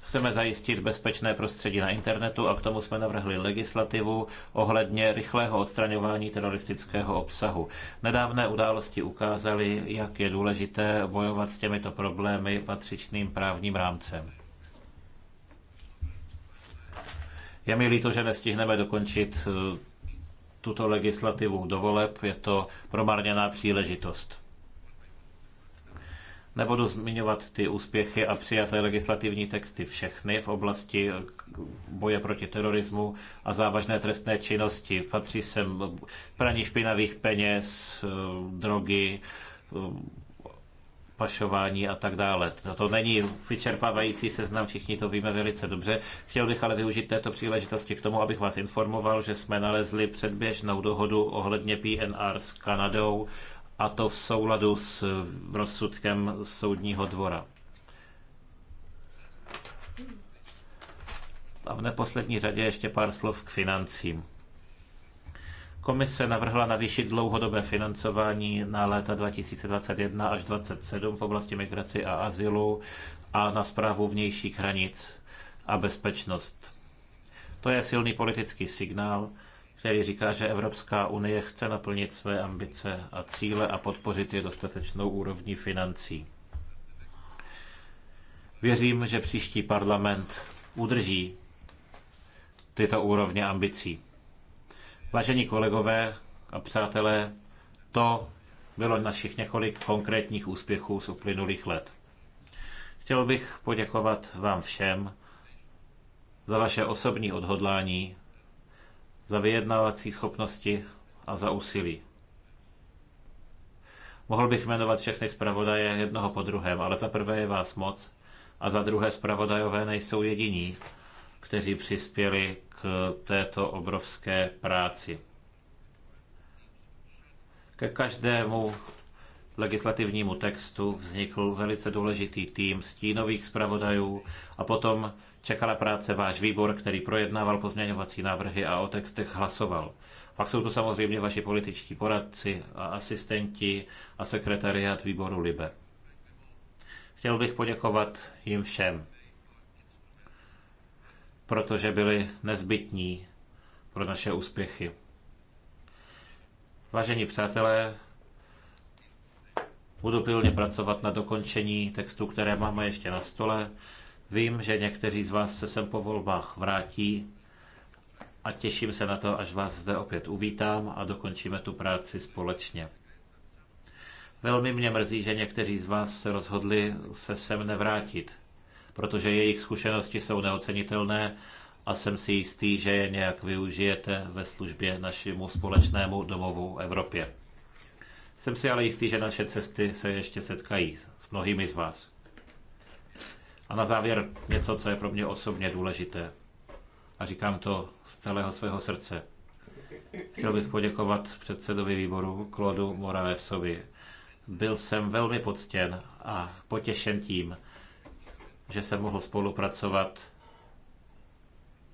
Chceme zajistit bezpečné prostředí na internetu a k tomu jsme navrhli legislativu ohledně rychlého odstraňování teroristického obsahu. Nedávné události ukázaly, jak je důležité bojovat s těmito problémy patřičným právním rámcem. Je mi líto, že nestihneme dokončit eh, tuto legislativu do voleb, je to promarněná příležitost. Nebudu zmiňovat ty úspěchy a přijaté legislativní texty všechny v oblasti boje proti terorismu a závažné trestné činnosti. Patří sem praní špinavých peněz, eh, drogy, eh, pašování a tak dále. No to není vyčerpávající seznam, všichni to víme velice dobře. Chtěl bych ale využít této příležitosti k tomu, abych vás informoval, že jsme nalezli předběžnou dohodu ohledně PNR s Kanadou a to v souladu s rozsudkem soudního dvora. A v neposlední řadě ještě pár slov k financím. Komise navrhla navýšit dlouhodobé financování na léta 2021 až 2027 v oblasti migraci a azylu a na zprávu vnějších hranic a bezpečnost. To je silný politický signál, který říká, že Evropská unie chce naplnit své ambice a cíle a podpořit je dostatečnou úrovní financí. Věřím, že příští parlament udrží tyto úrovně ambicí. Vážení kolegové a přátelé, to bylo našich několik konkrétních úspěchů z uplynulých let. Chtěl bych poděkovat vám všem za vaše osobní odhodlání, za vyjednávací schopnosti a za úsilí. Mohl bych jmenovat všechny zpravodaje jednoho po druhém, ale za prvé je vás moc a za druhé zpravodajové nejsou jediní, kteří přispěli k této obrovské práci. Ke každému legislativnímu textu vznikl velice důležitý tým stínových zpravodajů a potom čekala práce váš výbor, který projednával pozměňovací návrhy a o textech hlasoval. Pak jsou tu samozřejmě vaši političtí poradci a asistenti a sekretariát výboru Libe. Chtěl bych poděkovat jim všem protože byli nezbytní pro naše úspěchy. Vážení přátelé, budu pilně pracovat na dokončení textu, které máme ještě na stole. Vím, že někteří z vás se sem po volbách vrátí a těším se na to, až vás zde opět uvítám a dokončíme tu práci společně. Velmi mě mrzí, že někteří z vás se rozhodli se sem nevrátit protože jejich zkušenosti jsou neocenitelné a jsem si jistý, že je nějak využijete ve službě našemu společnému domovu Evropě. Jsem si ale jistý, že naše cesty se ještě setkají s mnohými z vás. A na závěr něco, co je pro mě osobně důležité. A říkám to z celého svého srdce. Chtěl bych poděkovat předsedovi výboru Klodu Moravesovi. Byl jsem velmi poctěn a potěšen tím, že jsem mohl spolupracovat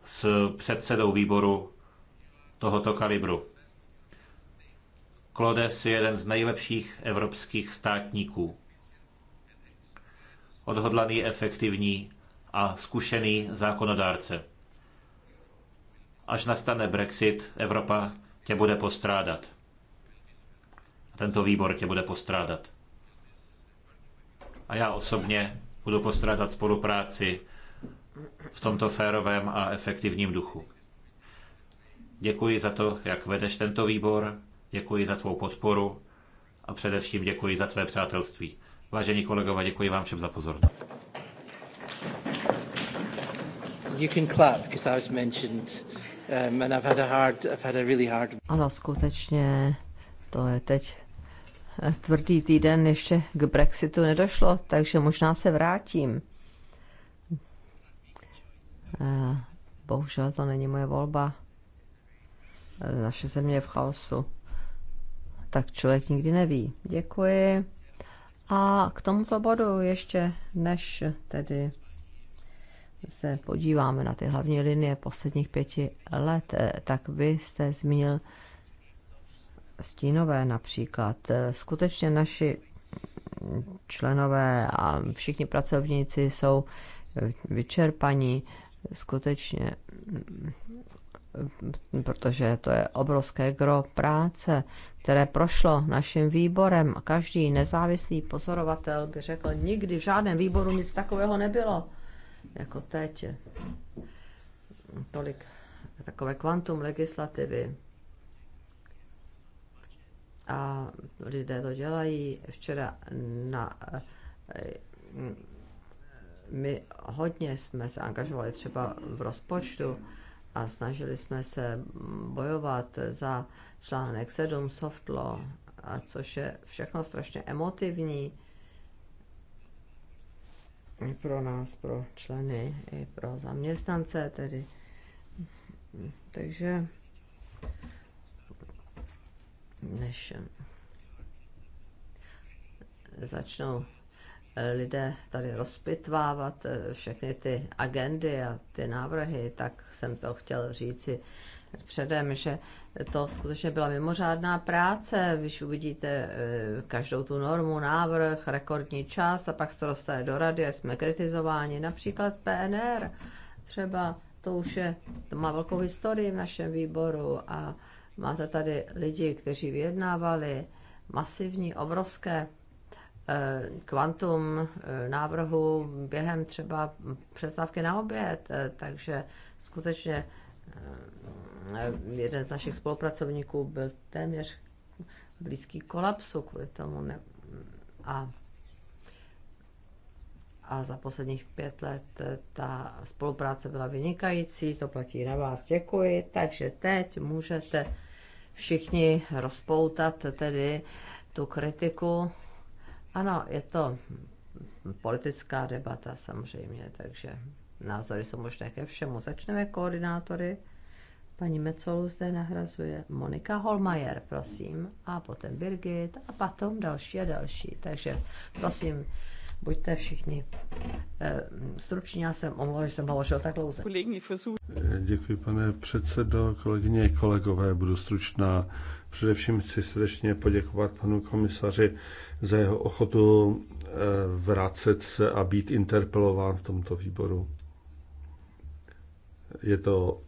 s předsedou výboru tohoto kalibru. Klodes je jeden z nejlepších evropských státníků. Odhodlaný, efektivní a zkušený zákonodárce. Až nastane Brexit, Evropa tě bude postrádat. Tento výbor tě bude postrádat. A já osobně budou postrádat spolupráci v tomto férovém a efektivním duchu. Děkuji za to, jak vedeš tento výbor, děkuji za tvou podporu a především děkuji za tvé přátelství. Vážení kolegové, děkuji vám všem za pozornost. You can clap because I was mentioned um, and I've had a hard, I've had a really hard... Ano, skutečně to je teď tvrdý týden ještě k Brexitu nedošlo, takže možná se vrátím. Eh, bohužel to není moje volba. Eh, naše země je v chaosu. Tak člověk nikdy neví. Děkuji. A k tomuto bodu ještě, než tedy se podíváme na ty hlavní linie posledních pěti let, eh, tak vy jste zmínil stínové například. Eh, skutečně naši členové a všichni pracovníci jsou eh, vyčerpaní, skutečně, mm, protože to je obrovské gro práce, které prošlo naším výborem. Každý nezávislý pozorovatel by řekl, nikdy v žádném výboru nic takového nebylo, jako teď. Tolik takové kvantum legislativy, a lidé to dělají. Včera na, eh, my hodně jsme se angažovali třeba v rozpočtu a snažili jsme se bojovat za článek 7 soft law, a což je všechno strašně emotivní i pro nás, pro členy, i pro zaměstnance tedy. Takže než eh, začnou eh, lidé tady rozpitvávat eh, všechny ty agendy a ty návrhy, tak jsem to chtěl říci předem, že to skutečně byla mimořádná práce, když uvidíte každou tu normu, návrh, rekordní čas a pak se to dostane do rady a jsme kritizováni. Například PNR třeba, to už je, to má velkou historii v našem výboru a Máte tady lidi, kteří vyjednávali masivní, obrovské eh, kvantum eh, návrhu během třeba přestávky na oběd, eh, takže skutečně jeden z našich spolupracovníků byl téměř blízký kolapsu kvůli tomu. Ne- a, a za posledních pět let ta spolupráce byla vynikající, to platí na vás, děkuji. Takže teď můžete všichni rozpoutat tedy tu kritiku. Ano, je to politická debata samozřejmě, takže názory jsou možné ke všemu. Začneme koordinátory. Paní Mecolu zde nahrazuje Monika Holmajer, prosím, a potom Birgit a potom další a další. Takže prosím, Buďte všichni eh, stručně, já jsem omlouvám, že jsem hovořil tak dlouze. Eh, děkuji, pane předsedo, kolegyně i kolegové, budu stručná. Především chci srdečně poděkovat panu komisaři za jeho ochotu eh, vracet se a být interpelován v tomto výboru. Je to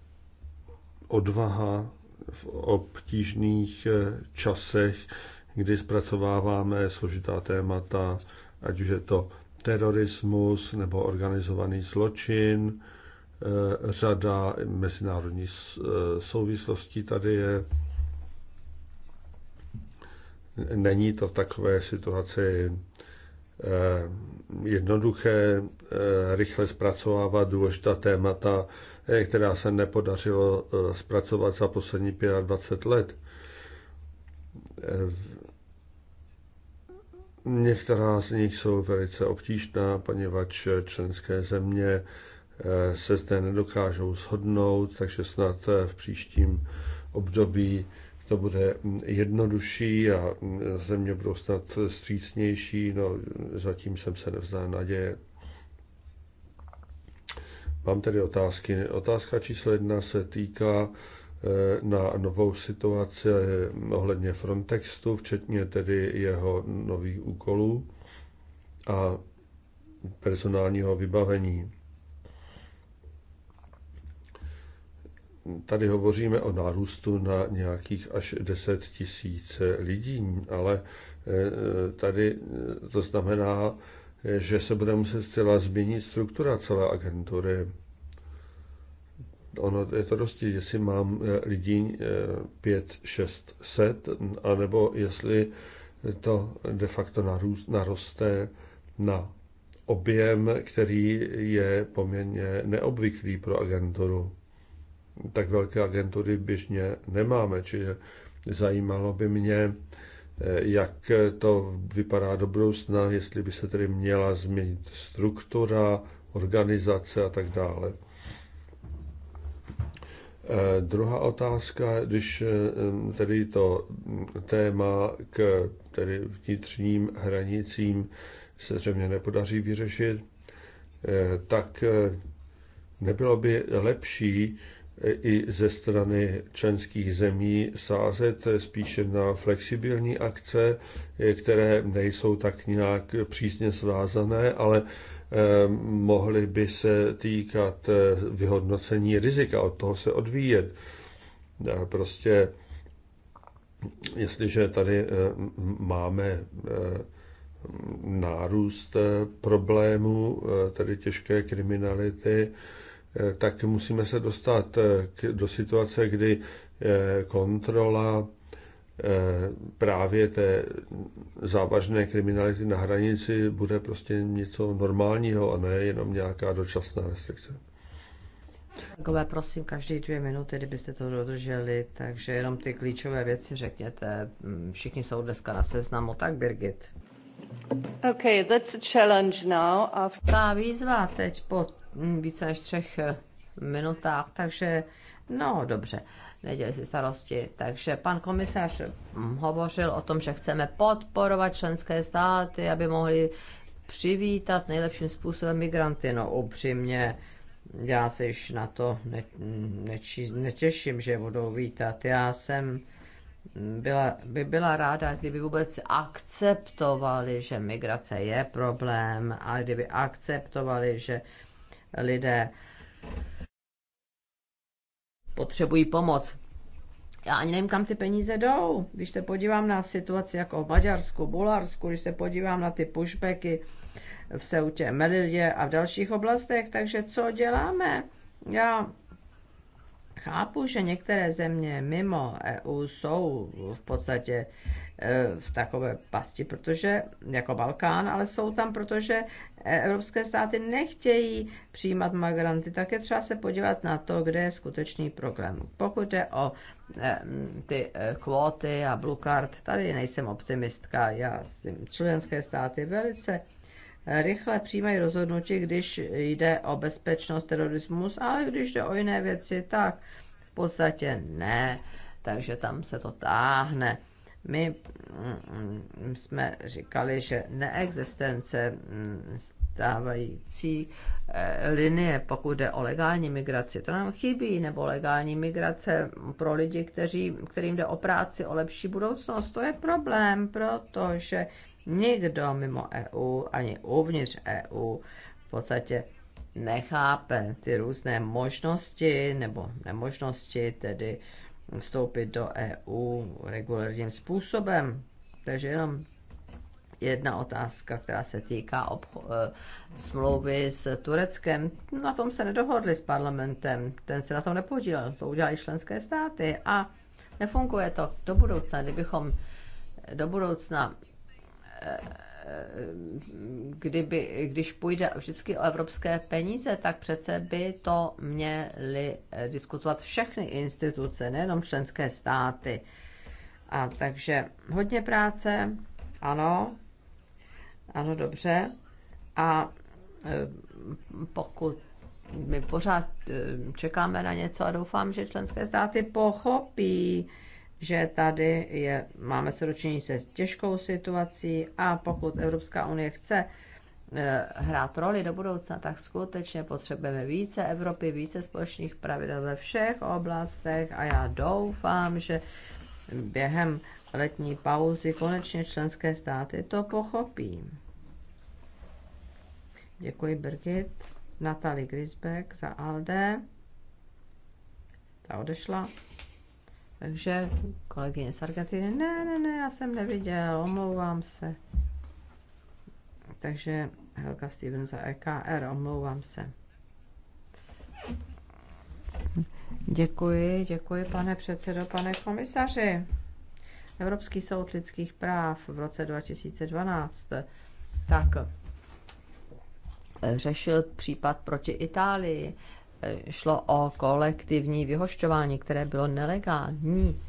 odvaha v obtížných časech, kdy zpracováváme složitá témata ať už je to terorismus nebo organizovaný zločin, eh, řada mezinárodní eh, souvislostí tady je. Není to v takové situaci eh, jednoduché rychle zpracovávat důležitá témata, která se nepodařilo zpracovat za poslední 25 let Některá z nich jsou velice obtížná, poněvadž členské země eh, se zde nedokážou shodnout, takže snad eh, v příštím období to bude mm, jednodušší a mm, země budou snad střícnější, no zatím jsem se nevzdá naděje. Mám tedy otázky. Otázka číslo jedna se týká Eh, na novou situaci ohledně Frontextu, včetně tedy jeho nových úkolů a personálního vybavení. Tady hovoříme o nárůstu na nějakých až 10 tisíc lidí, ale eh, tady eh, to znamená, že se bude muset zcela změnit struktura celé agentury Ono je to dosti, jestli mám eh, lidí 5, eh, 6 set, anebo jestli to de facto narůst, naroste na objem, který je poměrně neobvyklý pro agenturu. Tak velké agentury běžně nemáme, čili zajímalo by mě, eh, jak to vypadá do budoucna, jestli by se tedy měla změnit struktura, organizace a tak dále. Eh, druhá otázka, když eh, tedy to téma k tedy vnitřním hranicím se zřejmě nepodaří vyřešit, eh, tak nebylo by lepší i ze strany členských zemí sázet spíše na flexibilní akce, které nejsou tak nějak přísně svázané, ale Eh, mohly by se týkat eh, vyhodnocení rizika, od toho se odvíjet. Prostě jestliže tady eh, máme nárůst problémů, tedy těžké kriminality, tak musíme se dostat do situace, kdy kontrola Eh, právě té závažné kriminality na hranici bude prostě něco normálního a ne jenom nějaká dočasná restrikce. Takové prosím, každý dvě minuty, kdybyste to dodrželi, takže jenom ty klíčové věci řekněte. Mm, všichni jsou dneska na seznamu, tak Birgit. Okay, that's a challenge now. After... Ta výzva teď po mm, více než třech eh, minutách, takže no dobře. Uh, neděli si starosti. Takže pan komisař hovořil o tom, že chceme podporovat členské státy, aby mohli přivítat nejlepším způsobem migranty. No upřímně, já se již na to ne, neči, netěším, že budou vítat. Já jsem byla, by byla ráda, kdyby vůbec akceptovali, že migrace je problém a kdyby akceptovali, že lidé potřebují pomoc. Já ani nevím, kam ty peníze jdou. Když se podívám na situaci jako v Maďarsku, Bulharsku, když se podívám na ty pushbacky v Seutě, Melilě a v dalších oblastech, takže co děláme? Já chápu, že některé země mimo EU jsou v podstatě eh, v takové pasti, protože jako Balkán, ale jsou tam, protože E, evropské státy nechtějí přijímat migranty, tak je třeba se podívat na to, kde je skutečný problém. Pokud je o e, ty e, kvóty a blue card, tady nejsem optimistka. Já členské státy velice rychle přijímají rozhodnutí, když jde o bezpečnost, terorismus, ale když jde o jiné věci, tak v podstatě ne. Takže tam se to táhne. My mm, jsme říkali, že neexistence mm, stávající eh, linie, pokud jde o legální migraci, to nám chybí, nebo legální migrace pro lidi, kteří, kterým jde o práci, o lepší budoucnost, to je problém, protože nikdo mimo EU, ani uvnitř EU, v podstatě nechápe ty různé možnosti nebo nemožnosti, tedy vstoupit do EU regulárním způsobem. Takže jenom jedna otázka, která se týká obcho- eh, smlouvy s Tureckem. Na tom se nedohodli s parlamentem, ten se na tom nepodílel, to udělali členské státy a nefunguje to do budoucna, kdybychom do budoucna eh, kdyby, když půjde vždycky o evropské peníze, tak přece by to měly eh, diskutovat všechny instituce, nejenom členské státy. A takže hodně práce, ano, ano, dobře. A eh, pokud my pořád eh, čekáme na něco a doufám, že členské státy pochopí, že tady je, máme se dočinění se těžkou situací a pokud Evropská unie chce eh, hrát roli do budoucna, tak skutečně potřebujeme více Evropy, více společných pravidel ve všech oblastech a já doufám, že během letní pauzy konečně členské státy to pochopí. Děkuji Birgit. Natalie Grisbeck za ALDE. Ta odešla. Takže kolegyně z Argentiny, ne, ne, ne, já jsem neviděl, omlouvám se. Takže Helga Steven za EKR, omlouvám se. Děkuji, děkuji, pane předsedo, pane komisaři. Evropský soud lidských práv v roce 2012 tak řešil případ proti Itálii šlo o kolektivní vyhošťování, které bylo nelegální.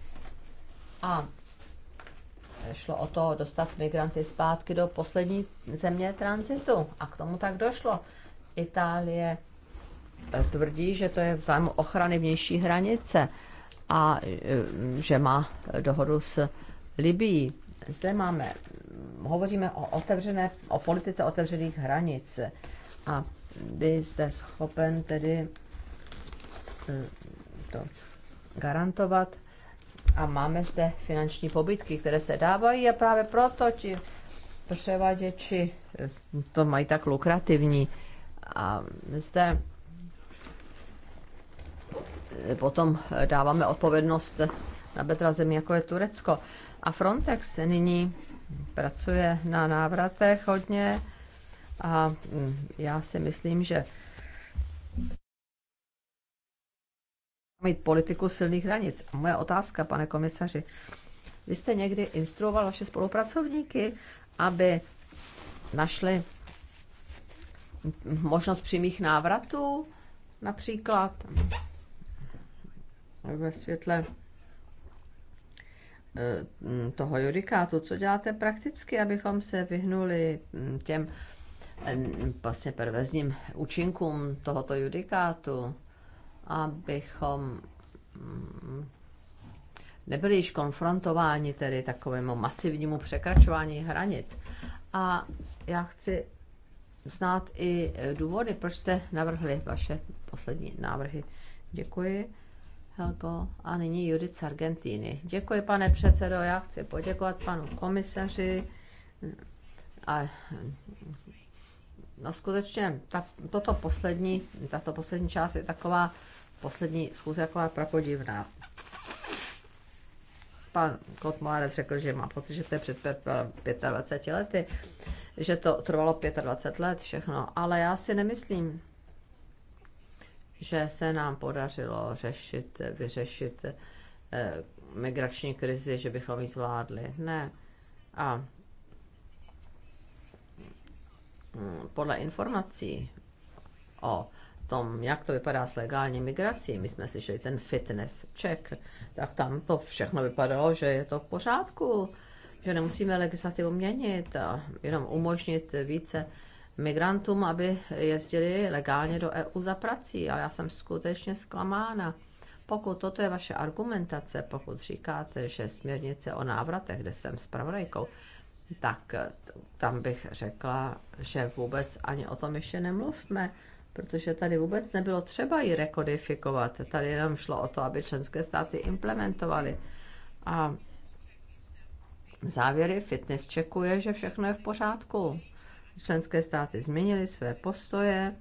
A šlo o to dostat migranty zpátky do poslední země tranzitu. A k tomu tak došlo. Itálie eh, tvrdí, že to je v zájmu ochrany vnější hranice a eh, že má dohodu s Libií. Zde máme, hm, hovoříme o otevřené, o politice otevřených hranic a vy jste schopen tedy eh, to garantovat. A máme zde finanční pobytky, které se dávají a právě proto ti převaděči eh, to mají tak lukrativní. A zde eh, potom dáváme odpovědnost na betra zemi, jako je Turecko. A Frontex nyní pracuje na návratech hodně a mm, já si myslím, že mít politiku silných hranic. A moje otázka, pane komisaři, vy jste někdy instruoval vaše spolupracovníky, aby našli možnost přímých návratů, například ve světle eh, toho judikátu, co děláte prakticky, abychom se vyhnuli těm vlastně pervezním účinkům tohoto judikátu, abychom mm, nebyli již konfrontováni tedy takovému masivnímu překračování hranic. A já chci znát i důvody, proč jste navrhli vaše poslední návrhy. Děkuji. Helko. A nyní Judith z Argentíny. Děkuji, pane předsedo. Já chci poděkovat panu komisaři a No skutečně ta, toto poslední, tato poslední část je taková, poslední schůze taková prapodivná. Pan Kotmárec řekl, že má pocit, že to je před 25 lety, že to trvalo 25 let všechno, ale já si nemyslím, že se nám podařilo řešit, vyřešit eh, migrační krizi, že bychom ji zvládli. Ne. A podle informací o tom, jak to vypadá s legální migrací, my jsme slyšeli ten fitness check, tak tam to všechno vypadalo, že je to v pořádku, že nemusíme legislativu měnit a jenom umožnit více migrantům, aby jezdili legálně do EU za prací, ale já jsem skutečně zklamána. Pokud toto je vaše argumentace, pokud říkáte, že směrnice o návratech, kde jsem s pravrajkou, tak eh, tam bych řekla, že vůbec ani o tom ještě nemluvme, protože tady vůbec nebylo třeba ji rekodifikovat. Tady jenom šlo o to, aby členské státy implementovaly. A závěry fitness čekuje, že všechno je v pořádku. Členské státy změnily své postoje,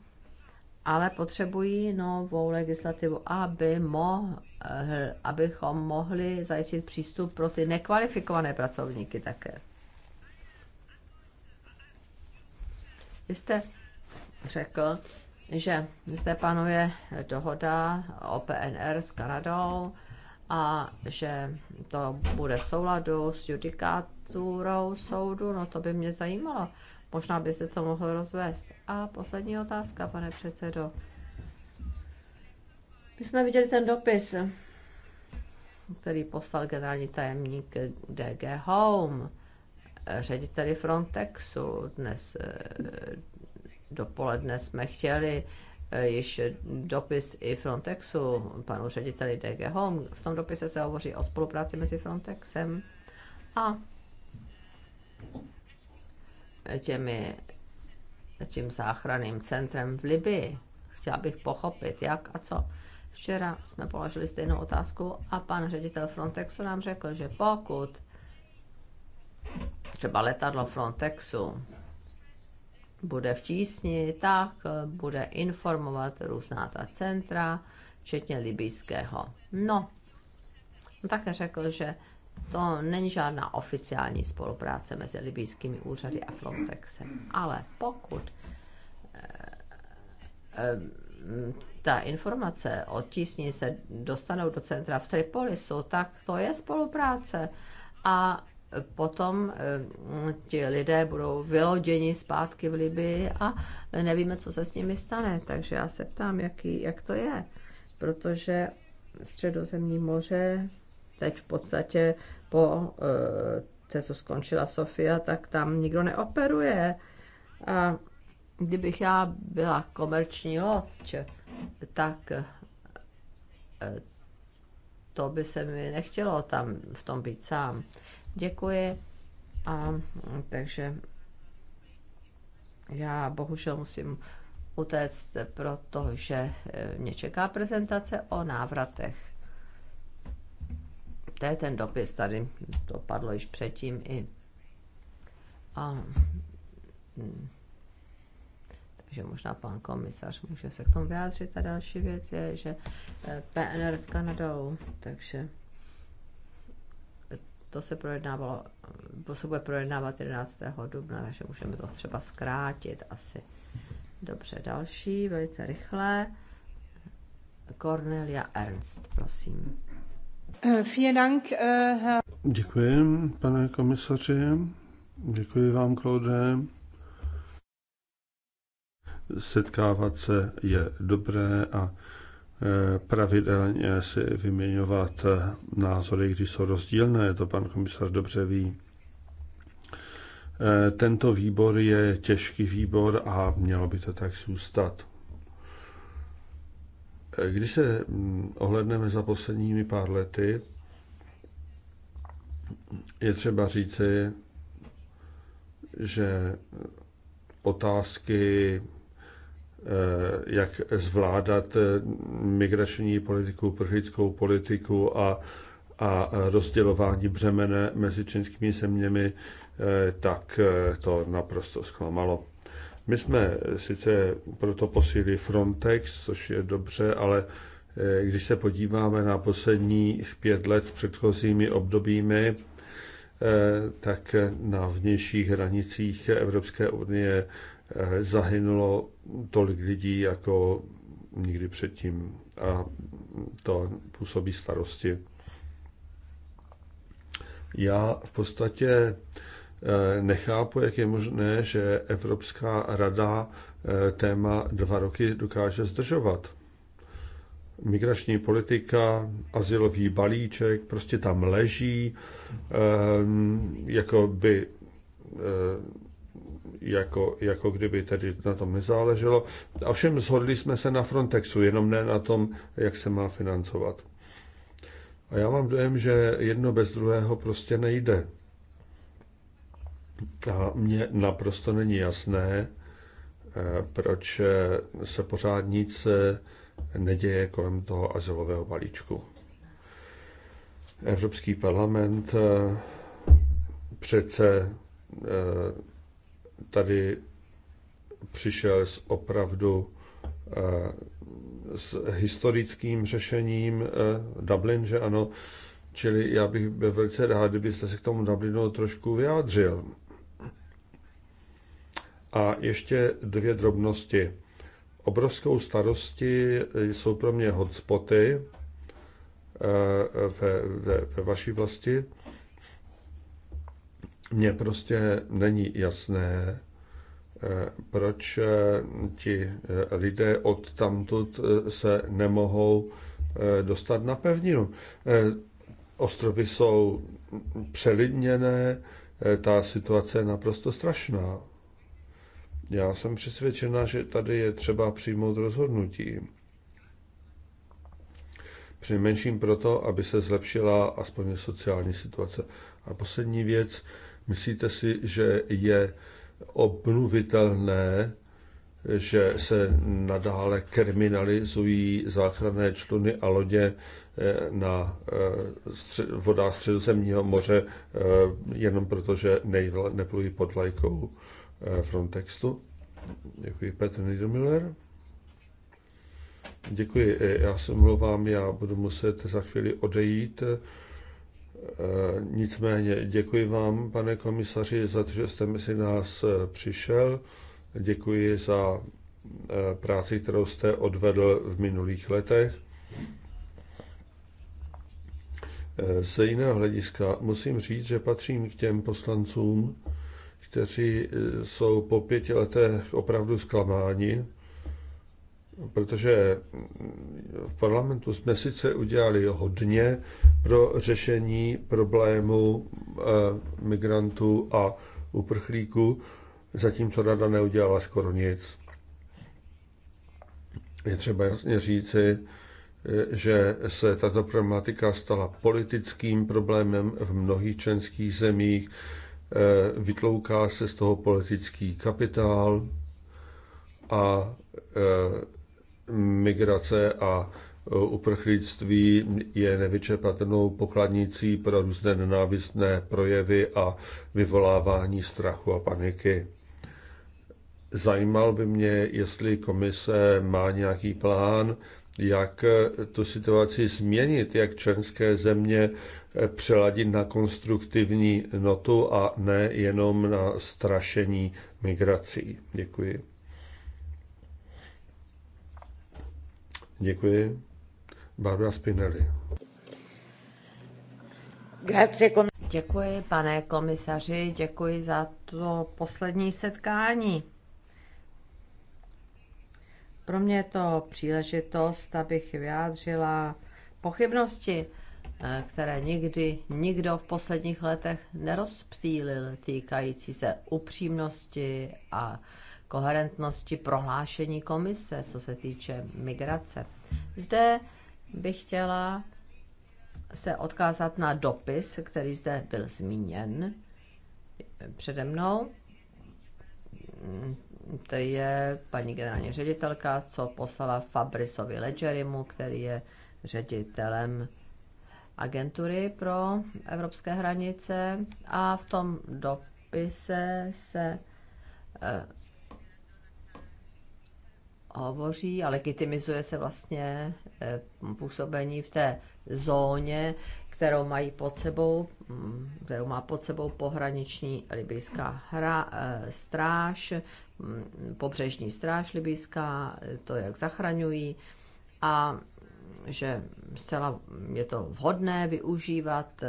ale potřebují novou legislativu, aby mohl, eh, abychom mohli zajistit přístup pro ty nekvalifikované pracovníky také. Vy jste řekl, že zde panuje dohoda o PNR s Kanadou a že to bude v souladu s judikaturou soudu, no to by mě zajímalo. Možná byste to mohlo rozvést. A poslední otázka, pane předsedo. My jsme viděli ten dopis, který poslal generální tajemník DG Home řediteli Frontexu. Dnes eh, dopoledne jsme chtěli eh, již dopis i Frontexu, panu řediteli DG Home. V tom dopise se hovoří o spolupráci mezi Frontexem a těmi, tím záchranným centrem v Libii. Chtěla bych pochopit, jak a co. Včera jsme položili stejnou otázku a pan ředitel Frontexu nám řekl, že pokud třeba letadlo Frontexu bude v tísni, tak bude informovat různá ta centra, včetně libijského. No, on také řekl, že to není žádná oficiální spolupráce mezi libijskými úřady a Frontexem. Ale pokud eh, eh, ta informace o tísni se dostanou do centra v Tripolisu, tak to je spolupráce. A potom eh, ti lidé budou vyloděni zpátky v Libii a nevíme, co se s nimi stane. Takže já se ptám, jaký, jak to je, protože středozemní moře teď v podstatě po eh, té, co skončila Sofia, tak tam nikdo neoperuje. A kdybych já byla komerční loď, tak eh, to by se mi nechtělo tam v tom být sám. Děkuji. A mm, takže já bohužel musím utéct, protože eh, mě čeká prezentace o návratech. To je ten dopis tady, to padlo již předtím i. A, mm, takže možná pan komisař může se k tomu vyjádřit. A další věc je, že eh, PNR s Kanadou, takže to se projednávalo, se bude projednávat 11. dubna, takže můžeme to třeba zkrátit asi. Dobře, další, velice rychle. Cornelia Ernst, prosím. Eh, eh, Děkuji, pane komisaři. Děkuji vám, Claude. Setkávat se je dobré a Eh, pravidelně si vyměňovat eh, názory, když jsou rozdílné, to pan komisař dobře ví. Eh, tento výbor je těžký výbor a mělo by to tak zůstat. Když se mm, ohledneme za posledními pár lety, je třeba říci, že otázky Eh, jak zvládat eh, migrační politiku, prchlickou politiku a, a rozdělování břemene mezi čínskými zeměmi, eh, tak to naprosto zklamalo. My jsme sice proto posílili Frontex, což je dobře, ale když se podíváme na posledních pět let s předchozími obdobími, tak na vnějších hranicích Evropské unie Eh, zahynulo tolik lidí jako nikdy předtím a to působí starosti. Já v podstatě eh, nechápu, jak je možné, že Evropská rada eh, téma dva roky dokáže zdržovat. Migrační politika, asilový balíček, prostě tam leží, jako by jako, jako kdyby tedy na tom nezáleželo. A všem shodli jsme se na Frontexu, jenom ne na tom, jak se má financovat. A já mám dojem, že jedno bez druhého prostě nejde. A mně naprosto není jasné, eh, proč eh, se pořád nic eh, neděje kolem toho azylového balíčku. Evropský parlament přece tady přišel s opravdu eh, s historickým řešením eh, Dublin, že ano, čili já bych byl velice rád, kdybyste se k tomu Dublinu trošku vyjádřil. A ještě dvě drobnosti. Obrovskou starosti jsou pro mě hotspoty eh, ve, ve, ve vaší vlasti mně prostě není jasné, eh, proč eh, ti eh, lidé od tamtud se nemohou dostat na pevninu. Ostrovy jsou přelidněné, ta situace je naprosto strašná. Já jsem přesvědčena, že tady je třeba přijmout rozhodnutí. Přinejmenším proto, aby se zlepšila aspoň sociální situace. A poslední věc, Myslíte si, že je obmluvitelné, že se nadále kriminalizují záchranné čluny a lodě eh, na eh, vodách Středozemního moře eh, jenom proto, že neplují pod vlajkou Frontextu? Děkuji, Petr Niedermüller. Děkuji, já se mluvám, já budu muset za chvíli odejít. Eh, nicméně děkuji vám, pane komisaři, za to, že jste mezi nás eh, přišel. Děkuji za eh, práci, kterou jste odvedl v minulých letech. Ze jiného hlediska musím říct, že patřím k těm poslancům, kteří jsou po pěti letech opravdu zklamáni, protože v parlamentu jsme sice udělali hodně pro řešení problému eh, migrantů a uprchlíků, zatímco rada neudělala skoro nic. Je třeba jasně říci, eh, že se tato problematika stala politickým problémem v mnohých členských zemích, eh, vytlouká se z toho politický kapitál a migrace a e, uprchlictví je nevyčerpatelnou pokladnicí pro různé nenávistné projevy a vyvolávání strachu a paniky. Zajímal by mě, jestli komise má nějaký plán, jak e, tu situaci změnit, jak členské země e, přeladit na konstruktivní notu a ne jenom na strašení migrací. Děkuji. Děkuji. Barbara Spinelli. Děkuji, pane komisaři, děkuji za to poslední setkání. Pro mě je to příležitost, abych vyjádřila pochybnosti, eh, které nikdy nikdo v posledních letech nerozptýlil, týkající se upřímnosti a koherentnosti prohlášení komise, co se týče migrace. Zde bych chtěla se odkázat na dopis, který zde byl zmíněn přede mnou. To je paní generální ředitelka, co poslala Fabrisovi Ledgerimu, který je ředitelem agentury pro evropské hranice a v tom dopise se eh, hovoří a legitimizuje se vlastně eh, působení v té zóně, kterou mají pod sebou, mm, kterou má pod sebou pohraniční libyská hra, eh, stráž, mm, pobřežní stráž libyská, eh, to, jak zachraňují a že zcela je to vhodné využívat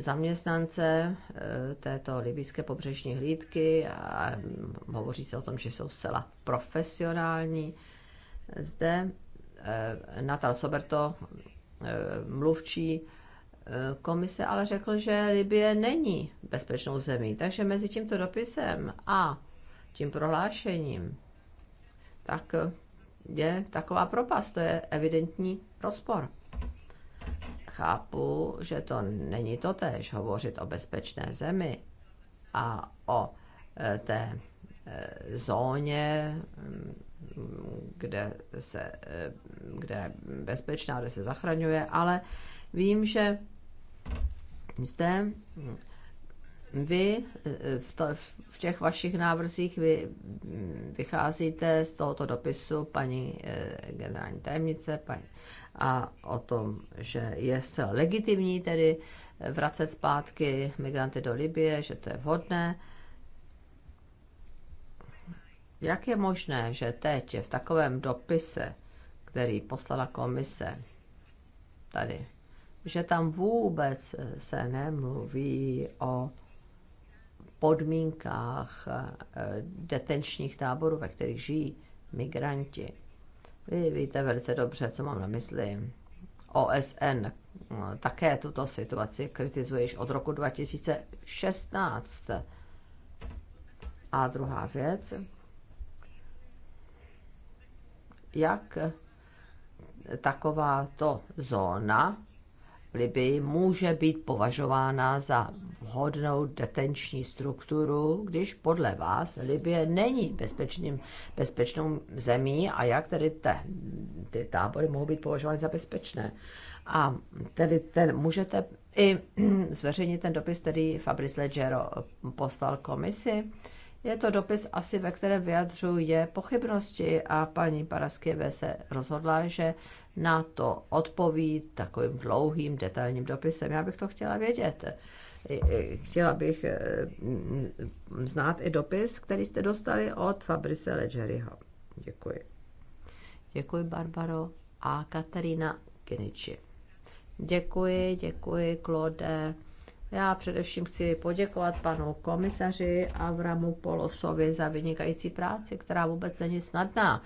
zaměstnance eh, této libijské pobřežní hlídky a hovoří se o tom, že jsou zcela profesionální. Zde eh, Natal Soberto, eh, mluvčí komise, ale řekl, že Libie není bezpečnou zemí. Takže mezi tímto dopisem a tím prohlášením tak je taková propast, to je evidentní rozpor chápu, že to není to hovořit o bezpečné zemi a o e, té e, zóně, mm, kde, se, e, kde je bezpečná, kde se zachraňuje, ale vím, že jste mm, vy v, to, v těch vašich návrzích vy mm, vycházíte z tohoto dopisu paní generální tajemnice, paní a o tom, že je zcela legitimní tedy vracet zpátky migranty do Libie, že to je vhodné. Jak je možné, že teď v takovém dopise, který poslala komise tady, že tam vůbec se nemluví o podmínkách eh, detenčních táborů, ve kterých žijí migranti. Vy víte velice dobře, co mám na mysli. OSN no, také tuto situaci kritizuje již od roku 2016. A druhá věc, jak takováto zóna v Libii může být považována za vhodnou detenční strukturu, když podle vás Libie není bezpečným, bezpečnou zemí a jak tedy te, ty tábory mohou být považovány za bezpečné. A tedy ten, můžete i zveřejnit ten dopis, který Fabrice Leggero poslal komisi. Je to dopis asi, ve kterém vyjadřuje pochybnosti a paní Paraskyve se rozhodla, že na to odpovít takovým dlouhým detailním dopisem. Já bych to chtěla vědět. Chtěla bych eh, mm, znát i dopis, který jste dostali od Fabrice Ledgeryho. Děkuji. Děkuji, Barbaro a Katarína Kiniči. Děkuji, děkuji, Claude. Já především chci poděkovat panu komisaři Avramu Polosovi za vynikající práci, která vůbec není snadná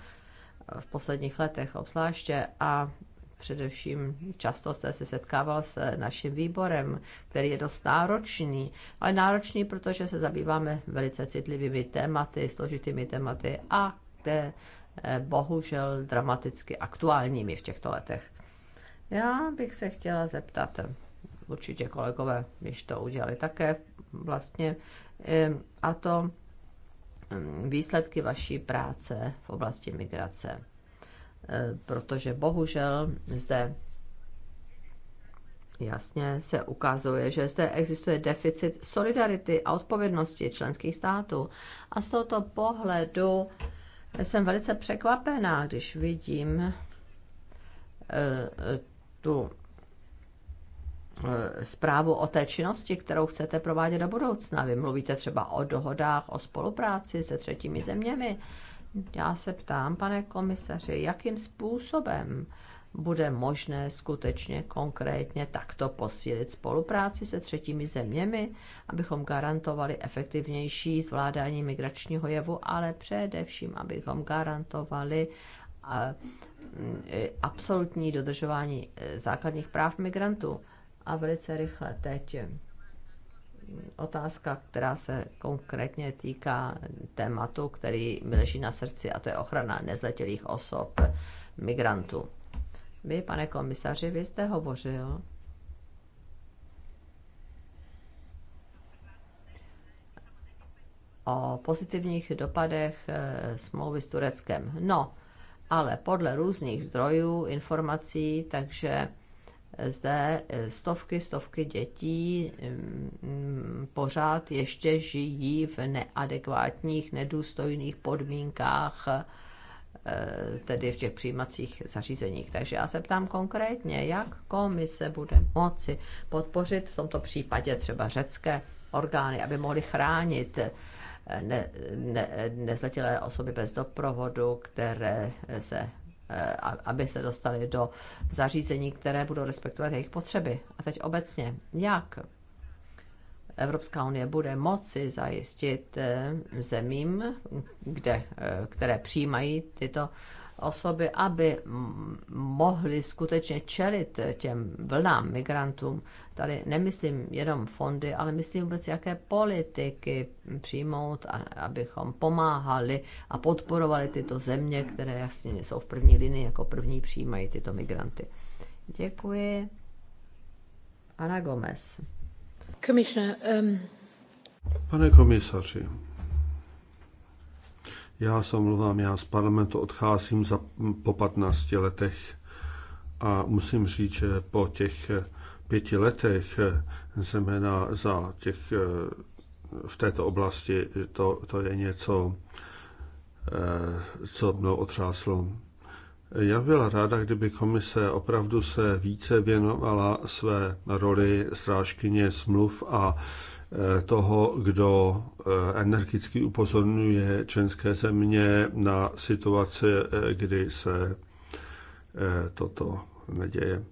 v posledních letech obzvláště a především často jste se setkával s naším výborem, který je dost náročný, ale náročný, protože se zabýváme velice citlivými tématy, složitými tématy a kde eh, bohužel dramaticky aktuálními v těchto letech. Já bych se chtěla zeptat, určitě kolegové když to udělali také vlastně, eh, a to Mm, výsledky vaší práce v oblasti migrace. E, protože bohužel zde jasně se ukazuje, že zde existuje deficit solidarity a odpovědnosti členských států. A z tohoto pohledu jsem velice překvapená, když vidím e, e, tu Eh, zprávu o té činnosti, kterou chcete provádět do budoucna. Vy mluvíte třeba o dohodách, o spolupráci se třetími zeměmi. Já se ptám, pane komisaři, jakým způsobem bude možné skutečně konkrétně takto posílit spolupráci se třetími zeměmi, abychom garantovali efektivnější zvládání migračního jevu, ale především, abychom garantovali eh, absolutní dodržování eh, základních práv migrantů a velice rychle teď eh, otázka, která se konkrétně týká tématu, který mi leží na srdci, a to je ochrana nezletilých osob, migrantů. Vy, pane komisaři, vy jste hovořil o pozitivních dopadech eh, smlouvy s Tureckem. No, ale podle různých zdrojů, informací, takže zde eh, stovky, stovky dětí mm, mm, pořád ještě žijí v neadekvátních, nedůstojných podmínkách, eh, tedy v těch přijímacích zařízeních. Takže já se ptám konkrétně, jak komise bude moci podpořit v tomto případě třeba řecké orgány, aby mohly chránit eh, ne, ne, nezletilé osoby bez doprovodu, které se Eh, aby se dostali do zařízení, které budou respektovat jejich potřeby. A teď obecně, jak Evropská unie bude moci zajistit eh, zemím, kde, eh, které přijímají tyto osoby, aby mohly skutečně čelit těm vlnám migrantům. Tady nemyslím jenom fondy, ale myslím vůbec, jaké politiky přijmout, abychom pomáhali a podporovali tyto země, které jasně jsou v první linii, jako první přijímají tyto migranty. Děkuji. Ana Gomez. um... Pane komisaři, já se omluvám, já z parlamentu odcházím za, po 15 letech a musím říct, že po těch e, pěti letech, e, znamená za těch e, v této oblasti, to, to je něco, co mnou otřáslo. Já byla ráda, kdyby komise opravdu se více věnovala své roli strážkyně smluv a Eh, toho, kdo eh, energicky upozorňuje členské země na situaci, eh, kdy se toto neděje.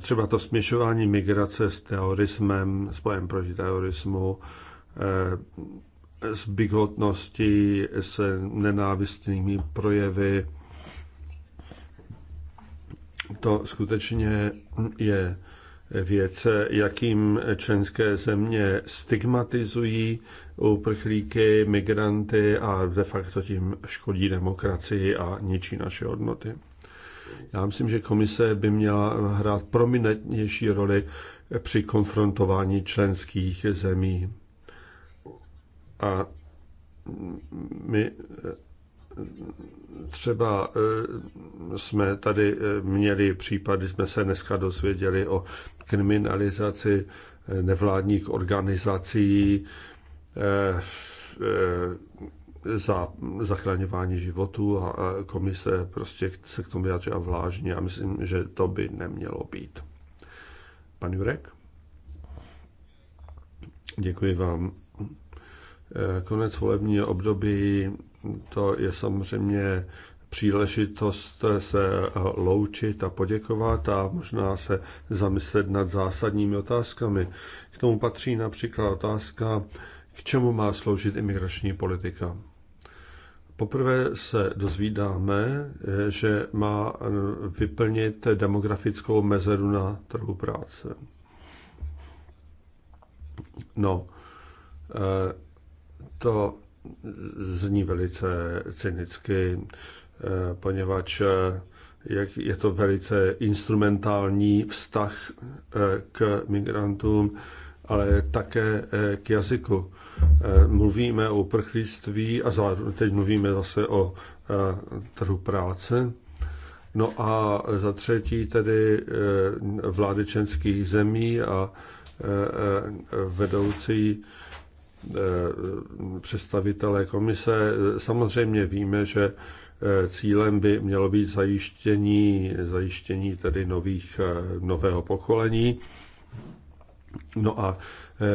Třeba to směšování migrace s terorismem, s pojem proti terorismu, s bigotností, s nenávistnými projevy. To skutečně je věc, jakým členské země stigmatizují uprchlíky, migranty a de facto tím škodí demokracii a ničí naše hodnoty. Já myslím, že komise by měla hrát prominentnější roli při konfrontování členských zemí. A my třeba eh, jsme tady eh, měli případy, jsme se dneska dozvěděli o kriminalizaci eh, nevládních organizací za zachraňování životu a komise prostě se k tomu vyjádřila vlážně a myslím, že to by nemělo být. Pan Jurek? Děkuji vám. Konec volebního období to je samozřejmě příležitost se loučit a poděkovat a možná se zamyslet nad zásadními otázkami. K tomu patří například otázka, k čemu má sloužit imigrační politika. Poprvé se dozvídáme, že má vyplnit demografickou mezeru na trhu práce. No, eh, to zní velice cynicky, eh, poněvadž eh, jak je to velice instrumentální vztah eh, k migrantům, ale také k jazyku. Mluvíme o uprchlíctví a teď mluvíme zase o trhu práce. No a za třetí tedy vlády zemí a vedoucí Eh, představitelé komise. Samozřejmě víme, že eh, cílem by mělo být zajištění, zajištění tedy nových, eh, nového pokolení. No a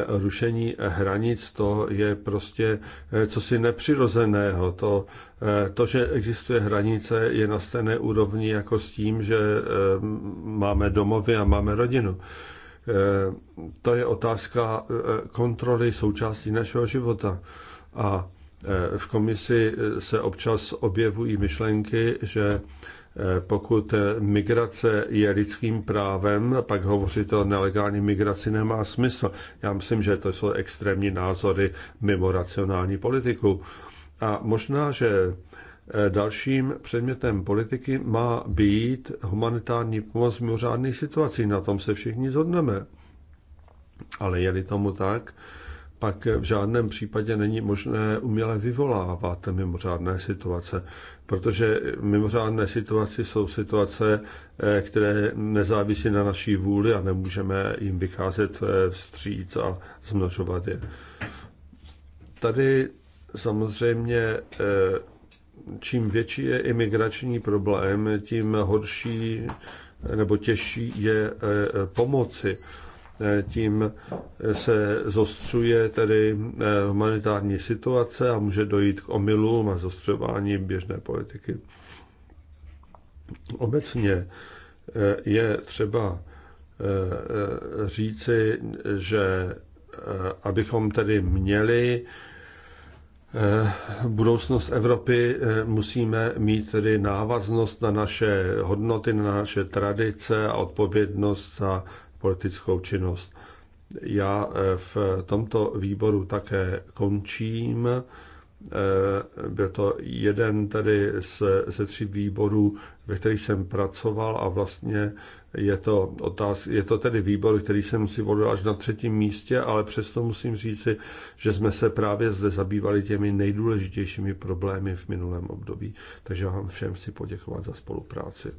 rušení hranic, to je prostě cosi nepřirozeného. To, to, že existuje hranice, je na stejné úrovni jako s tím, že máme domovy a máme rodinu. Eh, to je otázka eh, kontroly součástí našeho života. A eh, v komisi se občas objevují myšlenky, že pokud migrace je lidským právem, pak hovořit o nelegální migraci nemá smysl. Já myslím, že to jsou extrémní názory mimo racionální politiku. A možná, že Eh, dalším předmětem politiky má být humanitární pomoc v mimořádných situacích. Na tom se všichni zhodneme. Ale je-li tomu tak, pak v žádném případě není možné uměle vyvolávat mimořádné situace, protože mimořádné situace jsou situace, eh, které nezávisí na naší vůli a nemůžeme jim vycházet eh, vstříc a zmnožovat je. Tady samozřejmě čím větší je imigrační problém, tím horší nebo těžší je e, pomoci. E, tím se zostřuje tedy e, humanitární situace a může dojít k omylům a zostřování běžné politiky. Obecně je třeba říci, že abychom tedy měli Eh, budoucnost Evropy eh, musíme mít tedy návaznost na naše hodnoty, na naše tradice a odpovědnost za politickou činnost. Já eh, v tomto výboru také končím. Byl to jeden tedy ze tří výborů, ve kterých jsem pracoval a vlastně je to, otáz, je to tedy výbor, který jsem si volil až na třetím místě, ale přesto musím říci, že jsme se právě zde zabývali těmi nejdůležitějšími problémy v minulém období. Takže vám všem chci poděkovat za spolupráci.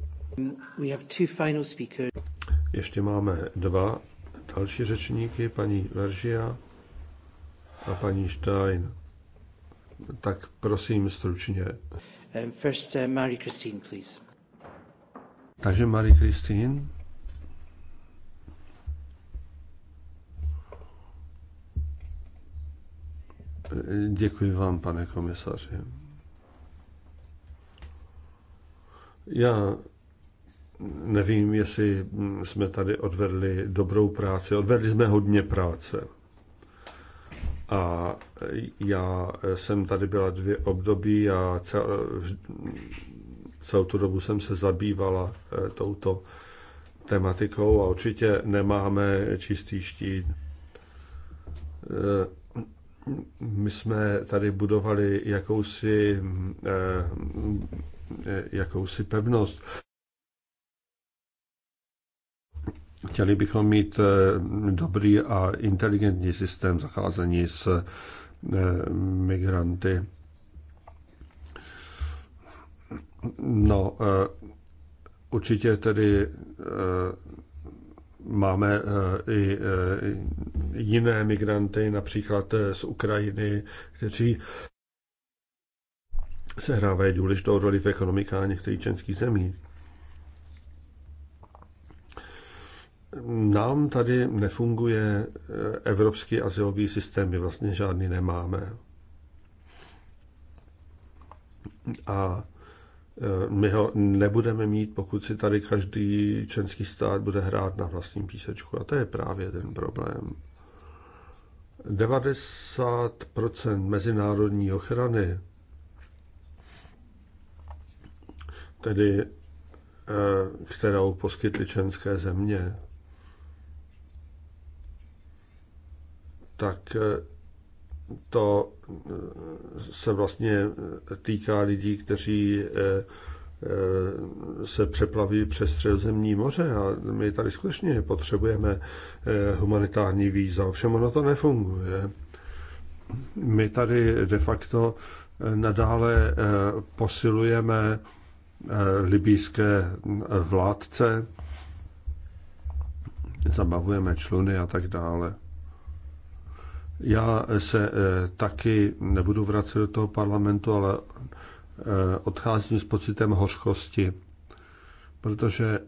We have two final speakers. Ještě máme dva další řečníky, paní Veržia a paní Stein. Tak prosím stručně. Um, first, uh, Marie Christine, please. Takže Marie Kristýn. Děkuji vám, pane komisaři. Já nevím, jestli jsme tady odvedli dobrou práci. Odvedli jsme hodně práce. A já jsem tady byla dvě období a cel, celou tu dobu jsem se zabývala eh, touto tematikou a určitě nemáme čistý štít. Eh, my jsme tady budovali jakousi, eh, jakousi pevnost. Chtěli bychom mít eh, dobrý a inteligentní systém zacházení s eh, migranty. No, eh, určitě tedy máme i jiné migranty, například z Ukrajiny, kteří sehrávají důležitou roli v ekonomikách některých členských zemí. nám tady nefunguje eh, evropský azylový systém, my vlastně žádný nemáme. A eh, my ho nebudeme mít, pokud si tady každý členský stát bude hrát na vlastním písečku. A to je právě ten problém. 90% mezinárodní ochrany, tedy eh, kterou poskytly členské země, tak eh, to eh, se vlastně týká lidí, kteří eh, se přeplaví přes Středozemní moře a my tady skutečně potřebujeme humanitární víza. Ovšem ono to nefunguje. My tady de facto nadále posilujeme libýské vládce, zabavujeme čluny a tak dále. Já se eh, taky nebudu vracet do toho parlamentu, ale eh, odcházím s pocitem hořkosti, protože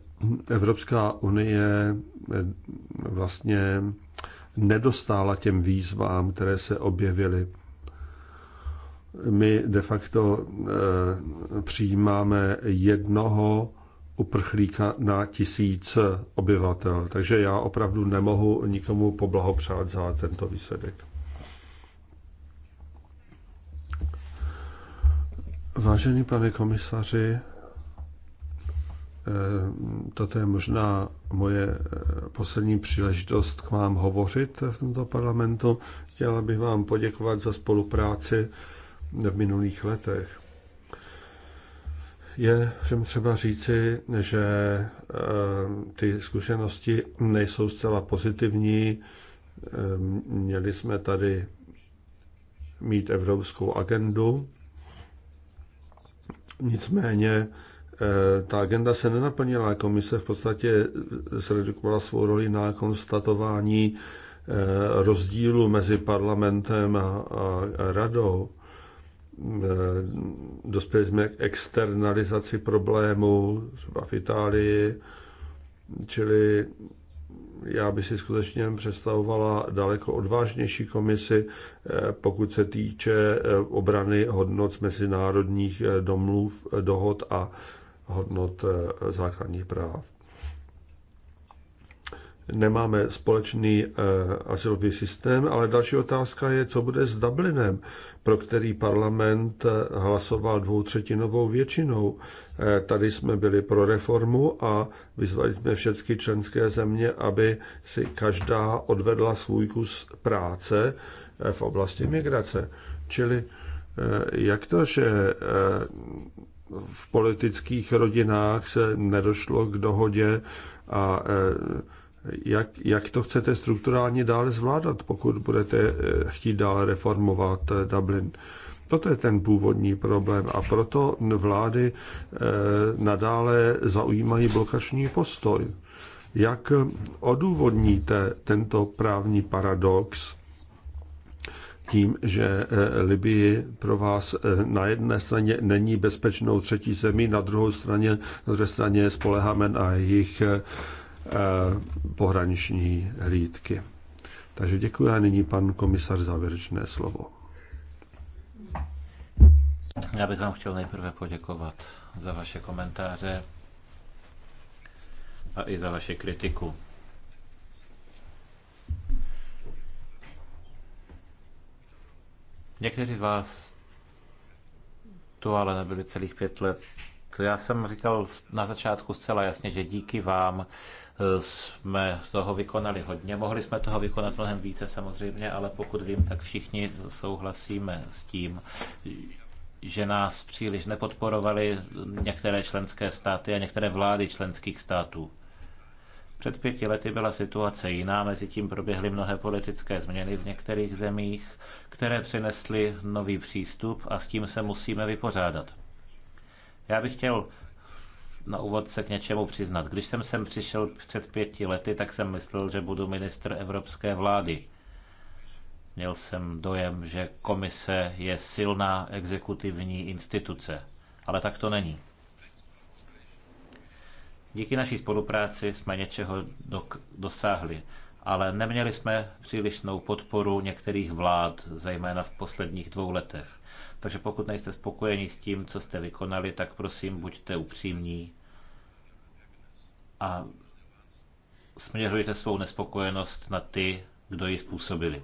Evropská unie eh, vlastně nedostála těm výzvám, které se objevily. My de facto přijímáme jednoho uprchlíka na tisíc obyvatel. Takže já opravdu nemohu nikomu poblahopřát za tento výsledek. Vážený pane komisaři, eh, toto je možná moje eh, poslední příležitost k vám hovořit v tomto parlamentu. Chtěla bych vám poděkovat za spolupráci v minulých letech. Je všem třeba říci, že eh, ty zkušenosti nejsou zcela pozitivní. Eh, měli jsme tady mít evropskou agendu. Nicméně eh, ta agenda se nenaplnila. Komise v podstatě zredukovala svou roli na konstatování rozdílu mezi parlamentem a radou. Eh, dospěli jsme k externalizaci problémů, třeba v Itálii, čili já bych si skutečně představovala daleko odvážnější komisi, eh, pokud se týče eh, obrany hodnot mezinárodních domluv, dohod a hodnot základních práv nemáme společný uh, asilový systém, ale další otázka je, co bude s Dublinem, pro který parlament eh, hlasoval dvoutřetinovou většinou. Eh, tady jsme byli pro reformu a vyzvali jsme všechny členské země, aby si každá odvedla svůj kus práce v oblasti migrace. Čili jak to, že v politických rodinách se nedošlo k dohodě a jak, jak to chcete strukturálně dále zvládat, pokud budete eh, chtít dále reformovat eh, Dublin. Toto je ten původní problém a proto vlády eh, nadále zaujímají blokační postoj. Jak odůvodníte tento právní paradox tím, že Libii pro vás na jedné straně není bezpečnou třetí zemí, na druhou straně, na druhé straně spoleháme na jejich Eh, pohraniční hlídky. Takže děkuji a nyní pan komisař závěrečné slovo. Já bych vám chtěl nejprve poděkovat za vaše komentáře a i za vaše kritiku. Někteří z vás tu ale nebyli celých pět let. Já jsem říkal na začátku zcela jasně, že díky vám Eh, jsme toho vykonali hodně. Mohli jsme toho vykonat mnohem více samozřejmě, ale pokud vím, tak všichni souhlasíme s tím, že nás příliš nepodporovali některé členské státy a některé vlády členských států. Před pěti lety byla situace jiná, mezi tím proběhly mnohé politické změny v některých zemích, které přinesly nový přístup a s tím se musíme vypořádat. Já bych chtěl na úvod se k něčemu přiznat. Když jsem sem přišel před pěti lety, tak jsem myslel, že budu ministr evropské vlády. Měl jsem dojem, že komise je silná exekutivní instituce, ale tak to není. Díky naší spolupráci jsme něčeho dosáhli, ale neměli jsme přílišnou podporu některých vlád, zejména v posledních dvou letech. Takže pokud nejste spokojeni s tím, co jste vykonali, tak prosím buďte upřímní a směřujte svou nespokojenost na ty, kdo ji způsobili.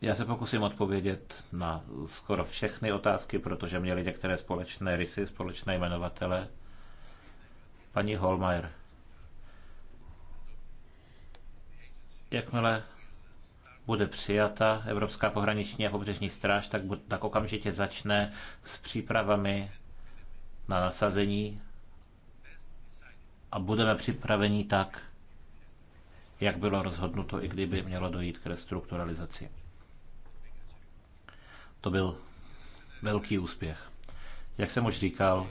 Já se pokusím odpovědět na skoro všechny otázky, protože měly některé společné rysy, společné jmenovatele. Paní Holmeier, jakmile bude přijata Evropská pohraniční a pobřežní stráž, tak, tak okamžitě začne s přípravami na nasazení a budeme připraveni tak, jak bylo rozhodnuto, i kdyby mělo dojít k restrukturalizaci. To byl velký úspěch. Jak jsem už říkal,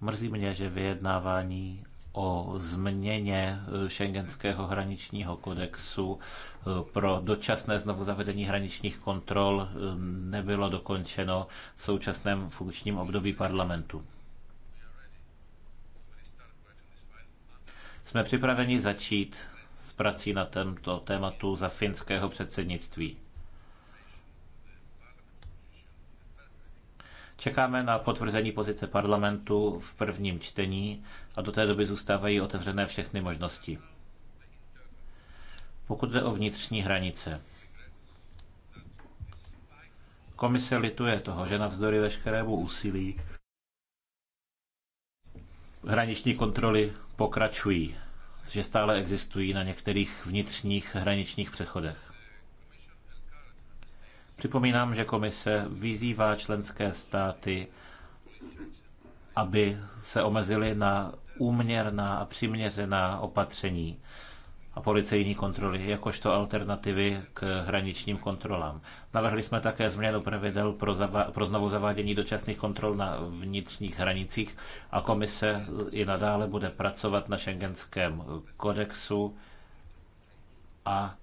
mrzí mě, že vyjednávání o změně eh, šengenského hraničního kodexu eh, pro dočasné znovu zavedení hraničních kontrol eh, nebylo dokončeno v současném funkčním období parlamentu. Jsme připraveni začít s prací na tomto tématu za finského předsednictví. Čekáme na potvrzení pozice parlamentu v prvním čtení a do té doby zůstávají otevřené všechny možnosti. Pokud jde o vnitřní hranice, komise lituje toho, že navzdory veškerému úsilí hraniční kontroly pokračují, že stále existují na některých vnitřních hraničních přechodech. Připomínám, že komise vyzývá členské státy, aby se omezili na úměrná a přiměřená opatření a policejní kontroly jakožto alternativy k hraničním kontrolám. Navrhli jsme také změnu pravidel pro, zava- pro znovu zavádění dočasných kontrol na vnitřních hranicích a komise i nadále bude pracovat na šengenském kodexu a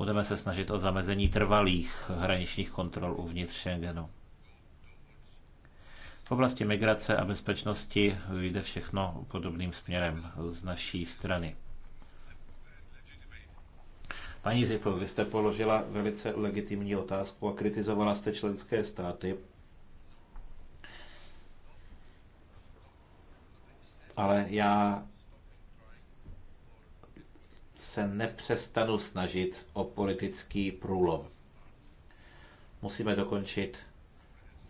Budeme se snažit o zamezení trvalých hraničních kontrol uvnitř Schengenu. V oblasti migrace a bezpečnosti jde všechno podobným směrem z naší strany. Paní Zipl, vy jste položila velice legitimní otázku a kritizovala jste členské státy. Ale já se nepřestanu snažit o politický průlom. Musíme dokončit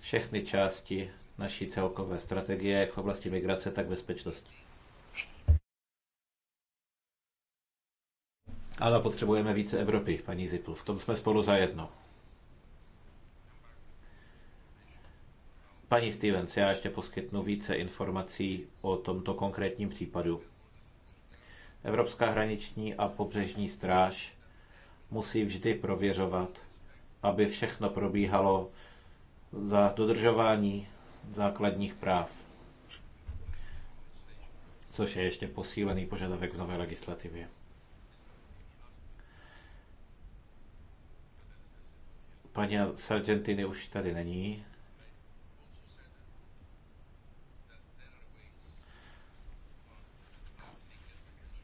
všechny části naší celkové strategie, jak v oblasti migrace, tak bezpečnosti. Ano, potřebujeme více Evropy, paní Zipl. V tom jsme spolu zajedno. Paní Stevens, já ještě poskytnu více informací o tomto konkrétním případu. Evropská hraniční a pobřežní stráž musí vždy prověřovat, aby všechno probíhalo za dodržování základních práv, což je ještě posílený požadavek v nové legislativě. Paní Sargentiny už tady není,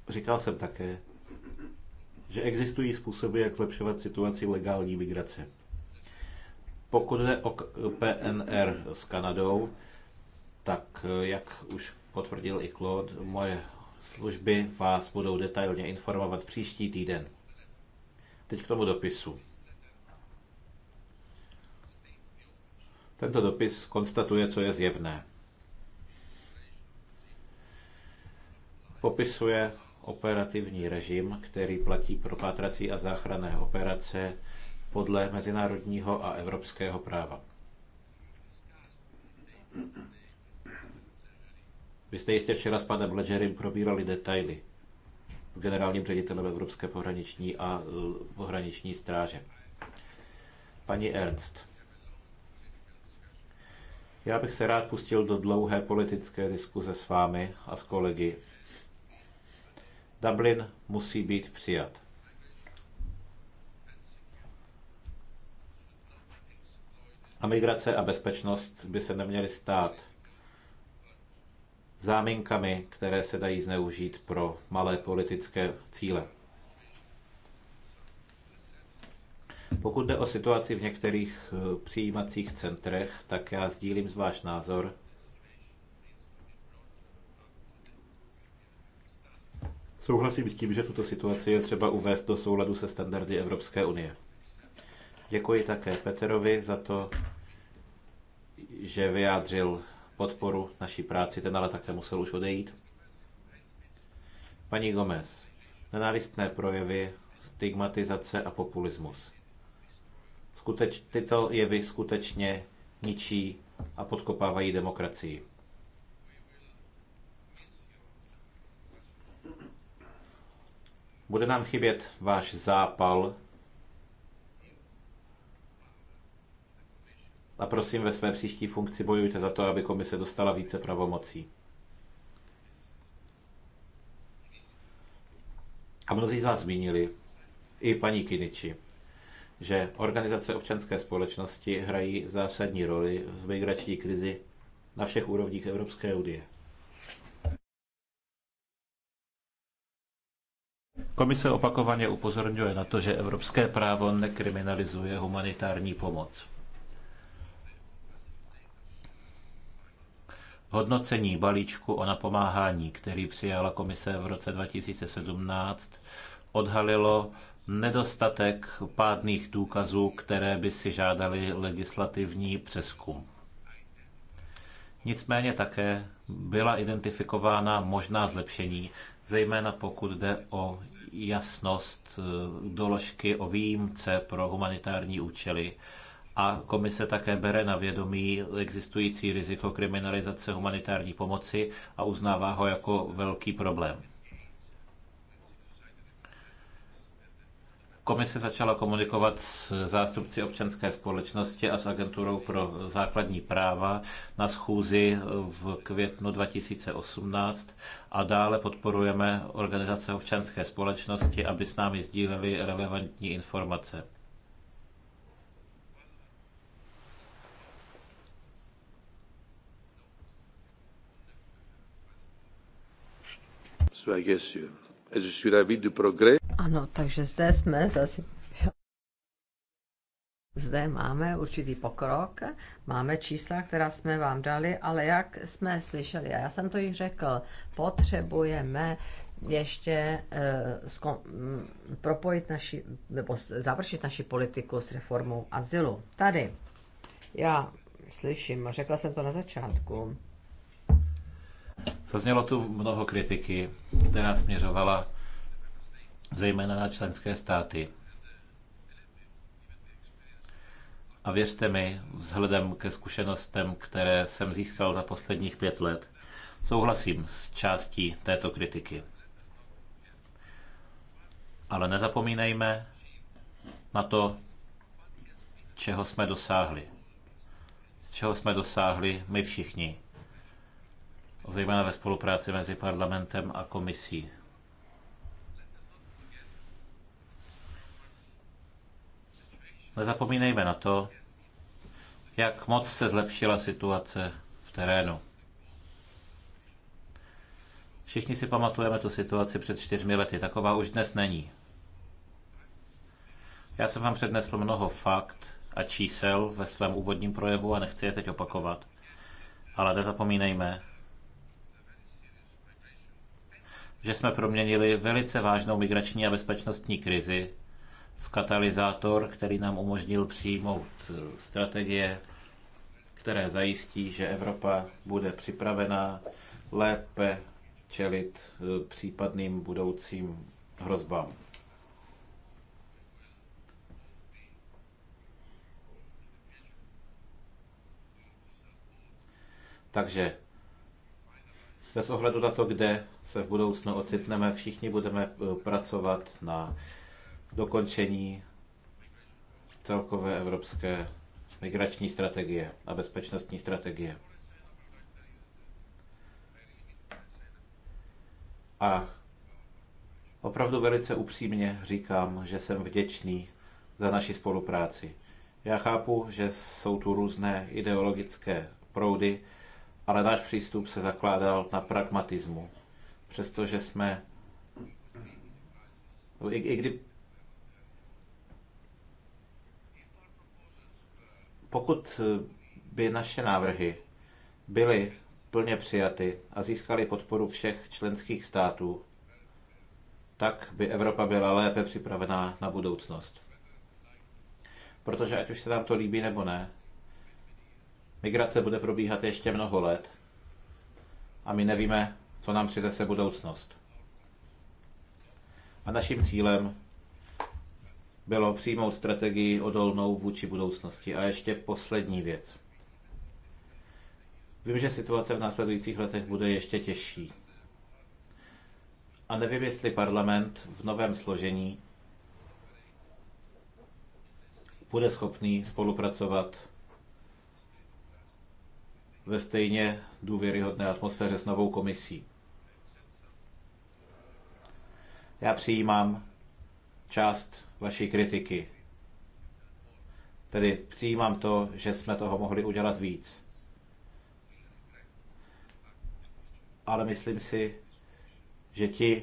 Říkal jsem také, že existují způsoby, jak zlepšovat situaci legální migrace. Pokud jde o PNR s Kanadou, tak eh, jak už potvrdil i Claude, moje služby vás budou detailně informovat příští týden. Teď k tomu dopisu. Tento dopis konstatuje, co je zjevné. Popisuje operativní režim, který platí pro pátrací a záchranné operace podle mezinárodního a evropského práva. Vy jste jistě včera s panem Ledgerem probírali detaily s generálním ředitelem Evropské pohraniční a e, pohraniční stráže. Paní Ernst, já bych se rád pustil do dlouhé politické diskuze s vámi a s kolegy Dublin musí být přijat. A migrace a bezpečnost by se neměly stát záminkami, které se dají zneužít pro malé politické cíle. Pokud jde o situaci v některých eh, přijímacích centrech, tak já sdílím z váš názor, Souhlasím s tím, že tuto situaci je třeba uvést do souladu se standardy Evropské unie. Děkuji také Peterovi za to, že vyjádřil podporu naší práci, ten ale také musel už odejít. Paní Gomez, nenávistné projevy, stigmatizace a populismus. Skuteč, tyto jevy skutečně ničí a podkopávají demokracii. Bude nám chybět váš zápal. A prosím, ve své příští funkci bojujte za to, aby komise dostala více pravomocí. A mnozí z vás zmínili, i paní Kiniči, že organizace občanské společnosti hrají zásadní roli v migrační krizi na všech úrovních Evropské unie. Komise opakovaně upozorňuje na to, že evropské právo nekriminalizuje humanitární pomoc. Hodnocení balíčku o napomáhání, který přijala komise v roce 2017, odhalilo nedostatek pádných důkazů, které by si žádali legislativní přeskum. Nicméně také byla identifikována možná zlepšení, zejména pokud jde o jasnost eh, doložky o výjimce pro humanitární účely a komise také bere na vědomí existující riziko kriminalizace humanitární pomoci a uznává ho jako velký problém. Komise začala komunikovat s zástupci občanské společnosti a s agenturou pro základní práva na schůzi v květnu 2018 a dále podporujeme organizace občanské společnosti, aby s námi sdíleli relevantní informace. So I guess you, as you should have been the progress. Ano, takže zde jsme zase. Zde máme určitý pokrok, máme čísla, která jsme vám dali, ale jak jsme slyšeli, a já jsem to již řekl, potřebujeme ještě uh, eh, m, mm, propojit naši, nebo završit naši politiku s reformou azylu. Tady já slyším, řekla jsem to na začátku. Zaznělo tu mnoho kritiky, která směřovala zejména na členské státy. A věřte mi, vzhledem ke zkušenostem, které jsem získal za posledních pět let, souhlasím s částí této kritiky. Ale nezapomínejme na to, čeho jsme dosáhli. Z čeho jsme dosáhli my všichni. Zejména ve spolupráci mezi parlamentem a komisí. Nezapomínejme na to, jak moc se zlepšila situace v terénu. Všichni si pamatujeme tu situaci před čtyřmi lety. Taková už dnes není. Já jsem vám přednesl mnoho fakt a čísel ve svém úvodním projevu a nechci je teď opakovat. Ale nezapomínejme, že jsme proměnili velice vážnou migrační a bezpečnostní krizi v katalyzátor, který nám umožnil přijmout eh, strategie, které zajistí, že Evropa bude připravená lépe čelit eh, případným budoucím hrozbám. Takže bez ohledu na to, kde se v budoucnu ocitneme, všichni budeme eh, pracovat na dokončení celkové evropské migrační strategie a bezpečnostní strategie. A opravdu velice upřímně říkám, že jsem vděčný za naši spolupráci. Já chápu, že jsou tu různé ideologické proudy, ale náš přístup se zakládal na pragmatismu. Přestože jsme, i, i, kdy, Pokud eh, by naše návrhy byly plně přijaty a získaly podporu všech členských států, tak by Evropa byla lépe připravená na budoucnost. Protože ať už se nám to líbí nebo ne, migrace bude probíhat ještě mnoho let a my nevíme, co nám přinese budoucnost. A naším cílem bylo přijmout strategii odolnou vůči budoucnosti. A ještě poslední věc. Vím, že situace v následujících letech bude ještě těžší. A nevím, jestli parlament v novém složení bude schopný spolupracovat ve stejně důvěryhodné atmosféře s novou komisí. Já přijímám část vaší kritiky. Tedy přijímám to, že jsme toho mohli udělat víc. Ale myslím si, že ti,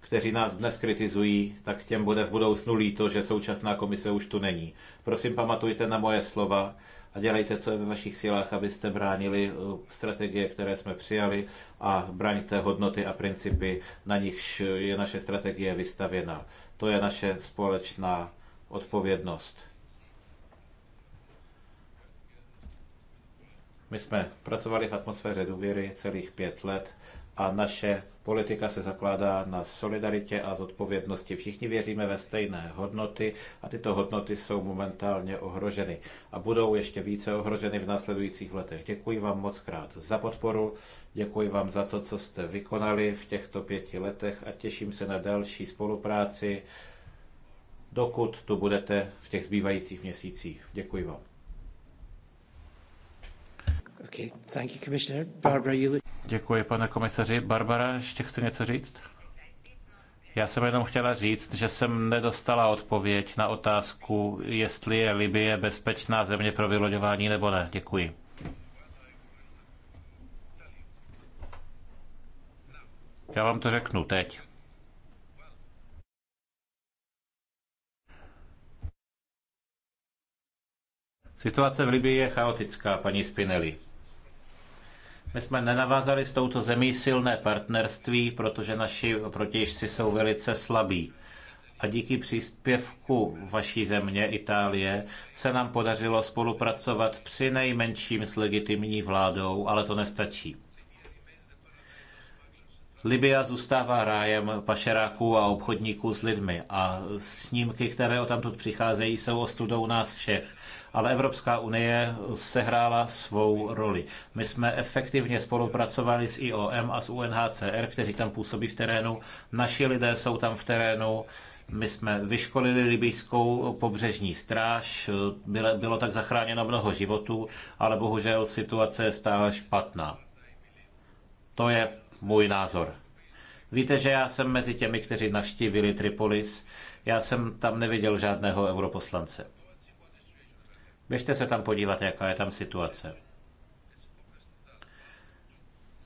kteří nás dnes kritizují, tak těm bude v budoucnu líto, že současná komise už tu není. Prosím, pamatujte na moje slova a dělejte, co je ve vašich silách, abyste bránili eh, strategie, které jsme přijali a bráníte hodnoty a principy, na nichž eh, je naše strategie vystavěna. To je naše společná odpovědnost. My jsme pracovali v atmosféře důvěry celých pět let a naše politika se zakládá na solidaritě a zodpovědnosti. Všichni věříme ve stejné hodnoty a tyto hodnoty jsou momentálně ohroženy a budou ještě více ohroženy v následujících letech. Děkuji vám moc krát za podporu, děkuji vám za to, co jste vykonali v těchto pěti letech a těším se na další spolupráci, dokud tu budete v těch zbývajících měsících. Děkuji vám. Okay, thank you, Commissioner. Barbara, you Děkuji, pane komisaři. Barbara, ještě chce něco říct? Já jsem jenom chtěla říct, že jsem nedostala odpověď na otázku, jestli je Libie bezpečná země pro vyloďování nebo ne. Děkuji. Já vám to řeknu teď. Situace v Libii je chaotická, paní Spinelli. My jsme nenavázali s touto zemí silné partnerství, protože naši protějšci jsou velice slabí. A díky příspěvku vaší země, Itálie, se nám podařilo spolupracovat při nejmenším s legitimní vládou, ale to nestačí. Libya zůstává rájem pašeráků a obchodníků s lidmi a snímky, které o tamtud přicházejí, jsou ostudou nás všech ale Evropská unie sehrála svou roli. My jsme efektivně spolupracovali s IOM a s UNHCR, kteří tam působí v terénu. Naši lidé jsou tam v terénu. My jsme vyškolili libijskou pobřežní stráž, bylo, bylo tak zachráněno mnoho životů, ale bohužel situace je stále špatná. To je můj názor. Víte, že já jsem mezi těmi, kteří navštívili Tripolis, já jsem tam neviděl žádného europoslance. Běžte se tam podívat, jaká je tam situace.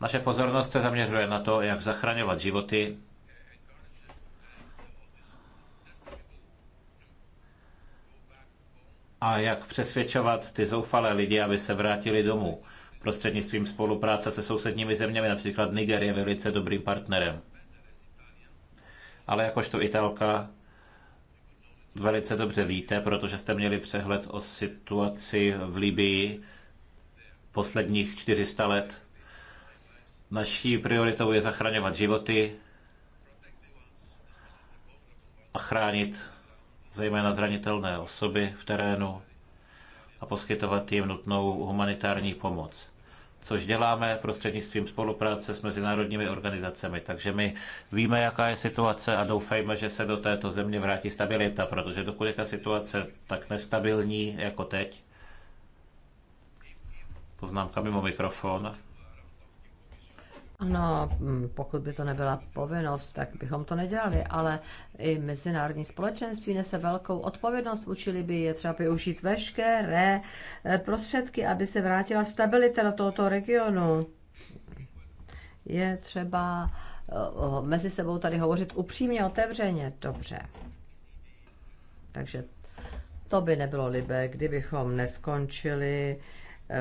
Naše pozornost se zaměřuje na to, jak zachraňovat životy, a jak přesvědčovat ty zoufalé lidi, aby se vrátili domů. Prostřednictvím spolupráce se sousedními zeměmi, například Niger je velice dobrým partnerem. Ale jakožto Italka velice dobře víte, protože jste měli přehled o situaci v Libii posledních 400 let. Naší prioritou je zachraňovat životy a chránit zejména zranitelné osoby v terénu a poskytovat jim nutnou humanitární pomoc což děláme prostřednictvím spolupráce s mezinárodními organizacemi. Takže my víme, jaká je situace a doufejme, že se do této země vrátí stabilita, protože dokud je ta situace tak nestabilní jako teď, poznámka mimo mikrofon, No, pokud by to nebyla povinnost, tak bychom to nedělali, ale i mezinárodní společenství nese velkou odpovědnost. Učili by je třeba využít veškeré eh, prostředky, aby se vrátila stabilita do tohoto regionu. Je třeba eh, mezi sebou tady hovořit upřímně, otevřeně. Dobře. Takže to by nebylo libé, kdybychom neskončili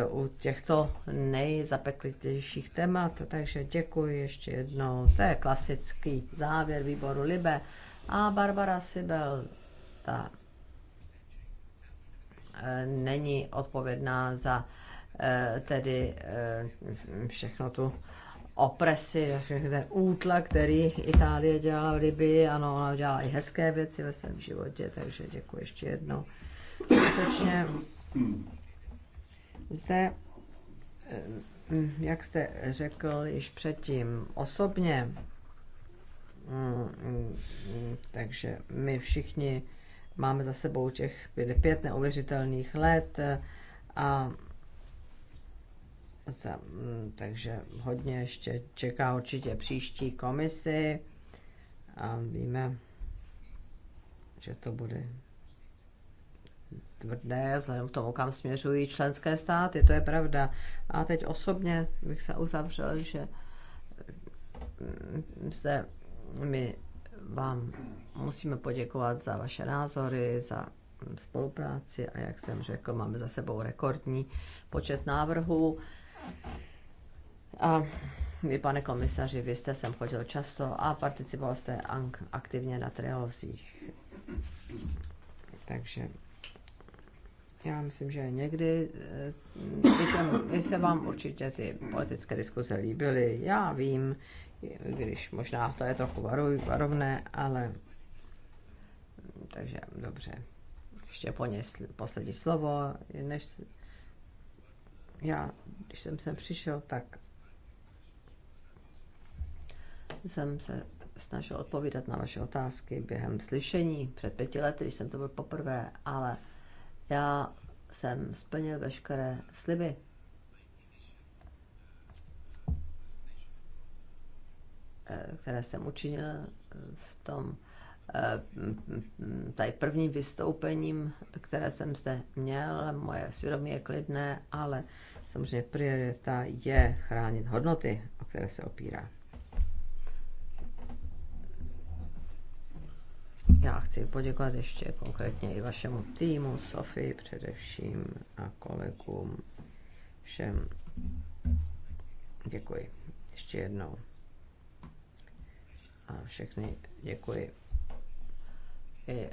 u těchto nejzapeklitějších témat. Takže děkuji ještě jednou. To je klasický závěr výboru Libe. A Barbara Sibel, ta e, není odpovědná za e, tedy e, všechno tu opresi, všechny ten útlak, který Itálie dělala v Libii, ano, ona dělala i hezké věci ve svém životě, takže děkuji ještě jednou. Skutečně zde, eh, mm, jak jste řekl již předtím, osobně, mm, mm, takže my všichni máme za sebou těch pět neuvěřitelných let a takže hodně ještě čeká určitě příští komisi a víme, že to bude tvrdé, vzhledem k tomu, kam směřují členské státy, to je pravda. A teď osobně bych se uzavřel, že mm, se my vám musíme poděkovat za vaše názory, za mm, spolupráci a jak jsem řekl, máme za sebou rekordní počet návrhů. A vy, pane komisaři, vy jste sem chodil často a participoval jste aktivně na trialozích. Takže já myslím, že někdy eh, i, i se vám určitě ty politické diskuze líbily. Já vím, když možná to je trochu varuj, varovné, ale hm, takže dobře. Ještě po ně poslední slovo, než já, když jsem sem přišel, tak jsem se snažil odpovídat na vaše otázky během slyšení před pěti lety, když jsem to byl poprvé, ale já jsem splnil veškeré sliby. Eh, které jsem učinil eh, v tom eh, tady prvním vystoupením, které jsem zde měl. Moje svědomí je klidné, ale samozřejmě priorita je chránit hodnoty, o které se opírá. Já chci poděkovat ještě konkrétně i vašemu týmu, Sofii především a kolegům, všem. Děkuji ještě jednou. A všechny děkuji i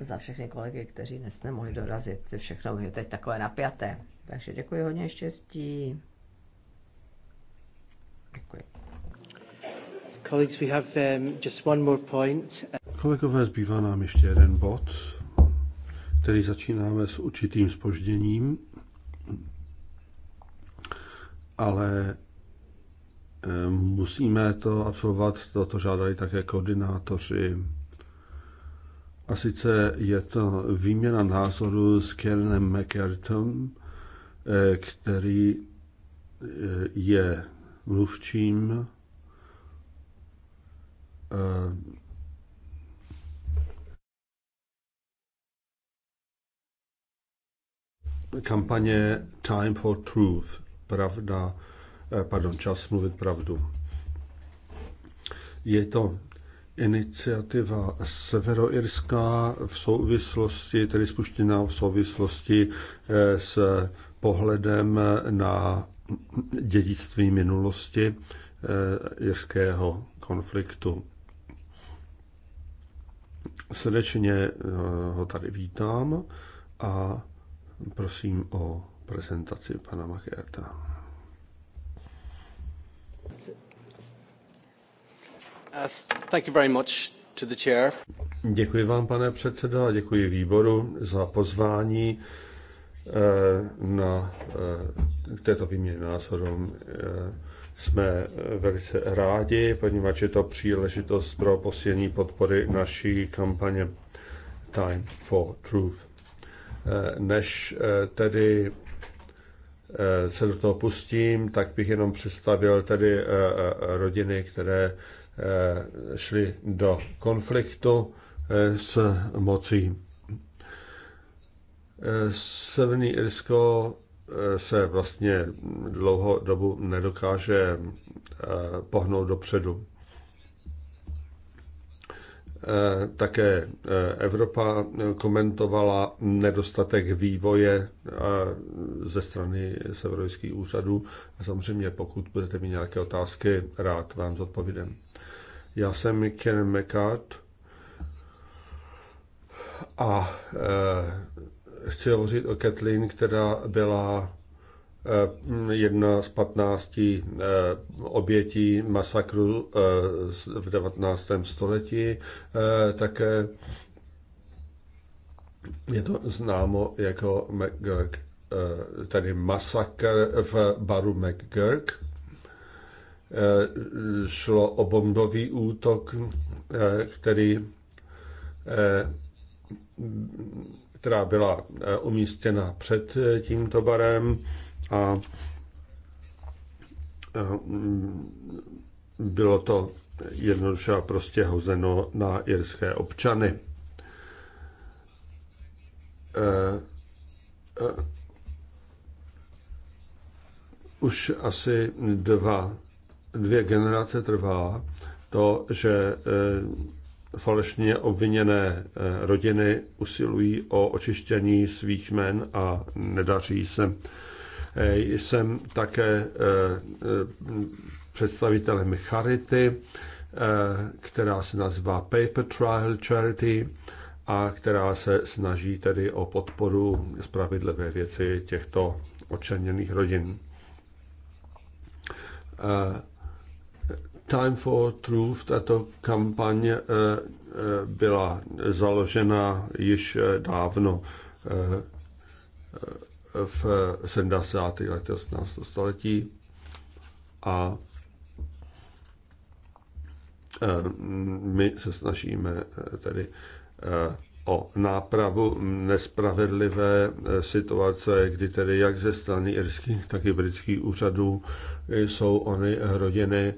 za všechny kolegy, kteří dnes nemohli dorazit. Všechno je teď takové napjaté. Takže děkuji hodně štěstí. Děkuji. Colleagues, we have um, just one more point. Kolegové, zbývá nám ještě jeden bod, který začínáme s určitým spožděním, ale eh, musíme to absolvovat, toto žádali také koordinátoři. A sice je to výměna názoru s Kernem McCartom, eh, který eh, je mluvčím kampaně Time for Truth, pravda, eh, pardon, čas mluvit pravdu. Je to iniciativa severoirská v souvislosti, tedy spuštěná v souvislosti eh, s pohledem na dědictví minulosti jirského eh, konfliktu. Srdečně ho tady vítám a prosím o prezentaci pana Machéta. Uh, thank you very much to the chair. Děkuji vám, pane předseda, a děkuji výboru za pozvání eh, na eh, této výměně názorů. Eh, jsme velice rádi, poněvadž je to příležitost pro posílení podpory naší kampaně Time for Truth. Eh, než eh, tedy eh, se do toho pustím, tak bych jenom představil tedy rodiny, které šly do konfliktu s mocí. Severní Irsko se vlastně dlouho dobu nedokáže pohnout dopředu. Eh, také eh, Evropa komentovala nedostatek vývoje eh, ze strany severojských úřadů. A samozřejmě, pokud budete mít nějaké otázky, rád vám zodpovědem. Já jsem Ken McCart a chci hovořit o Kathleen, která byla Eh, jedna z 15 eh, obětí masakru eh, v 19. století. Také je to známo jako McGurk, tedy masakr v baru McGurk. Šlo o bombový útok, který která byla umístěna před tímto barem a bylo to jednoduše a prostě hozeno na irské občany. E, e, už asi dva, dvě generace trvá to, že e, falešně obviněné rodiny usilují o očištění svých men a nedaří se. Eh, jsem také eh, představitelem Charity, eh, která se nazývá Paper Trial Charity a která se snaží tedy o podporu spravedlivé věci těchto očerněných rodin. Time for Truth, tato kampaň byla založena již dávno v 70. letech 18. století a e, my se snažíme e, tedy e, o nápravu nespravedlivé situace, kdy tedy jak ze strany irských, tak i britských úřadů jsou oni rodiny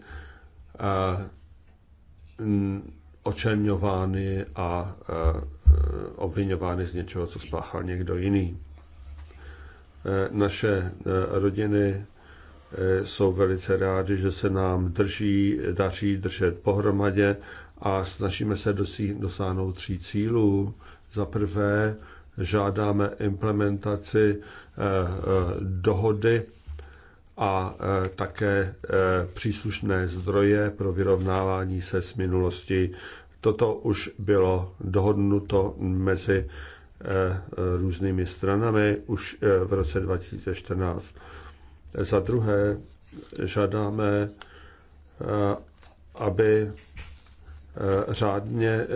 očerňovány a obvinovány z něčeho, co spáchal někdo jiný. Eh, naše eh, rodiny eh, jsou velice rádi, že se nám drží, daří držet pohromadě a snažíme se dosáhnout tří cílů. Za prvé žádáme implementaci dohody a také příslušné zdroje pro vyrovnávání se s minulostí. Toto už bylo dohodnuto mezi Eh, různými stranami už eh, v roce 2014. Za druhé žádáme, eh, aby řádně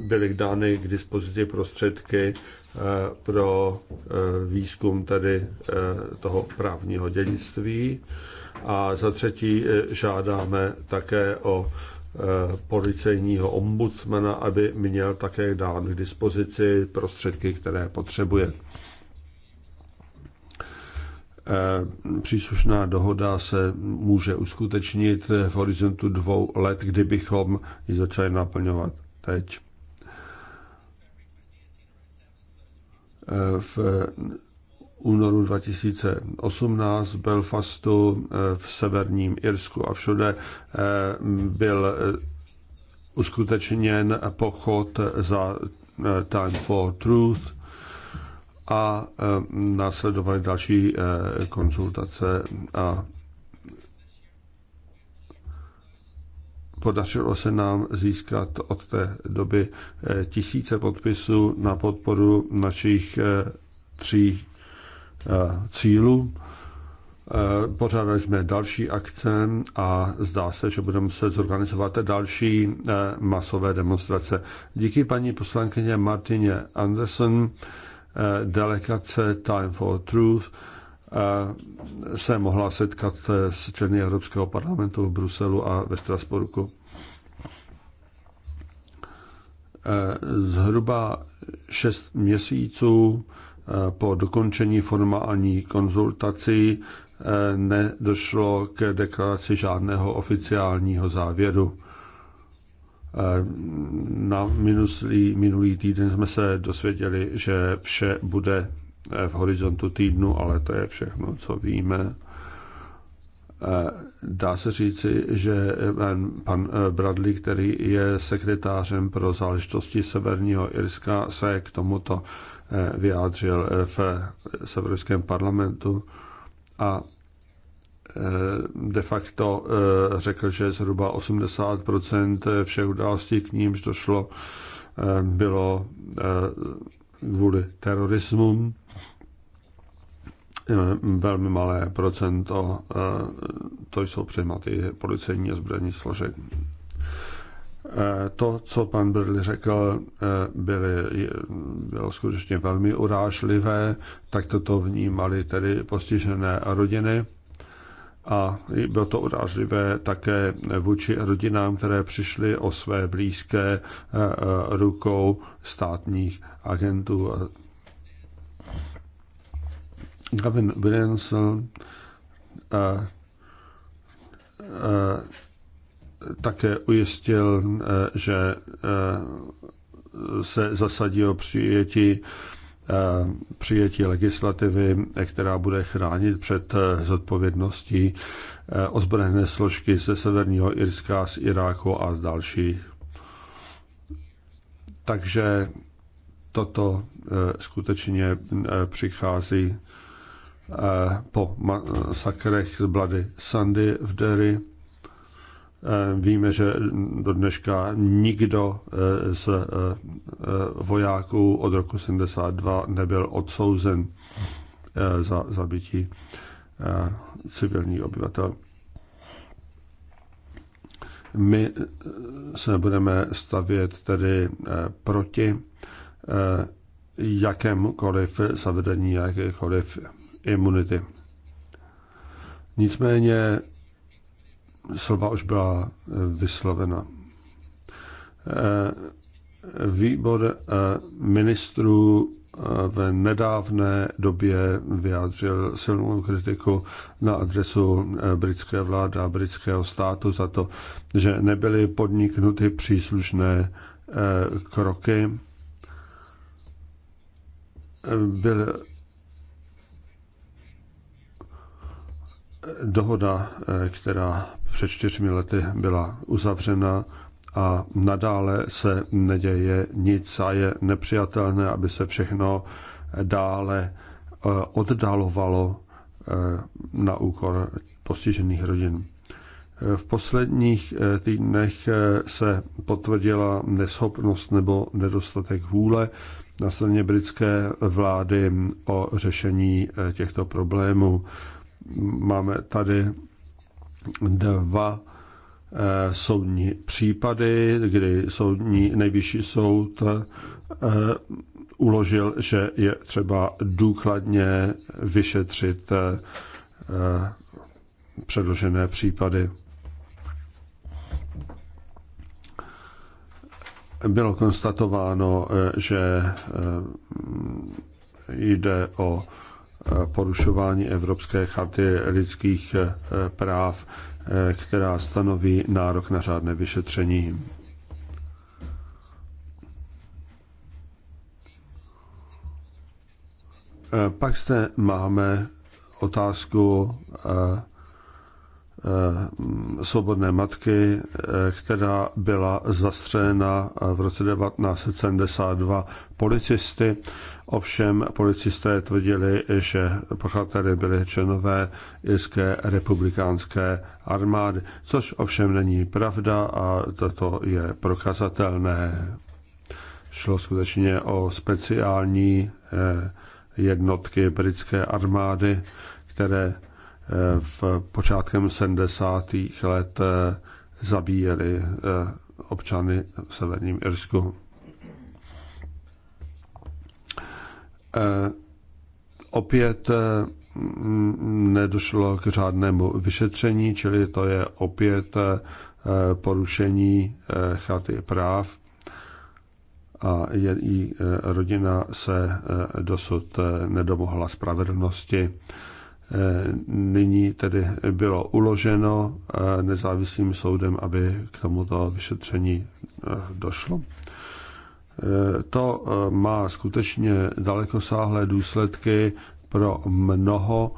byly dány k dispozici prostředky pro výzkum tady toho právního dědictví. A za třetí žádáme také o Eh, policejního ombudsmana, aby měl také dán k dispozici prostředky, které potřebuje. Eh, příslušná dohoda se může uskutečnit v horizontu dvou let, kdybychom ji začali naplňovat teď. Eh, v únoru 2018 v Belfastu, eh, v severním Irsku a všude eh, byl eh, uskutečněn pochod za Time for Truth a následovaly další konzultace a podařilo se nám získat od té doby tisíce podpisů na podporu našich tří Eh, cílu eh, Pořádali jsme další akce a zdá se, že budeme se zorganizovat další eh, masové demonstrace. Díky paní poslankyně Martině Anderson, delegace Time for Truth, se mohla setkat s členy Evropského parlamentu v Bruselu a ve Strasburku. Zhruba šest měsíců po dokončení formální konzultací eh, nedošlo k deklaraci žádného oficiálního závěru. Eh, na minulý, minulý týden jsme se dosvěděli, že vše bude eh, v horizontu týdnu, ale to je všechno, co víme. Dá se říci, že pan Bradley, který je sekretářem pro záležitosti Severního Irska, se k tomuto Eh, vyjádřil eh, v Severovském parlamentu a eh, de facto řekl, že zhruba 80 všech událostí, k nímž došlo, bylo kvůli terorismu. Velmi malé procento to jsou přijímaty policejní a zbrojní složení. Eh, to, co pan Brly řekl, eh, byly, bylo skutečně velmi urážlivé, tak toto vnímali tedy postižené rodiny a bylo to urážlivé také vůči rodinám, které přišly o své blízké eh, rukou státních agentů. Gavin Williamson také ujistil, eh, že eh, se zasadí o přijetí, eh, přijetí legislativy, která bude chránit před zodpovědností ozbrojené složky ze Severního Irska, z Iráku a z dalších. Takže toto skutečně přichází po masakrech z Blady Sandy v Derry Eh, víme, že do dneška nikdo eh, z eh, vojáků od roku 72 nebyl odsouzen za zabití civilní obyvatel. My se budeme stavět tedy proti jakémukoliv zavedení jakékoliv imunity. Nicméně slova už byla eh, vyslovena. Eh, výbor eh, ministrů v nedávné době vyjádřil silnou kritiku na adresu britské vlády a britského státu za to, že nebyly podniknuty příslušné kroky. Byl dohoda, která před čtyřmi lety byla uzavřena a nadále se neděje nic a je nepřijatelné, aby se všechno dále eh, oddalovalo eh, na úkor postižených rodin. Eh, v posledních týdnech se potvrdila neschopnost nebo nedostatek vůle na straně britské vlády o řešení těchto problémů. Máme tady dva eh, soudní případy, kdy soudní nejvyšší soud eh, uložil, že je třeba důkladně vyšetřit eh, předložené případy. Bylo konstatováno, že jde o porušování Evropské charty lidských eh, práv, eh, která stanoví nárok na řádné vyšetření. Eh, pak zde máme otázku Eh, svobodné matky, eh, která byla zastřelena v roce 1972 policisty. Ovšem policisté tvrdili, že pachateli byli členové Irské republikánské armády, což ovšem není pravda a toto je prokazatelné. Šlo skutečně o speciální eh, jednotky britské armády, které v počátkem 70. let eh, zabíjeli eh, občany v severním Irsku. Eh, opět nedošlo k žádnému vyšetření, čili to je opět porušení chaty práv a její rodina se dosud nedomohla spravedlnosti. Eh, nyní tedy bylo uloženo eh, nezávislým soudem, aby k tomuto vyšetření eh, došlo. To má skutečně dalekosáhlé důsledky pro mnoho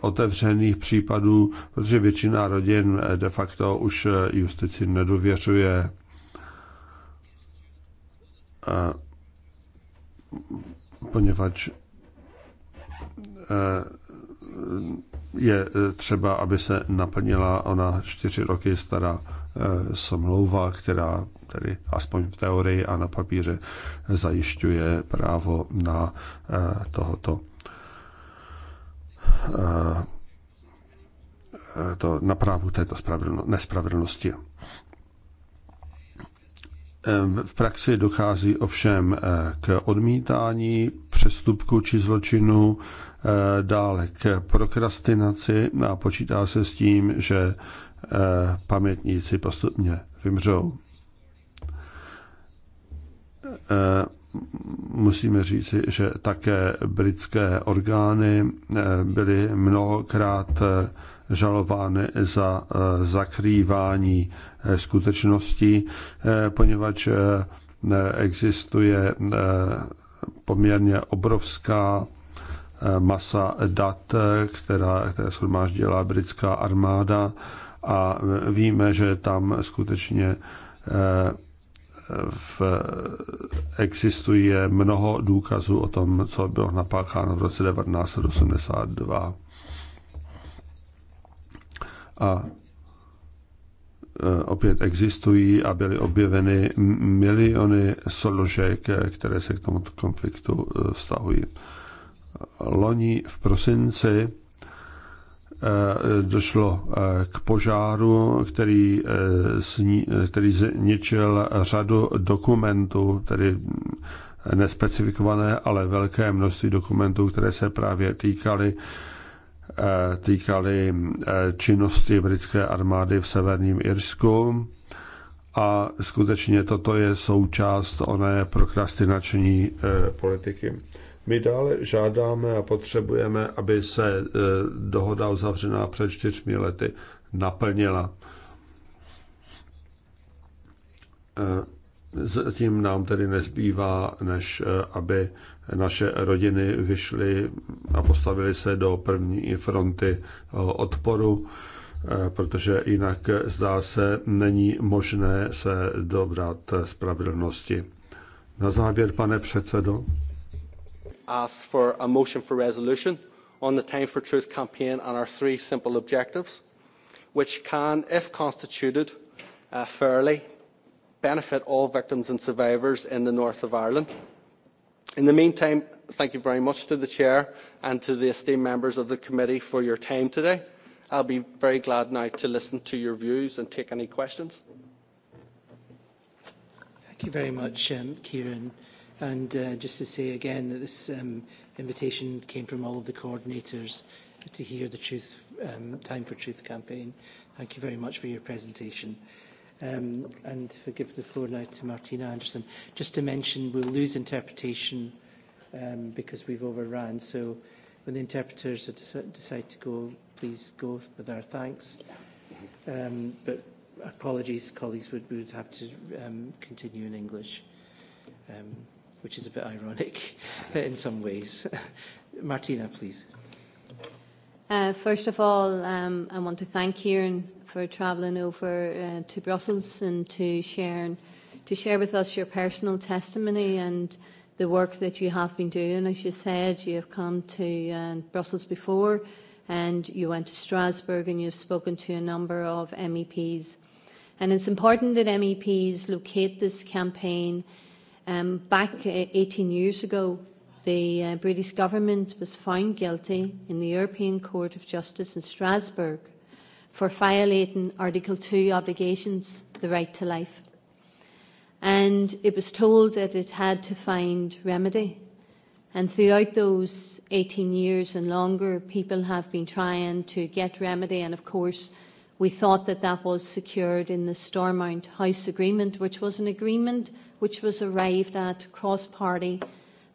otevřených případů, protože většina rodin de facto už justici nedověřuje. Poněvadž je eh, třeba, aby se naplnila ona čtyři roky stará eh, smlouva, která tedy aspoň v teorii a na papíře zajišťuje právo na eh, tohoto to, na právu této nespravedlnosti. V praxi dochází ovšem k odmítání přestupku či zločinu, Eh, dále k prokrastinaci a počítá se s tím, že eh, pamětníci postupně vymřou. Eh, musíme říci, že také britské orgány byly mnohokrát žalovány za zakrývání skutečností, poněvadž existuje poměrně obrovská masa dat, která, které shromáždila britská armáda a víme, že tam skutečně eh, v, existuje mnoho důkazů o tom, co bylo napácháno v roce 1982. A eh, opět existují a byly objeveny miliony složek, eh, které se k tomuto konfliktu vztahují loni v prosinci eh, došlo eh, k požáru, který, eh, sni, který zničil řadu dokumentů, tedy nespecifikované, ale velké množství dokumentů, které se právě týkaly týkaly činnosti britské armády v severním Irsku. A skutečně toto je součást oné prokrastinační politiky. My dále žádáme a potřebujeme, aby se e, dohoda uzavřená před čtyřmi lety naplnila. E, zatím nám tedy nezbývá, než e, aby naše rodiny vyšly a postavily se do první fronty odporu, protože jinak zdá se, není možné se dobrat spravedlnosti. Na závěr, pane předsedo, asked for a motion for resolution on the Time for Truth campaign and our three simple objectives, which can, if constituted uh, fairly, benefit all victims and survivors in the north of Ireland. In the meantime, thank you very much to the Chair and to the esteemed members of the committee for your time today. I'll be very glad now to listen to your views and take any questions. Thank you very much, um, Kieran. And uh, just to say again that this um, invitation came from all of the coordinators to hear the Truth um, Time for Truth campaign. Thank you very much for your presentation. Um, and if I give the floor now to Martina Anderson, just to mention we'll lose interpretation um, because we've overrun. So when the interpreters decide to go, please go with our thanks. Um, but apologies, colleagues, would, would have to um, continue in English. Um, which is a bit ironic in some ways. Martina, please. Uh, first of all, um, I want to thank Kieran for travelling over uh, to Brussels and to share, to share with us your personal testimony and the work that you have been doing. As you said, you have come to uh, Brussels before and you went to Strasbourg and you have spoken to a number of MEPs. And it's important that MEPs locate this campaign Um, back uh, 18 years ago, the uh, British government was found guilty in the European Court of Justice in Strasbourg for violating Article 2 obligations, the right to life. And it was told that it had to find remedy. And throughout those 18 years and longer, people have been trying to get remedy. And of course, we thought that that was secured in the Stormont House Agreement, which was an agreement – which was arrived at cross-party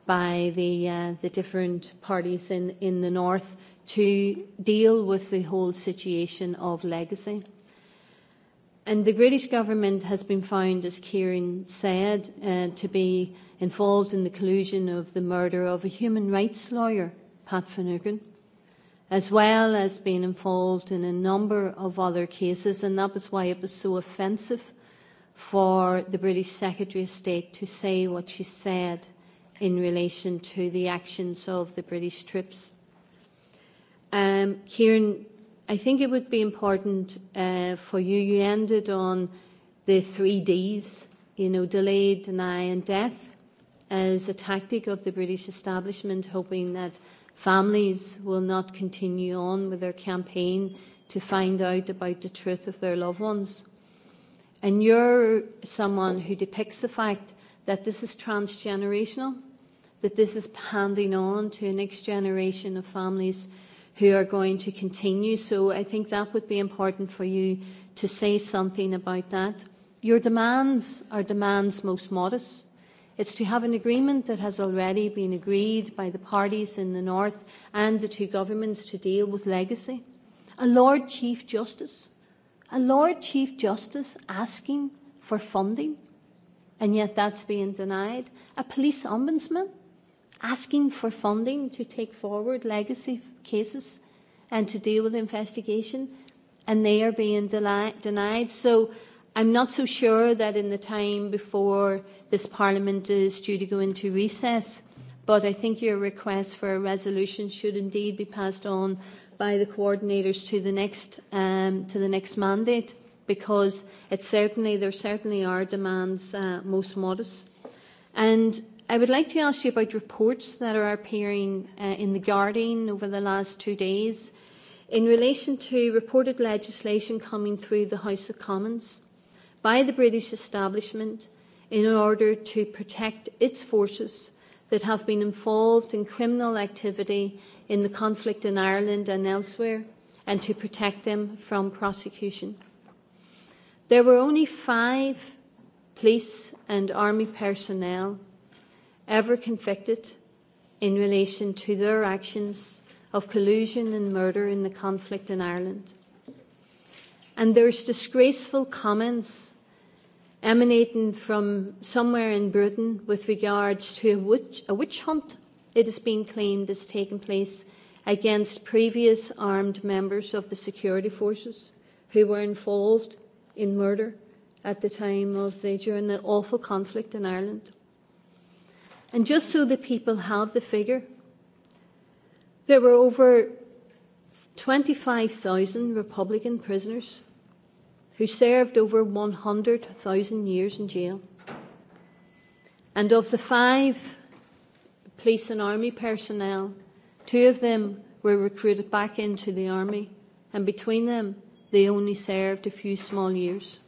by the, uh, the different parties in, in the north to deal with the whole situation of legacy. And the British government has been found, as Kieran said, uh, to be involved in the collusion of the murder of a human rights lawyer, Pat Finnegan, as well as being involved in a number of other cases, and that was why it was so offensive for the British Secretary of State to say what she said in relation to the actions of the British troops. Um, Kieran, I think it would be important uh, for you, you ended on the three Ds, you know, delay, deny and death as a tactic of the British establishment, hoping that families will not continue on with their campaign to find out about the truth of their loved ones. And you're someone who depicts the fact that this is transgenerational, that this is handing on to a next generation of families who are going to continue. So I think that would be important for you to say something about that. Your demands are demands most modest. It's to have an agreement that has already been agreed by the parties in the North and the two governments to deal with legacy. A Lord Chief Justice a Lord Chief Justice asking for funding, and yet that's being denied, a police ombudsman asking for funding to take forward legacy cases and to deal with investigation, and they are being deli- denied. So I'm not so sure that in the time before this Parliament is due to go into recess, but I think your request for a resolution should indeed be passed on by the coordinators to the next um, to the next mandate because it certainly there certainly are demands uh, most modest. And I would like to ask you about reports that are appearing uh, in the Guardian over the last two days in relation to reported legislation coming through the House of Commons by the British establishment in order to protect its forces that have been involved in criminal activity in the conflict in Ireland and elsewhere, and to protect them from prosecution. There were only five police and army personnel ever convicted in relation to their actions of collusion and murder in the conflict in Ireland. And there's disgraceful comments emanating from somewhere in Britain with regards to a witch, a witch hunt, it has been claimed, has taken place against previous armed members of the security forces who were involved in murder at the time of the during the awful conflict in Ireland. And just so the people have the figure, there were over 25,000 Republican prisoners who served over 100,000 years in jail. And of the five police and army personnel, two of them were recruited back into the army, and between them, they only served a few small years.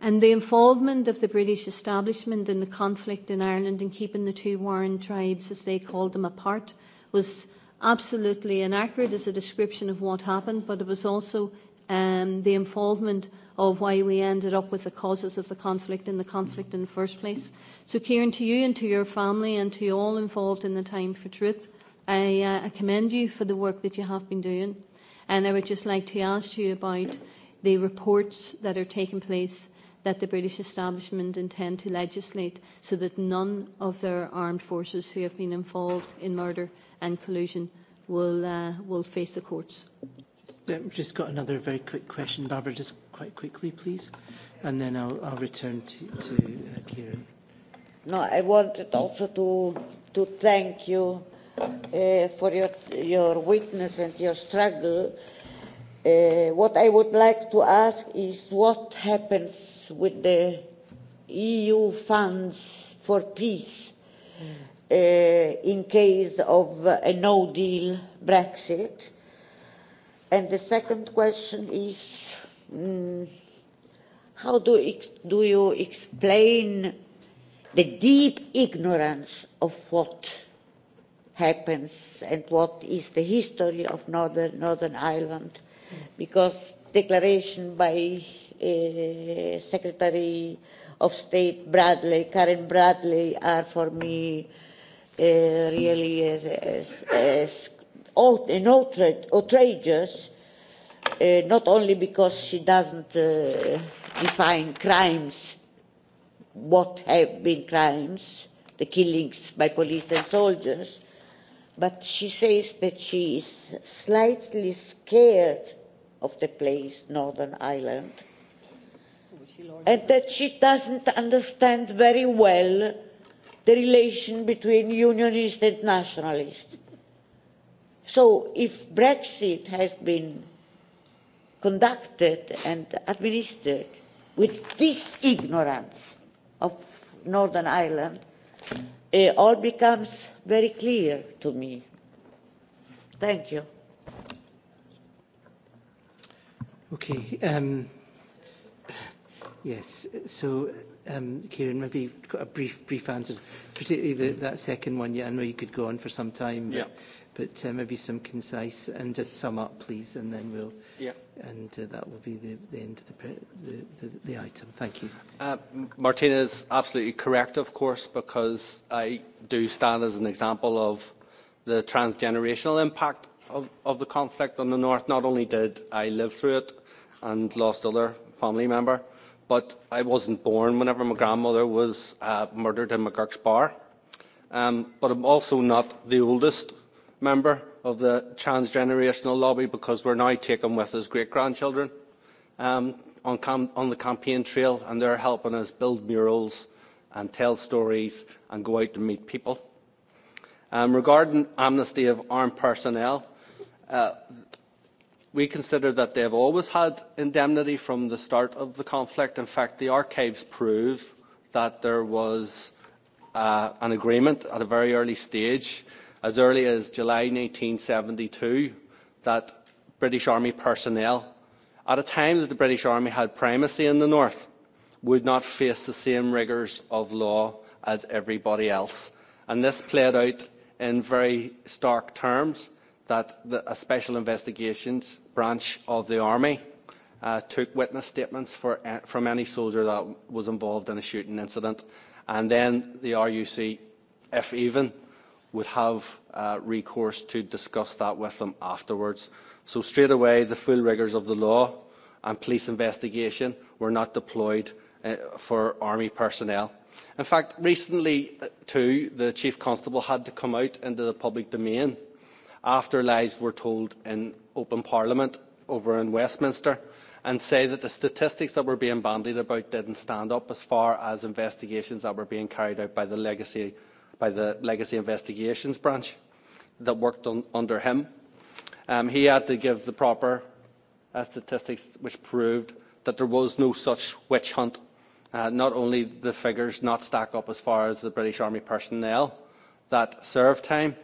And the involvement of the British establishment in the conflict in Ireland and keeping the two warring tribes, as they called them, apart was absolutely inaccurate as a description of what happened, but it was also um, the involvement of why we ended up with the causes of the conflict and the conflict in the first place. So, Kieran, to you and to your family and to all involved in the Time for Truth, I, uh, I commend you for the work that you have been doing. And I would just like to ask you about the reports that are taking place that the British establishment intend to legislate so that none of their armed forces who have been involved in murder and collusion will, uh, will face the courts. I've just got another very quick question, Barbara, just quite quickly, please, and then I'll, I'll return to, to uh, Kieran. No, I wanted also to, to thank you uh, for your, your witness and your struggle. Uh, what I would like to ask is what happens with the EU funds for peace uh, in case of a no-deal Brexit? And the second question is, um, how do, ex do you explain the deep ignorance of what happens and what is the history of Northern, Northern Ireland? Because declaration by uh, Secretary of State Bradley, Karen Bradley, are for me uh, really as, as, as an outrageous, uh, not only because she doesn't uh, define crimes, what have been crimes, the killings by police and soldiers, but she says that she is slightly scared of the place, Northern Ireland, and that she doesn't understand very well the relation between unionists and nationalists So if Brexit has been conducted and administered with this ignorance of Northern Ireland, it all becomes very clear to me. Thank you. Okay. Um, yes. So, um, Kieran, maybe got a brief, brief answers, particularly the, that second one. Yeah, I know you could go on for some time. But yeah but uh, maybe some concise and just sum up, please, and then we'll. Yeah. And uh, that will be the, the end of the, the, the, the item. Thank you. Uh, Martina is absolutely correct, of course, because I do stand as an example of the transgenerational impact of, of the conflict on the north. Not only did I live through it and lost other family member, but I wasn't born whenever my grandmother was uh, murdered in McGurk's bar. Um, but I'm also not the oldest member of the transgenerational lobby because we're now taking with us great-grandchildren um, on, cam- on the campaign trail and they're helping us build murals and tell stories and go out to meet people. Um, regarding amnesty of armed personnel, uh, we consider that they have always had indemnity from the start of the conflict. In fact, the archives prove that there was uh, an agreement at a very early stage as early as July 1972 that British Army personnel, at a time that the British Army had primacy in the North, would not face the same rigours of law as everybody else. And this played out in very stark terms that the, a special investigations branch of the Army uh, took witness statements for, uh, from any soldier that was involved in a shooting incident. And then the RUC, if even, would have uh, recourse to discuss that with them afterwards. So straight away, the full rigours of the law and police investigation were not deployed uh, for army personnel. In fact, recently uh, too, the chief constable had to come out into the public domain after lies were told in open parliament over in Westminster and say that the statistics that were being bandied about didn't stand up as far as investigations that were being carried out by the legacy by the Legacy Investigations Branch that worked on, under him. Um, he had to give the proper uh, statistics which proved that there was no such witch hunt. Uh, not only the figures not stack up as far as the British Army personnel that served time,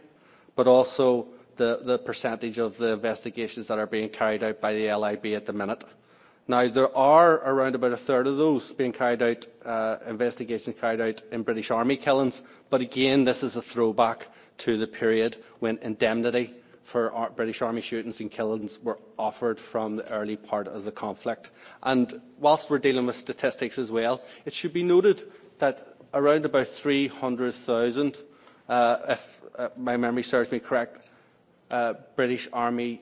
but also the, the percentage of the investigations that are being carried out by the LIB at the minute. Now, there are around about a third of those being carried out, uh, investigations carried out in British Army killings, but again, this is a throwback to the period when indemnity for our British Army shootings and killings were offered from the early part of the conflict. And whilst we're dealing with statistics as well, it should be noted that around about 300,000, uh, if uh, my memory serves me correct, uh, British Army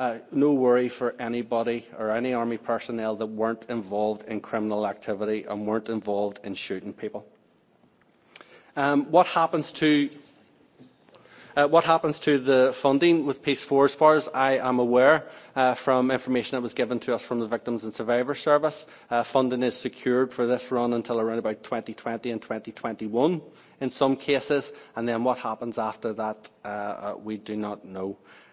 Uh, no worry for anybody or any army personnel that weren't involved in criminal activity and weren't involved in shooting people. Um, what happens to uh, what happens to the funding with Peace Four? As far as I am aware, uh, from information that was given to us from the Victims and Survivors Service, uh, funding is secured for this run until around about 2020 and 2021 in some cases, and then what happens after that, uh, uh we do not know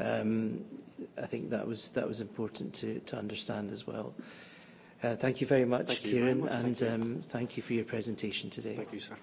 um, I think that was that was important to, to understand as well. Uh, thank you very much, thank Kieran, you very much. and thank you. Um, thank you for your presentation today. Thank you, sir.